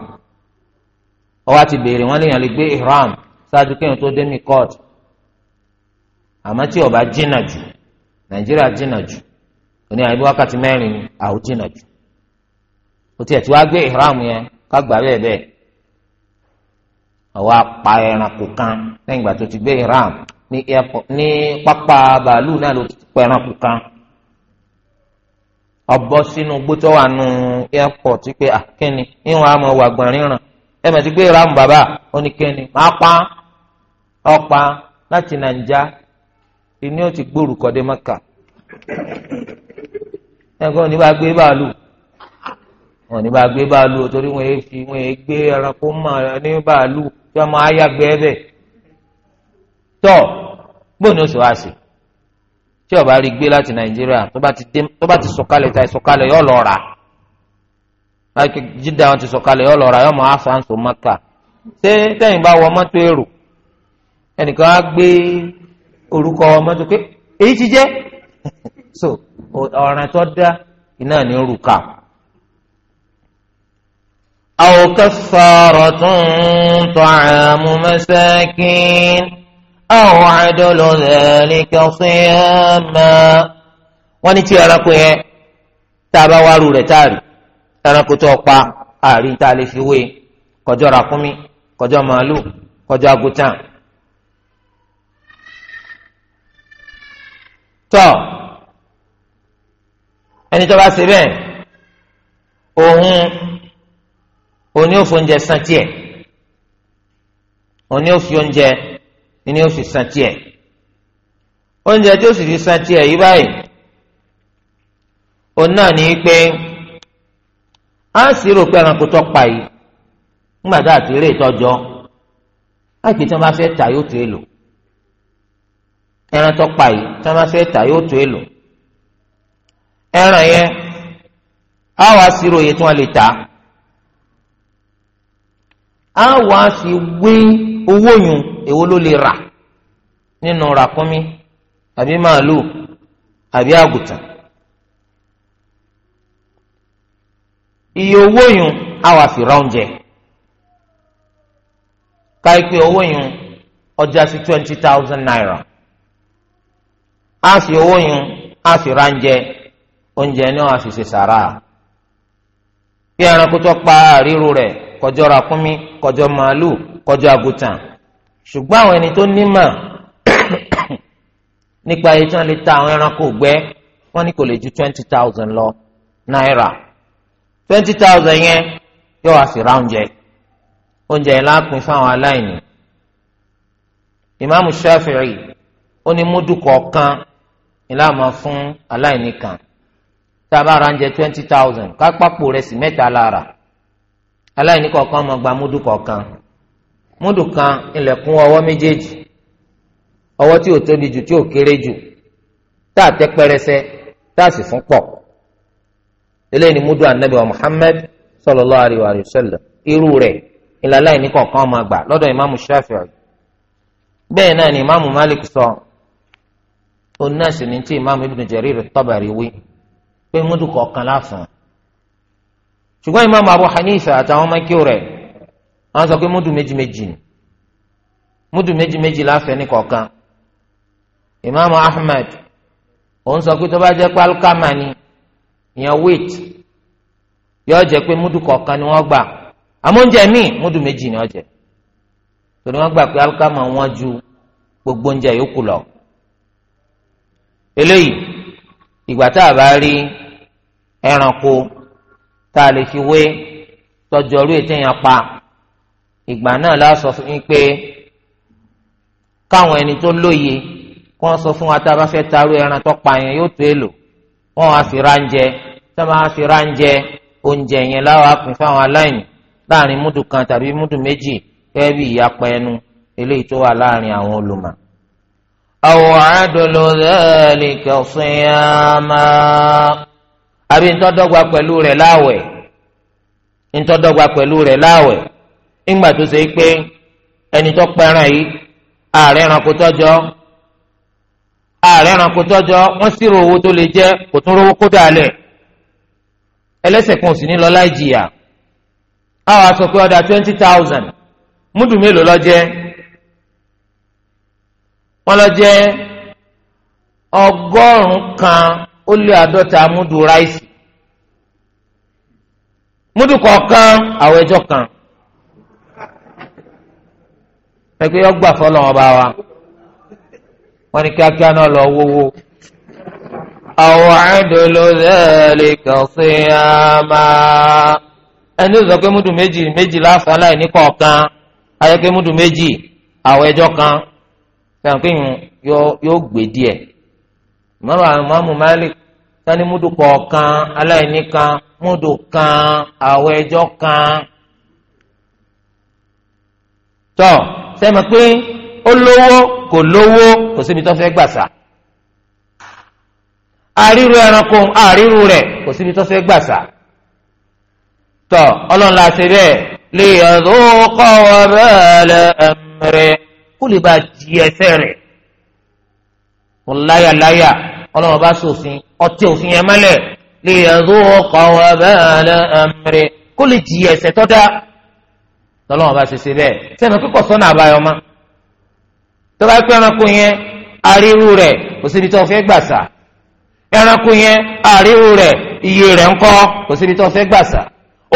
ọwọ́ àti béèrè wọ́n léèyàn lè gbé ihram ṣáájú kéèyàn tó dé mikot àmọ́ tí ọba jìnnà jù Nàìjíríà jìnnà jù òní àyè wákàtí mẹ́rin àwọn jìnnà jù tí àwọn apá ẹranko kan lẹ́yìn ìgbà tó ti gbé iran ní pápá bàálù náà ló ti pa ẹranko kan ọbọ sínú gbótọ́ wà nù airport pé àkẹ́ni níwọ̀n àmọ́ wàgbọ̀n ríran gbé iran bàbá máa pa láti nàìjà ìní ó ti gbórúkọ dé maka ẹ̀gbọ́n ní bá gbé bàálù wọn bá gbé torí wọn èé fi wọn èé gbé ẹranko mọ ní kí ọmọ ayagbe ẹ bẹ tọ gbóni oṣù wa sí tí ọba rí gbé láti nàìjíríà tó bá ti sọ̀kalẹ̀ ta ìsọ̀kalẹ̀ yọ lọ rà láti jídà wọn ti asanso maka ṣé tẹ̀yìn bá wọ mọ́tò èrò ẹnìkan á gbé orúkọ mọ́tò pé èyí ti jẹ́ so ọ̀ràn tó dá iná ní أو كفارة طعام مساكين أو عدل ذلك صياما wọ́n ní tí ẹranko yẹn tá a bá wá rú rẹ̀ tá a rí ẹranko tó pa àárí tá a lè fi wé kọjọ́ ràkúnmí kọjọ́ màálù kọjọ́ àgùtàn. tọ́ ẹni tó bá ṣe bẹ́ẹ̀ òun oní òfò oúnjẹ san tiẹ̀ oní òfì oúnjẹ ní òfì san tí ó sì fi san tiẹ̀ yí báyìí o náà ní pé a sì rò pé ẹranko tó pa yìí ńgbà tá àti eré ìtọ́jọ́ láìpẹ́ tí wọ́n bá fẹ́ tà yóò tó èlò ẹran tó pa yìí tí wọ́n bá fẹ́ tà yóò A wá fi wé owó yùn èwo ló lè rà nínú ràkúnmí àbí màálù àbí iye owó yun á wá fi ra oúnjẹ káyipé owó yùn ọjà sí twenty thousand naira a si owó yun a fi ra oúnjẹ oúnjẹ náà á si ṣe sàrà bí ẹranko tó pa àríru rẹ̀ kọjọ ràkúnmí kọjọ màálù kọjọ àgùtàn ṣùgbọ́n àwọn ẹni tó nímọ̀ nípa iye tí wọ́n lè ta àwọn ẹranko gbẹ́ wọ́n ní kò lè ju twenty thousand lọ náírà twenty thousand yẹn yóò wá sí ra oúnjẹ oúnjẹ yẹn lápin fáwọn aláìní ìmáàmù Shafi'i ó ní múdù kọ̀ọ̀kan ìlànà fún aláìní kan tá a bá ra oúnjẹ twenty thousand kápákò rẹ̀ sí mẹ́ta lára aláìní kọ̀ọ̀kan máa gba múdù kọ̀ọ̀kan múdù kan ilẹ̀kùn ọwọ́ méjèèjì ọwọ́ tí ò tóbi jù tí ò kéré jù tá a tẹ́ pẹrẹsẹ tá a sì fún pọ̀ eléyìí ni múdù anabi wa Muhammad sallallahu alaihi wa sallam irú rẹ̀ ilẹ̀ aláìní kọ̀ọ̀kan máa gbà lọ́dọ̀ ìmáàmù Shafi'i bẹ́ẹ̀ náà ni ìmáàmù Malik sọ òun náà tí ìmáàmù Ibn Jarir at-Tabari wí pé múdù kọ̀ọ̀kan láfún un ṣùgbọ́n imaamu abu hanifa àtàwọn ọmọ kí o rẹ̀ wọ́n sọ pé múdù méjì méjì ni múdù méjì méjì láfẹ̀ẹ́ ní kọ̀ọ̀kan imaamu ahmed òun sọ pé tó bá jẹ́ pé alukama ni ìyẹn wait yóò jẹ́ pé múdù kọ̀ọ̀kan ni wọ́n gbà amóúnjẹ míì múdù méjì ni wọ́n jẹ torí wọ́n gbà pé alukama wọ́n ju gbogbo oúnjẹ yòókù lọ eléyìí ìgbà tá a bá rí ẹranko tá a lè fi wé tọjọ orí ètèèyàn pa ìgbà náà la sọ fún yín pé káwọn ẹni tó lóye kí wọ́n sọ fún wa tá a bá fẹ́ taru ẹran tó pa yẹn yóò tó èlò wọ́n wá fi ránjẹ tá a máa fi ránjẹ oúnjẹ yẹn láwọn apin fáwọn aláìní láàrin múdù kan tàbí múdù méjì gẹ́gẹ́ bí ìyapa ẹnu eléyìí tó wà láàrin àwọn olùmọ̀. àwọn àádọ́lọ́ rẹ̀ lè àbí ntọ́dọ́gba pẹ̀lú rẹ̀ láwẹ̀ ntọ́dọ́gba pẹ̀lú rẹ̀ láwẹ̀ ńgbà tó ṣe pé ẹni tó pẹran yìí ààrẹ ẹranko tọ́jọ́ ààrẹ ẹranko tọ́jọ́ wọ́n owó tó lè jẹ́ kò tún rówó kó dàlẹ̀ ẹlẹ́sẹ̀ sì ní lọ láì jìyà àwọn aṣọ kan ó lé àádọ́ta múdù kọ̀ọ̀kan àwọn ẹjọ́ kan pẹ̀pẹ́ ọgbà fọlọ́ ọba wa wọ́n ní kíákíá náà lọ wọ́wọ́. àwọn àdòlò rẹ̀ kàn sí àmà ẹni sọ pé múdù méjì méjì lásán láì ní kọ̀ọ̀kan ayé pé múdù méjì àwọn ẹjọ́ kan fẹ́ràn pé yóò gbé díẹ̀ mọ́rọ̀ àwọn mọ́mú Malik sani múdù kọ̀ọ̀kan aláìní kan múdù kan àwọ̀ ẹjọ́ kan. tọ́ sẹ́mi pé ó lówó kò lówó kò síbi tó fẹ́ gbàsà àríru ẹranko àríru rẹ̀ kò síbi tó fẹ́ gbàsà tọ́ ọlọ́run la ṣe bẹ́ẹ̀ lè ọ̀dọ́ kọ́ ọ bẹ́ẹ̀ lẹ́ẹ̀mí rẹ̀ kó lè bá jí ẹsẹ̀ rẹ̀ ọtí òfin yẹn mọ́lẹ̀ lè yàtọ̀ ọkọ̀ wà bẹ́ẹ̀ lẹ́ ẹ̀mẹ́rẹ́ kó lè jìyà ẹ̀ṣẹ̀ tó dá tọ́lọ́wọ́n bá ṣe ṣe bẹ́ẹ̀ sẹ́nu kíkọ̀ sọ́nà àbáyọ ma tó bá pẹ́ ẹranko yẹn àríwú rẹ̀ kò síbi tó fẹ́ gbà sà ẹranko yẹn àríwú rẹ̀ iye rẹ̀ ńkọ́ kò síbi tó fẹ́ gbà sà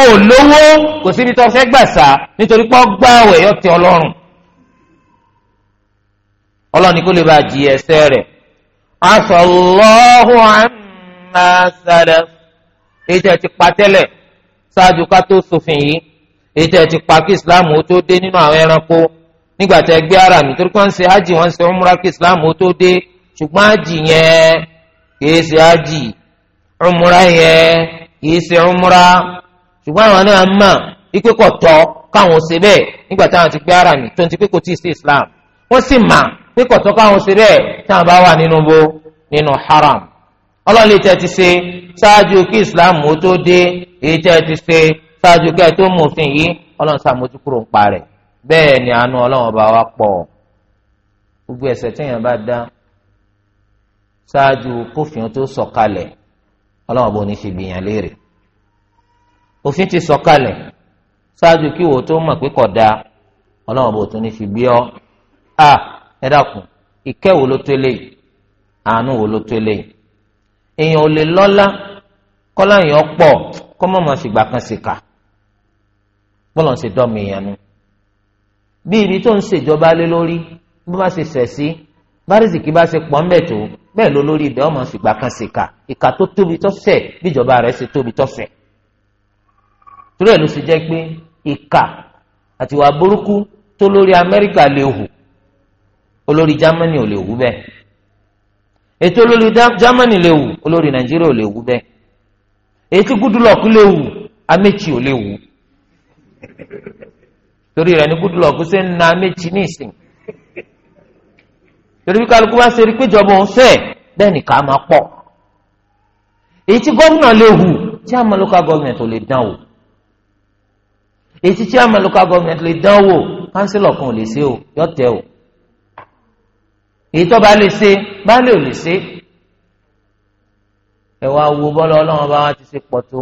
olówó kò síbi tó fẹ́ gbà sà nítorí pé ọgbà àwẹ̀ yọ ti ọlọ́run ọlọ́ni kó lè bá jìyà ẹ̀ṣẹ̀ rẹ̀ عفى الله عما سلف èyí ti pa tẹ́lẹ̀ ṣáájú ká tó ṣòfin yìí èyí ti pa kí islam ó tó dé nínú àwọn ẹranko nígbà tẹ́ gbé ara mi torí wọ́n ń ṣe hajj wọ́n ń ṣe umra islam ó tó dé ṣùgbọ́n hajj yẹn kìí ṣe hajj umra yẹn kìí ṣe umra ṣùgbọ́n àwọn náà mọ̀ ikú kọ̀ tọ́ káwọn ṣe bẹ́ẹ̀ ti gbé islam wọ́n sì pé kọ̀tọ́ káwọn ṣe bẹ́ẹ̀ táwọn bá wà nínú bo nínú haram ọlọ́run lè ti ṣe ṣáájú kí islam ó tó dé èyí ti ṣe ṣáájú kí ẹ tó mú òfin yìí ọlọ́run ṣàmójú kúrò ń parẹ́ bẹ́ẹ̀ ni àánú ọlọ́run ọba wa pọ̀ gbogbo ẹ̀ṣẹ̀ téèyàn bá dá ṣáájú kófin tó sọ̀kalẹ̀ ọlọ́run ọba ò ní fi gbìyàn léèrè òfin ti sọ̀kalẹ̀ ṣáájú kí wò ó tó mọ̀ pé kọ̀ da ọlọ́run ọba ò tún ní fi bí ọ́ a. Ah ẹ dákun ìkẹ́ wo ló tó eléyìí àánú wo ló tó eléyìí èèyàn ò lè lọ́lá kọ́lá èèyàn pọ̀ kọ́ mọ̀mọ́ fìgbà kan ṣìkà bọ́lọ̀ ń ṣe dọ́mi èèyàn nu bí ibi tó ń ṣèjọba lé lórí bó bá ṣe ṣẹ̀ sí bárìsìkì bá ṣe pọ̀ ńbẹ̀ tó bẹ́ẹ̀ ló lórí ibẹ̀ ọmọ fìgbà kan ṣìkà ìkà tó tóbi tó ṣẹ̀ bíjọba rẹ̀ ṣe tóbi tó ṣẹ̀ torí ẹ̀ ló ṣe jẹ́ pé ìkà àtiwà burúkú tó lórí Amẹ́ríkà lè hù olórí Germany ò lè wú bẹ́ẹ̀ ètò olórí Germany lè wù olórí Nàìjíríà ò lè wú bẹ́ẹ̀ ètò Goodluck lè wù Amechi ò lè wù torí rẹ̀ ní Goodluck ṣe ń na Amechi ní ìsìn torí bí kálukú bá ṣe rí péjọba òun fẹ́ bẹ́ẹ̀ ni ká máa pọ̀ èyí tí gómìnà lè hù tí àmọ́ local government ò lè dán o èyí tí àmọ́ local government lè dán o kánsílọ̀ kan ò lè ṣe o yọ̀tẹ̀ o èyí tó bá lè ṣe baálé ò lè ṣe ẹ wá wo bọ́lá ọlọ́run bá wá ti ṣe pọ̀ tó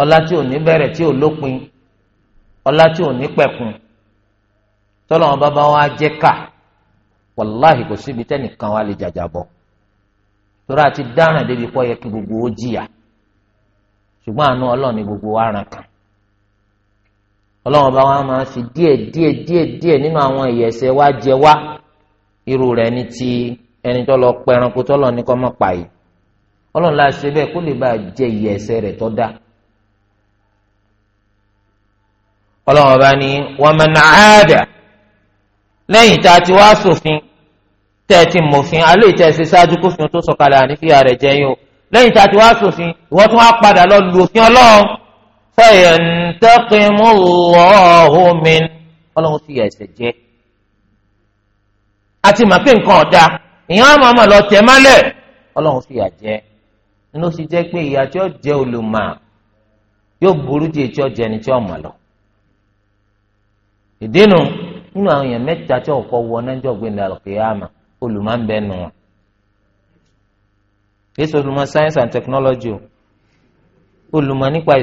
ọlá tí ò ní bẹ̀rẹ̀ tí ò lópin ọlá tí ò ní pẹ̀kun tọ́lọ́run bá bá wá jẹ́ ká wàláhì kò síbi tẹ́nìkan wá lè jàjàbọ̀ torí àti dáràn débi pọ́ yẹ kí gbogbo ó jìyà ṣùgbọ́n àánú ọlọ́run ni gbogbo wa ràn kàn ọlọ́run bá wá máa fi díẹ̀ díẹ̀ díẹ̀ díẹ̀ nínú àwọn ìyẹ̀sẹ̀ wa jẹ wá irú rẹ̀ ní ti ẹni tó lọ pẹ ẹranko tó lọ ní kọ́ mọ́ pa yìí ọlọ́run la ṣe bẹ́ẹ̀ kó lè bá jẹ ìyẹ ẹ̀ṣẹ̀ rẹ̀ tó dá. ọlọ́run bá ní wọ́n mẹ́nà áádà lẹ́yìn tá a ti wá sòfin tẹ́ ẹ ti mọ̀fin alẹ́ ìtẹ́ ṣe ṣáájú kófin tó sọ̀kalẹ̀ ànífíà rẹ̀ jẹ́ yín o lẹ́yìn tá a ti wá sòfin ìwọ́n tún wá padà lọ lu òfin ọlọ́run fẹ̀yẹ̀ ń tẹ́kìmù lọ́ọ̀hún ti yà ẹ̀ṣẹ̀ jẹ́ àti màpé nǹkan ọ̀dà ìyẹn àmọ́ ọmọ lọ tẹ̀ mọ́lẹ̀ ọlọ́run fìyà jẹ nínú sì jẹ́ pé ìyà tí ó jẹ́ olùmọ̀ yóò burú di ètí ọjà ẹni tí ó mọ̀ lọ. ìdínú nínú àwọn èèyàn mẹ́ta tí ọ̀kọ́ wọ nájọ́ gbẹ̀ndà àlùkìyàmà olùmọ̀ ń nù wọn. olùmọ̀ science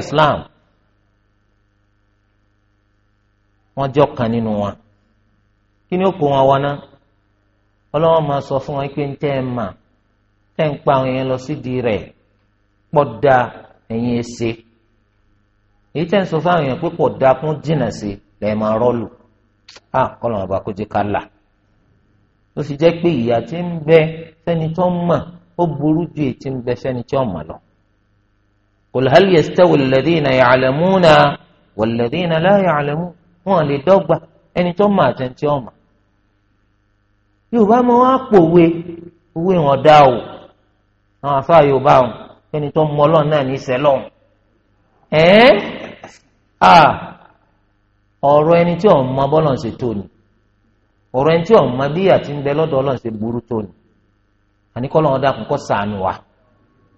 Islam wọ́n jọ kan nínú wọn kí ni ó kó ọlọ́wọ́n máa sọ fún wọn pé ń tẹ́ ẹ mà tẹ́ ń pa àwọn èèyàn lọ sídìí rẹ̀ pọ̀ da ẹ̀yin ẹsẹ̀ èyí tẹ́ ń sọ fún àwọn èèyàn pé pọ̀ da kún jìnnà sí lẹ́ẹ̀ máa rọ́ọ̀lù à kọ́lọ́wọ́n bá kó jẹ́ ká là ó sì jẹ́ pé ìyà tí ń bẹ fẹ́ni tó ń mà ó burú ju èyí tí ń bẹ fẹ́ni tó ń mà lọ. Qul hal yastawi alladhina ya'lamuna walladhina la ya'lamun wọn lè dọ́gba ẹni tó mà àtẹ̀ntì ọ̀mà yorùbá mọ wọn á pòwe òwe wọn dá o àwọn afá yorùbá o ẹni tó mọ ọlọ́run náà ní sẹ́lọ̀ ẹ́n à ọ̀rọ̀ ẹni tí òun mọ bọ́lọ̀ ṣe tó ni ọ̀rọ̀ ẹni tí òun mọ bí àti ń bẹ lọ́dọ̀ ọlọ́run ṣe burú tó ni àníkọ́ lọ́wọ́ dákun sànù wa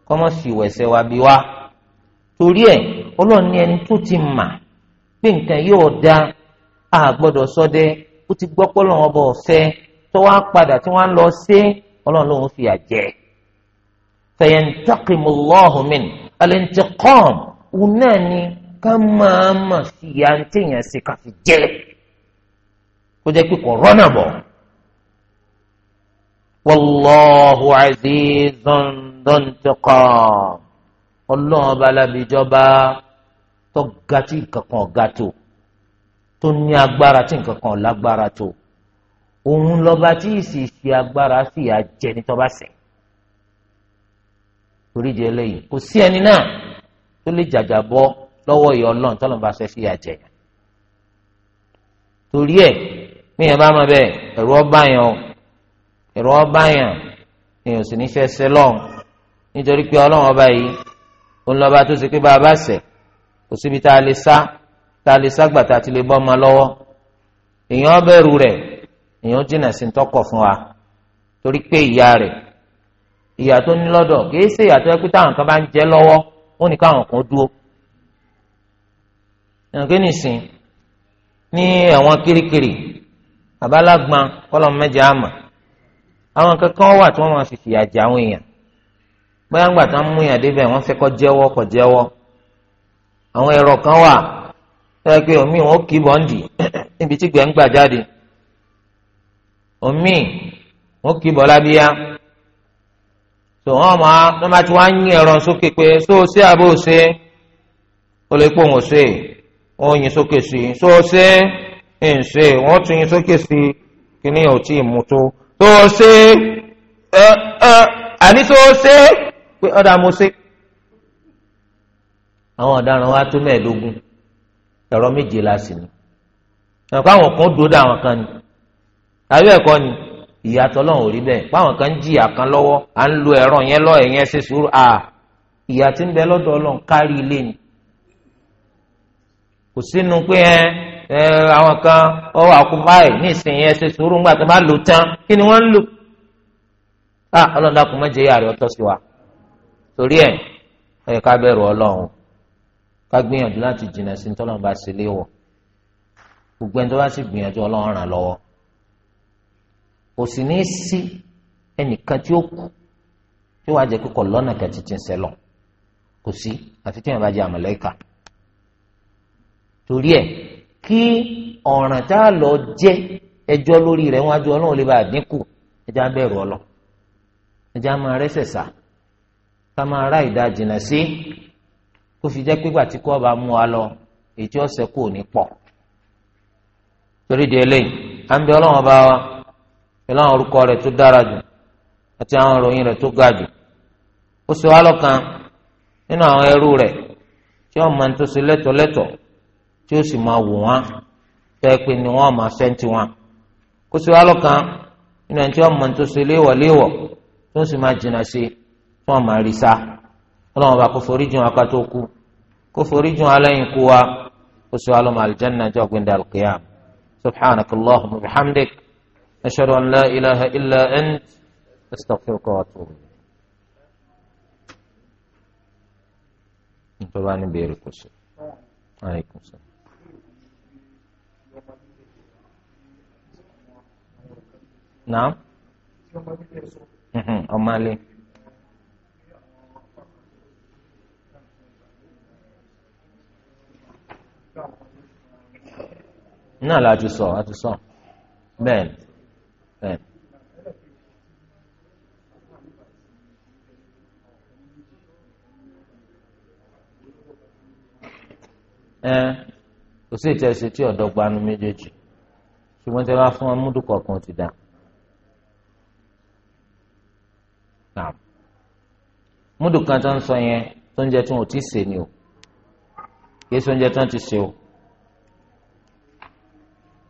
kọ́ mọ́ sí wa bí wa torí ẹ̀ ọlọ́run ní ẹni tó ti mà pé nǹkan yóò da a gbọ́dọ̀ sọ́dẹ́ ó ti gbọ́ pọ́lọ́wọ́ bọ̀ tó wá padà tí wọ́n lọ sí ọlọ́run lòun fìyà jẹ fayantaqimu Allahu min al-intiqam òun náà ni ká máa mà fìyà ń tèèyàn sí ká fi jẹ kó jẹ́ pé kò rọ́nà bọ̀ wallahu azizun dhantiqam ọlọ́run ọba tó ga tí nǹkan tó ní agbára tí nǹkan kan tó òun lọ́ba tí ìsì ìsì agbára fìyà jẹni tọ́ba sẹ̀ torí jẹ lẹ́yìn kò sí ẹni náà tó lè jàjà bọ́ lọ́wọ́ ìyá ọlọ́run tọ́lọ́n bá fẹ́ fìyà jẹ yẹn torí ẹ̀ bí yẹn bá mọ bẹ́ẹ̀ ẹ̀rọ ọba yẹn o ẹ̀rọ ọba yẹn èèyàn sì ní fẹ́ sẹ́ lọ́hùn nítorí pé ọlọ́run ọba yìí òun lọ́ba tó ṣe pé bá a bá sẹ̀ kò síbi tá a lè sá tá a lè sá gbàtà àti lè bọ́ ọmọ lọ́wọ́ èèyàn bẹ̀rù rẹ̀ èèyàn jìnnà sí tọkọ fún wa torí pé ìyá rẹ̀ ìyá tó ní lọ́dọ̀ kìí ṣe ìyá tó yẹ pé táwọn kan bá ń jẹ lọ́wọ́ ó ní káwọn kan dúró ẹnìkan nìsín ní ẹ̀wọ̀n kirikiri àbálàgbọn kọlọm mẹjẹ àmà àwọn kankan wà tí wọ́n máa fi fìyà jẹ àwọn èèyàn bóyá ńgbà tó ń mú èèyàn débẹ̀ wọ́n fẹ́ kó jẹ́wọ́ kó jẹ́wọ́ àwọn ẹ̀rọ kan wà tó yẹ pé omi wọn ó kí bọ́ǹdì níbi tí gbẹ̀ ń gbà jáde omi wọn kì í bọ́ lábíyá tó wọn mọ wọn bá ti wá yín ẹ̀rọ sókè pé so ṣé àbò ṣe ó lè pòun ṣe wọn yín sókè sí i so ṣé ń ṣe wọn tún yín sókè sí i kí ni ò tí ì mú tó tó ṣe ẹ ẹ àní tó ṣe pé ọ̀dà mo ṣe àwọn ọ̀daràn wa tó mẹ́ẹ̀ẹ́dógún ẹ̀rọ méje la sì ni ẹ̀rọ káwọn kan dúró dá kan ni àbí ẹ̀kọ́ ni ìyàtọ̀ lọ́hùn rí bẹ́ẹ̀ báwọn kan jìyà kan lọ́wọ́ à ń lo ẹ̀rọ yẹn lọ́ ẹ̀yẹn ṣe sùúrù à ìyà tí ń bẹ lọ́dọ̀ ọlọ́run kárí ilé ni kò sínú pé ẹ àwọn kan ọwọ́ ní ṣe bá lò tán kí ni wọ́n ń lò à ọlọ́run wa torí ẹ ká bẹ̀rù ọlọ́run ká gbìyànjú láti jìnnà sí ní kò sì ní í sí ẹnìkan tí ó kù tí wàá jẹ kíkọ lọ́nà kan títí ń sẹ́lọ̀ kò sí tí wọn bá jẹ àmàlẹ́kà torí ẹ kí ọ̀ràn tá a lọ jẹ ẹjọ́ lórí rẹ̀ wájú ọlọ́run lè bá a dínkù ẹjọ́ abẹ́rù ọlọ ẹjọ́ a máa rẹ́sẹ̀ sá ká máa ra ìdá jìnnà sí kó fi jẹ́ pípa tí kò bá mú wa lọ ètí ọ̀sẹ̀ kò ní pọ̀ pẹ̀lú àwọn orúkọ rẹ̀ tó dára jù àti àwọn ìròyìn rẹ̀ tó ga jù ó sì wá lọ́kàn nínú àwọn ẹrú rẹ̀ tí wọ́n máa ń tó sí lẹ́tọ̀lẹ́tọ̀ tí ó sì máa wò wọ́n fẹ́ pé ni wọ́n máa fẹ́ ti wọn kó sì wá lọ́kàn nínú ẹni tí wọ́n máa ń tó sí léwọ̀léwọ̀ tí ó sì máa jìnnà sí tí wọ́n máa rí sá ọlọ́run bá kó forí jùn aká tó kú kó forí jùn aláìní kú wa kó sì wá lọ́mọ àlùjánnà jọ́ gbẹ̀ndà al-qiyam subhanakallahumma wa bihamdik. أشهد أن لا إله إلا أنت أستغفرك وأتوب إليك أنت الآن بير الكرسي عليكم السلام نعم أمالي نعم لا أجل صوت أجل صوت بنت Evet. ẹ kò sí ìtẹ̀sí tí ọ̀dọ́ gbanu méjèèjì ṣùgbọ́n tẹ bá fún ọ múdùkọ̀ kan ti dà. múdùkọ̀ tó ń sọ yẹn tó ń jẹ́ tó ń ò tí ni o kì í sọ oúnjẹ tó ń ti sè o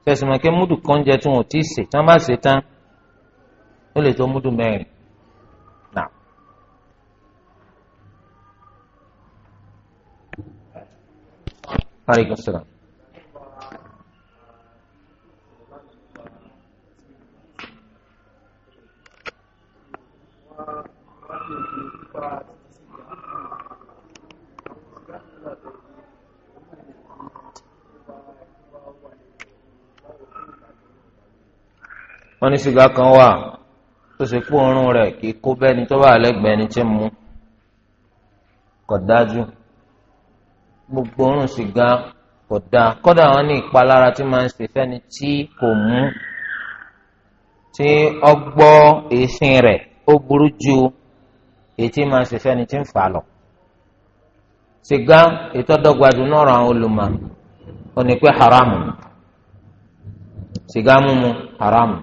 fẹsùn mọ̀ kí múdù kan jẹ tí wọn ò tí ì sè tí wọn bá sè tán ó lè tó múdù mẹ́rin. Alaikum salam. wọ́n ní sìgá kan wà tó ṣe pé òórùn rẹ̀ kì í kó bẹ́ni tó bá lẹ́gbẹ̀ẹ́ ẹni tí ń mu kò dájú gbogbo òórùn sìgá kò dáa kódà wọ́n ní ìpalára tí máa ń ṣe fẹ́ni tí kò mú tí ọgbọ́ èéfín rẹ̀ ó burú ju èyí tí máa ń ṣe fẹ́ni tí ń fà lọ sìgá ìtọ́dọ́gbadù náà ra àwọn olùmọ̀ ó ní pé haramu sìgá mímu haramu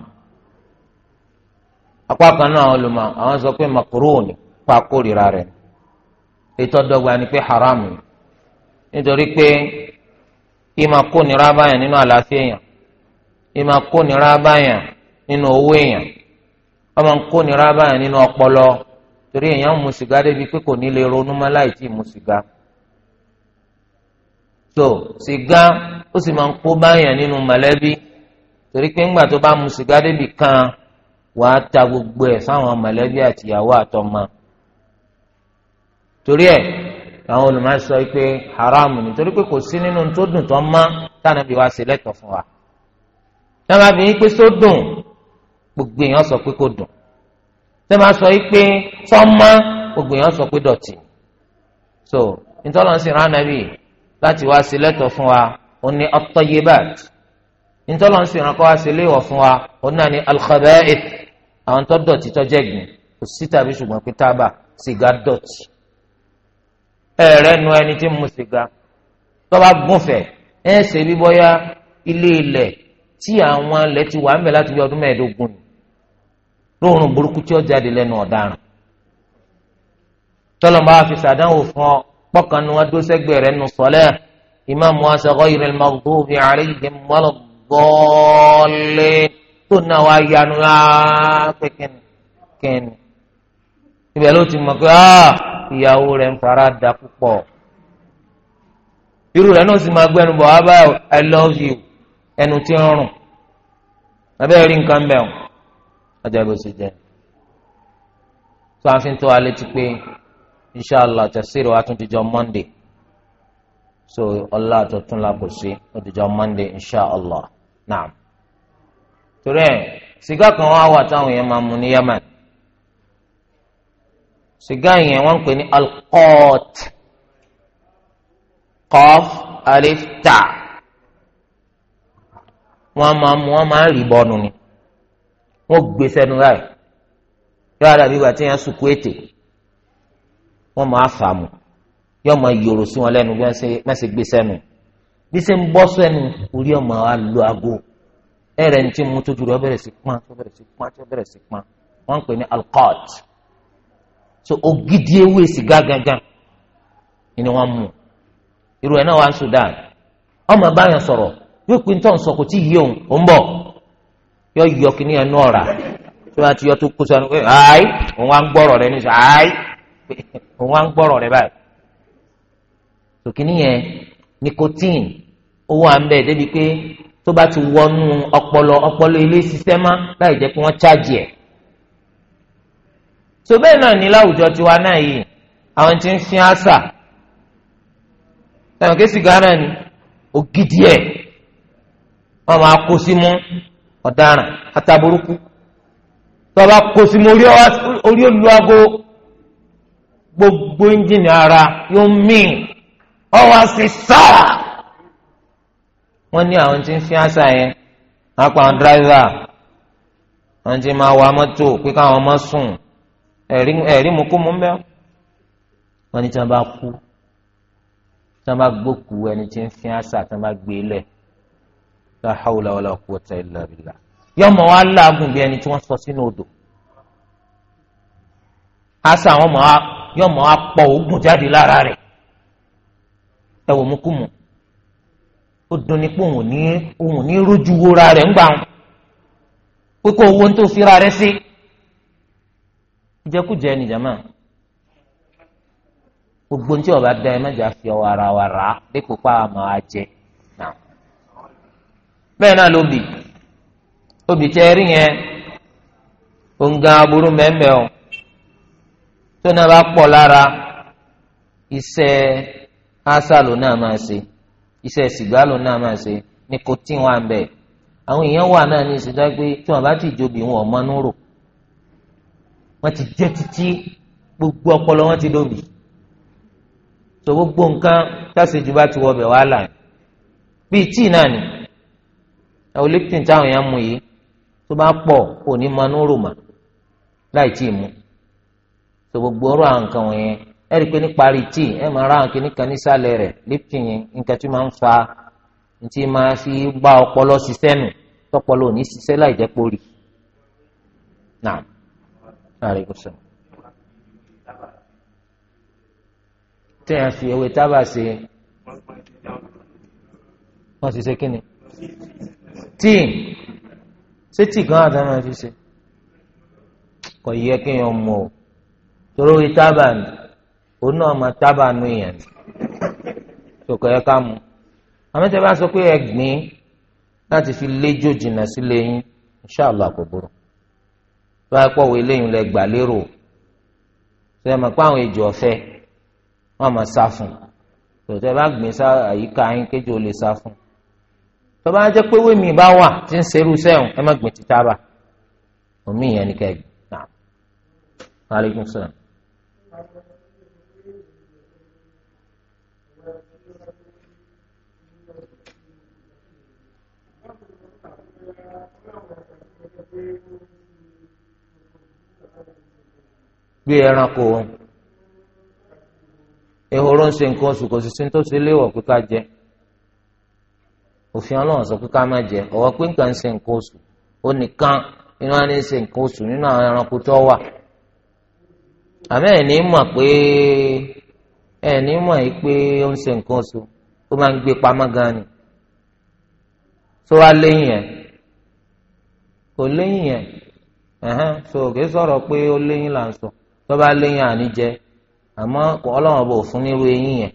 apá kan náà àwọn olùmọ̀ àwọn sọ pé makruh pa kórìíra rẹ ètò ni pé haram ni nítorí pé ìmọ̀ kónira báyàn nínú àlàáfíà èèyàn ìmọ̀ kónira báyàn nínú owó èèyàn ọmọ kónira báyàn nínú ọpọlọ torí èèyàn mu sìgá débi pé kò ní lè ronú mọ́ láì tí ì sìgá so wàá ta gbogbo ẹ̀ fáwọn mọ̀lẹ́bí àtìyàwó àtọmọ torí ẹ̀ àwọn olùmọ̀ sọ pé haram ni torí pé kò sí nínú tó dùn tó mọ́ tànàbí wa ṣe lẹ́tọ̀ fún wa tẹ́lẹ̀ àbí pé só dùn gbogbo èèyàn sọ pé kò dùn tẹ́lẹ̀ sọ pé sọ́mọ́ gbogbo èèyàn sọ pé dọ̀tí so nítorí sì rán nàbì láti wá ṣe lẹ́tọ̀ fún wa ó ní at-tayyibat nítorí sì rán kọ́ wá ṣe léwọ̀ fún wa ó náà ní al-khaba'ith àwọn tó dọ̀tí tó jẹ́ gbìn kò sí tàbí ṣùgbọ́n pé tábà sìgá dọ̀tí ẹ̀rẹ́ nu ẹni tí ń mu sìgá tó bá gúnfẹ̀ ẹ̀ ṣe bí bọ́yá ilé ilẹ̀ tí àwọn ilẹ̀ ti wà ń bẹ̀ láti bí ọdún mẹ́ẹ̀ẹ́dógún ni lóòrùn burúkú tí ó jáde lẹ́nu ọ̀daràn tọ́lọ́mọ àfi sàdánwò fún ọ pọ́kàn ni wọ́n dó sẹ́gbẹ̀ẹ́ rẹ̀ nù sọ́lẹ̀ ìmáàmù asọ̀gọ́ ìrẹ̀lmọ́gbó obìnrin àríyìn mọ́lọ́gbọ́ọ́lẹ́ tó náà wá yanu pé kíni kíni ibẹ̀ ló ti mọ̀ pé ah, ìyàwó rẹ̀ ń fara da púpọ̀ irú rẹ̀ náà sì máa gbẹnu bọ̀ wá ah, i love you ẹnu tí ń rùn abẹ́ rí nǹkan bẹ̀ wọ́n ọjà bó ṣe jẹ́ tó a fi ń tó wa létí pé inshallah tafsir wa tún ti jọ monday so ọlá àtọ̀tún la kò sí ó ti jọ monday inshallah naam torí ẹ̀ sìgá kan wá wà táwọn yẹn máa mu ní Yemen sìgá yẹn wọ́n pè ní alqot qaf alif ta wọ́n máa mu wọ́n máa rì bọ́ọ̀nù ni wọ́n gbé sẹ́nu láì yóò dàbí ìgbà tí yẹn sùkú ètè wọ́n máa fà á mu yóò máa yòrò sí wọn lẹ́nu bí wọ́n ṣe gbé sẹ́nu bí ṣe ń bọ́ sẹ́nu orí ọmọ wa lu aago ẹ̀rẹ̀ ní tí mo tójú rẹ̀ bẹ̀rẹ̀ sí pọ́n tó bẹ̀rẹ̀ sí pọ́n tó sí pọ́n wọ́n ń pè ní alcohol so ògidì ewé sìgá gangan ni wọ́n mú irú ẹ̀ náà wà ní Sudan ọmọ báyọ̀ sọ̀rọ̀ yóò pin tó ń sọ kò tí ì yí òun ò ń bọ̀ yọ yọ kíní ẹnu ọ̀rà tí wọ́n ti yọ tó kó sọ́nù pé ayi òun wá ń gbọ́rọ̀ rẹ níṣẹ́ ayi òun wá ń gbọ́rọ̀ rẹ báyìí so kíní yẹn nicotine ó wà ń bẹ̀ débi pé tó bá ti wọnú ọpọlọ ọpọlọ ilé ṣiṣẹ́ mọ́ láì jẹ́ pé wọ́n chájì ẹ̀. so bẹ́ẹ̀ náà ní láwùjọ tiwa náà yìí àwọn tí ń fi àṣà táwọn ké sìgá náà ni ògidì ẹ̀ wọ́n máa kó sí mú ọ̀daràn àtàbùrúkú tó bá kó sí mú orí olùwàgó gbogbo ẹ́ńjìnì ara yóò mí ọwọ́ àṣẹ sáà wọ́n ní àwọn tí ń fi àṣà yẹn wọ́n pa àwọn dírẹ́fà wọ́n ti máa wa mọ́tò pé káwọn má sùn ẹ̀rí mú kú mú mbẹ́ wọ́n ní tí wọ́n bá kú tí wọ́n bá gbókù ẹni tí ń fi àṣà tí wọ́n bá gbé e lẹ̀ la hawla wala quwwata illa billah yọmọ wa láàgùn bí ẹni tí wọ́n sọ sínú odò àṣà àwọn yọmọ wa pọ̀ ògùn jáde lára rẹ̀ ẹ mú kú mú ó dùn ní pé òun ní òun ní rójú wóra rẹ̀ ń gbà wọn pé kó owó tó fira rẹ̀ sí ìjẹkújẹ nìjàmá gbogbo ní tí ọba da ẹ mẹjọ fi ọwọ́ ara wa rà á dípò pa àmọ́ ajẹ náà bẹ́ẹ̀ náà lóbì obì tẹ ẹ rí yẹn ònga aburú mẹ́mẹ́ o tó náà bá pọ̀ lára iṣẹ́ asálò náà máa ṣe iṣẹ́ sìgá ló náà máa ṣe nicotine wà ń bẹ àwọn èèyàn wà náà ní ìṣèjọ pé tí wọn bá ti jobi wọn ọmọ inú rò wọn ti jẹ títí gbogbo ọpọlọ wọn ti lóbi tó gbogbo nǹkan tásìjú bá ti wọbẹ wàhálà bíi tíì náà ni àwọn lipton táwọn èèyàn mú yìí tó bá pọ̀ kò ní mọ inú rò mà láì tíì mú tó gbogbo ọ̀rọ̀ àwọn nǹkan wọ̀nyẹn ẹ rí i pé nípa rí tíì ẹ máa ra àwọn kìíní kan nísàlẹ̀ rẹ̀ lipton yẹn nǹkan tí máa ń fa tí máa fi bá ọpọlọ ṣiṣẹ́ nù tọpọlọ ò ní ṣiṣẹ́ láì jẹ́ pórì. Naam. tí a fi ewé tábà ṣe wọ́n ti ṣe kíni tíì ṣé tíì kan àtàwọn máa fi ṣe kò yẹ kéèyàn mọ̀ ọ́ torí ewé tábà ni. òun náà máa tábà nu èèyàn sọkọ ẹ ká mu àmọ́tẹ́ bá sọ pé ẹ gbìn láti fi léjò jìnnà sílé yín inṣàlá kò burú tó a pọ̀ wọ eléyìí lẹ gbà lérò tó ẹ mọ̀ pé àwọn ejò ọ̀fẹ́ wọn máa sá fún tòtò ẹ bá gbìn sá àyíká yín kéjò lè sá fún tó bá jẹ́ pé wémi bá wà tí ń serú sẹ́wọ̀n ẹ má gbìn títà bá omi ni bí ẹranko ehoro ń ṣe nǹkan oṣù kò sì sí tó ṣe léwọ̀ pé ká jẹ òfin ọlọ́run sọ pé ká má jẹ ọ̀wọ́ pé nǹkan ń ṣe nǹkan oṣù ó nìkan inú wa ní ṣe nǹkan oṣù nínú àwọn ẹranko tó wà àmì ẹ̀ní mọ̀ pé ẹ̀ní mọ̀ yìí pé ó ń ṣe nǹkan oṣù ó máa ń gbé gan ni tó so pé ó là tọ́ba léyìn àníjẹ, jẹ àmọ́ ọlọ́run bò fún nírú eyín yẹn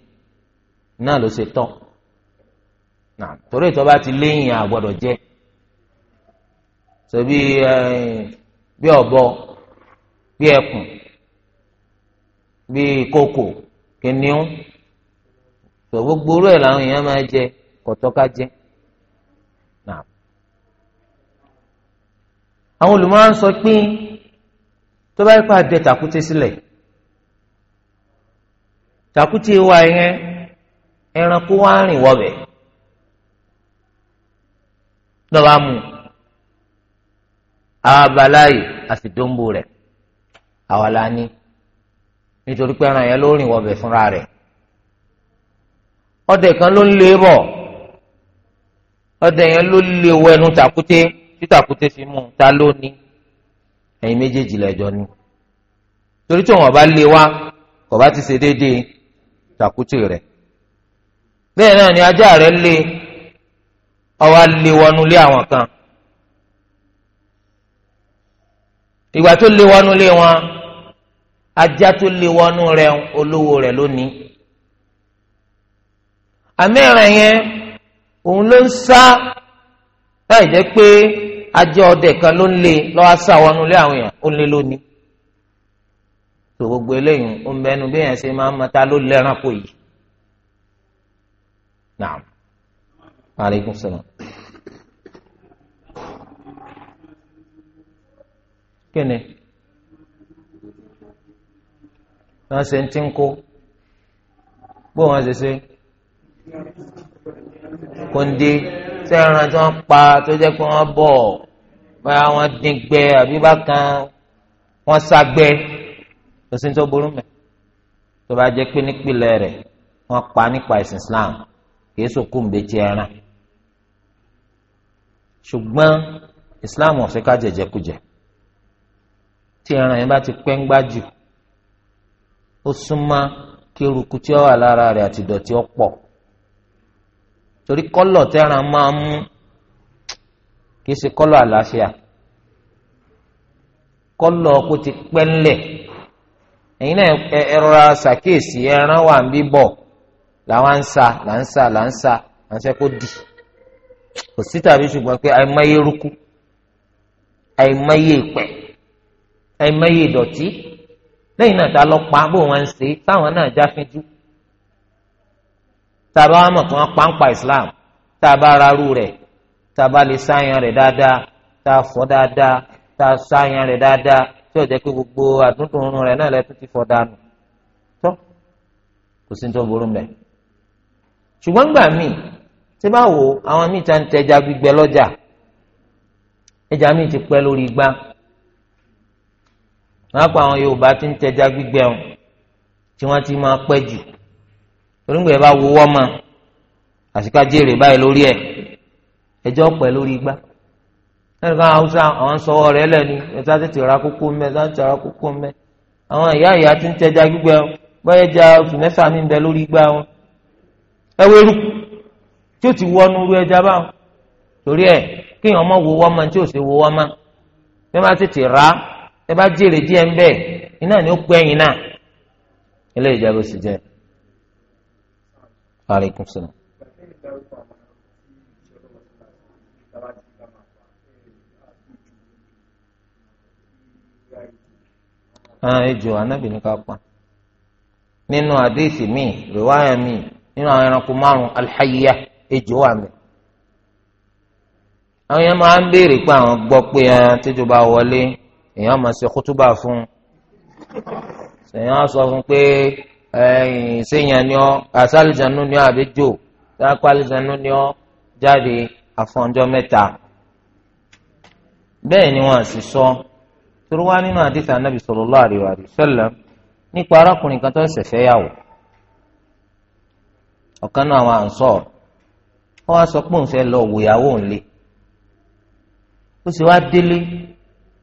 náà ló ṣe tọ́ nà torí tọ́ba ti léyìn àgbọ̀dọ̀ jẹ ṣebí bí ọ̀bọ bí ẹkùn bí kòkò kìnìún tó gbogbo orú ẹ̀ làwọn èèyàn máa jẹ kọ̀tọ́ká jẹ. àwọn olùmọ̀ sọ pín tó bá yẹ kó adé tàkúté sílẹ̀ tàkúté wa yẹn ẹranko wa rìn wọbẹ̀ lọ́ba mu abalaye àfìdóńbò rẹ̀ àwa la ní nítorí pé ẹran yẹn ló rìn wọbẹ̀ fúnra rẹ̀ ọdẹ kan ló ń lé bọ̀ ọdẹ yẹn ló lé wọ ẹnu tàkúté tí tàkúté fi mú ta ló ẹ̀yin méjèèjì lẹ́jọ́ ni torí tí wọn bá lé wa kò bá ti ṣe déédéé tàkútì rẹ̀ bẹ́ẹ̀ náà ni ajá rẹ̀ lé ọwọ́ lé wọnú lé àwọn kan ìgbà tó lé wọnú lé wọn ajá tó lé wọnú rẹ̀ olówó rẹ̀ lónìí àmì ẹ̀rẹ̀ yẹn òun ló ń sá láì jẹ́ pé ajá ọdẹ kan ló ń lé lọ́wọ́ sáwọnú lé àwọn èèyàn ó ń lé lónìí tó gbogbo eléyìí ó ń bẹnu bí èèyàn ṣe máa ń mọta ló lẹ́ranko yìí. Naam. Aleykum salaam. kíni wọn ṣe ń tí ń kó bó wọn ṣe ṣe kòńdé sẹ́ran tí wọ́n pa tó jẹ́ pé wọ́n bọ̀ báyà wọn dín gbẹ àbí bákan wọn ságbẹ kò sí ní tó burú mẹ tó bá jẹ pé nípìnlẹ̀ rẹ̀ wọn pa nípa ẹ̀sìn Islam kìí sòkú mbẹ́tì ẹran ṣùgbọ́n Islam ọ̀sẹ̀ ká jẹjẹkújẹ tí ẹran yẹn bá ti pẹ́ ń gbájú ó súnmọ́ kí eruku tí ó wà lára rẹ̀ àti ìdọ̀tí ó pọ̀ torí kọ́lọ̀ tẹ́ran máa ń mú kì kọlọ ṣe kọ́lọ̀ àlàáfíà kọlọ ti pẹ́ ńlẹ̀ náà ẹ rọra ẹran wà ń bí sa là ń sa là ń sa à ń sẹ́ kó dì kò sí tàbí ṣùgbọ́n pé àìmọye eruku àìmọye ta lọ pa bó wọn ń ṣe táwọn náà pa ń Islam ara rú rẹ. tá a bá lè sáyàn rẹ̀ dáadáa tá a fọ̀ dáadáa tá a sáyàn rẹ̀ dáadáa tí ó jẹ́ pé gbogbo àdúntò oorun rẹ̀ náà lẹ́tún ti fọ̀ dànù tó kò sí tó burú mẹ́. ṣùgbọ́n gbà míì tí bá wò àwọn míì ta ń tẹja gbígbẹ lọ́jà ẹja míì ti pẹ́ lórí igbá wọn pa àwọn Yorùbá ti ń tẹja gbígbẹ wọn tí wọ́n ti máa pẹ́ jù onígbẹ̀ẹ́ bá wo wọ́n mọ́ àsìkájèrè báyìí lórí ẹ̀. ẹjọ́ pẹ̀ lórí igbá lẹ́nu ká Hausa àwọn sọ̀wọ́ rẹ̀ lẹ́nu ẹ̀ta tètè ra kókó mẹ́ ra kókó mẹ́ àwọn ìyá ìyá ti ń tẹja gbígbẹ gbọ́dọ̀ ẹja oṣù mẹ́fà mi ń bẹ lórí igbá wọn ẹ eruku tí ó ti wọnú ru ẹja báwọn torí ẹ kéèyàn ọmọ wo wọ́n máa tí ò sì wo wọ́n máa ẹ bá tètè ra ẹ bá jèrè ejò ah, anábì ní ká pa nínú àdéhìsì mi rìwáyà mi nínú àwọn ẹranko márùn alḥayya ejò wà mí. àwọn yẹn máa ń béèrè pé àwọn gbọ́ pé ah, tíjú bá wọlé èèyàn máa ṣe kútúbà fún un èèyàn sọ fún pé ṣéyàn ni ọ àṣàlùjánu ni ọ àbẹjò ṣàpàlùjánu ni ọ jáde àfọ̀njọ́ mẹ́ta bẹ́ẹ̀ ni wọ́n sì sọ. So, tó wá nínú àdìsí anábì sallallahu alaihi wasallam nípa arákùnrin kan tó ṣẹ̀ṣẹ̀ fẹ́yàwó ọ̀kan náà àwọn ànsọ́ọ̀ ó wá sọ pé òun fẹ́ lọ wò ìyàwó òun lé ó sì wá délé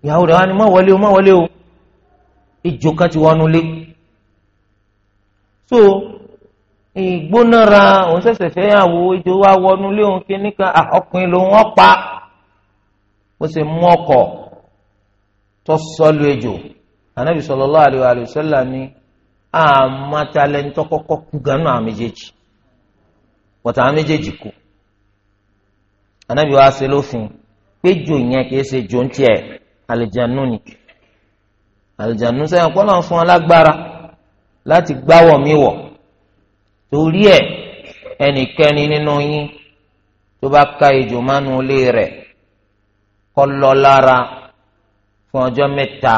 ìyàwó rẹ̀ wá ní mọ́ wọlé o mọ́ wọlé o ìjò kan ti wọnú lé so ìgbónára òun ṣẹ̀ṣẹ̀ fẹ́yàwó ìjò wá wọnú lé òun kí níkan ah, ọkùnrin lòun ọ̀pá ó sì mú ọkọ̀ tó sọlù ejò anabi sallallahu alaihi wa sallam ni àmàtàlẹńtọ kọ́kọ́ kú ganu àwọn méjèèjì bọtà àwọn méjèèjì kú anabi wa ṣe lófin péjò yẹn kìí ṣe jò ń tiẹ̀ àlìjánu ni àlìjánu sẹ́yìn kọlọ fún alágbára láti gbáwọ mi wọ torí ẹ̀ ẹnikẹ́ni nínú yín tó bá ka ejò mánu lé rẹ̀ kọlọ lára fún ọjọ́ mẹ́ta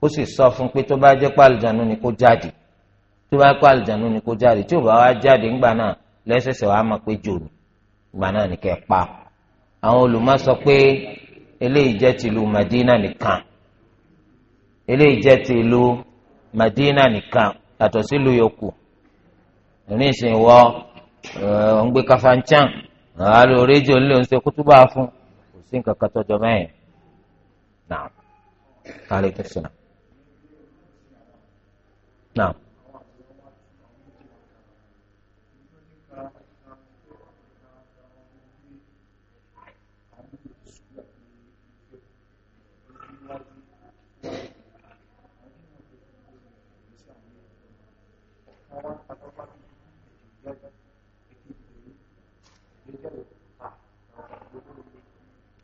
kó sì sọ fún pé tó bá jẹ́ pàlìjànú ni kó jáde tó bá jẹ́ pàlìjànú ni kó jáde tí ò bá wá jáde ńgbà náà lẹ́sẹ̀sẹ̀ wàá máa pé jòrò ìgbà náà ni kẹ́ ẹ pa àwọn olùmọ̀ sọ pé eléyìí jẹ́ ti ìlú Madina nìkan eléyìí jẹ́ ti ìlú Madina nìkan yàtọ̀ sí ìlú yòókù oníṣìí wọ ọ ń gbé kafanchan àlọ rédíò ńlẹ ń ṣe kútúbà fún kò sí nǹkan kan tọjọ mẹ́rin. نعم عليك السلام نعم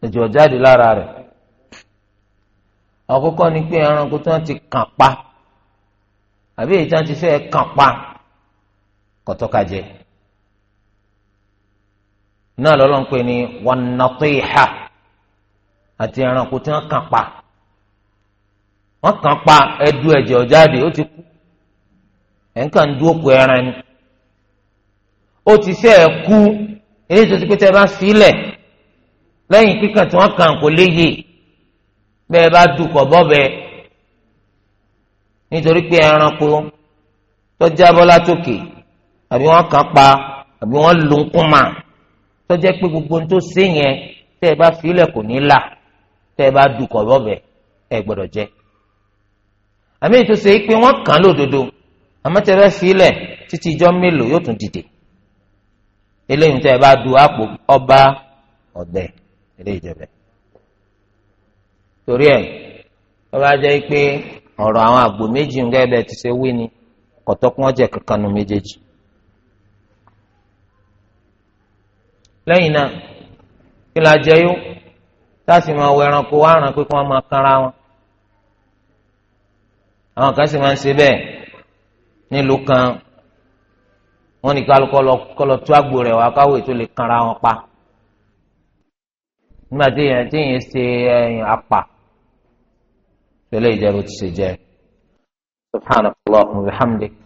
ẹ̀jọ̀ jáde lára rẹ̀ àkọ́kọ́ ni pé ẹranko tí wọ́n ti kàn pa àbí èyí tí wọ́n ti fẹ́ kàn pa na náà lọ́lọ́ ń pè ní wannatiha àti ẹranko tí wọ́n kàn pa wọ́n kàn pa ẹdú ẹ̀jẹ̀ ọ̀jáde ti kú ẹ̀ńkà ń dúró ẹran ni ó ti fẹ́ kú eléyìí tó ti pété bá sílẹ̀ lẹ́yìn kíkàn tí wọ́n kàn kò bẹ́ẹ̀ bá dukọ̀ bọ́bẹ̀ nítorí pé ẹranko tó jábọ́ látòkè àbí wọ́n kàn pa àbí wọ́n lù ń kún mà tó jẹ́ pé gbogbo tó sé yẹn tẹ́ ẹ bá filẹ̀ kò ní là tẹ́ ẹ bá dukọ̀ bọ́bẹ̀ ẹ gbọ́dọ̀ jẹ. àmì ìtòsí pé wọ́n kàn lódodo àmọ́ tẹ́ bá filẹ̀ títí ijọ́ mélòó yóò tún dìde eléyìí tẹ́ bá du àpò ọba ọ̀bẹ eléyìí jẹ́ bẹ́ẹ̀ torí ẹ̀ wọ́n bá jẹ́ pé ọ̀rọ̀ àwọn àgbò méjì ń gẹ́gẹ́ bẹ́ẹ̀ ti ṣe wí ni kọ̀tọ́kùn ọ̀jẹ̀ kankan nu méjèèjì. lẹ́yìn náà kí la jẹ yó táàsì máa wọ ẹranko wá ràn pé kí wọ́n máa kanra wọn. àwọn kan sì máa ń ṣe bẹ́ẹ̀ nílùú kan wọ́n ní kálukọ́ lọ tú àgbò rẹ̀ wá káwé tó lè kanra wọn pa nígbà tí èèyàn ṣe àpà sọlẹ́ ìjẹ́rù ti ṣe jẹ́ subhanahu wa rahmatulahi.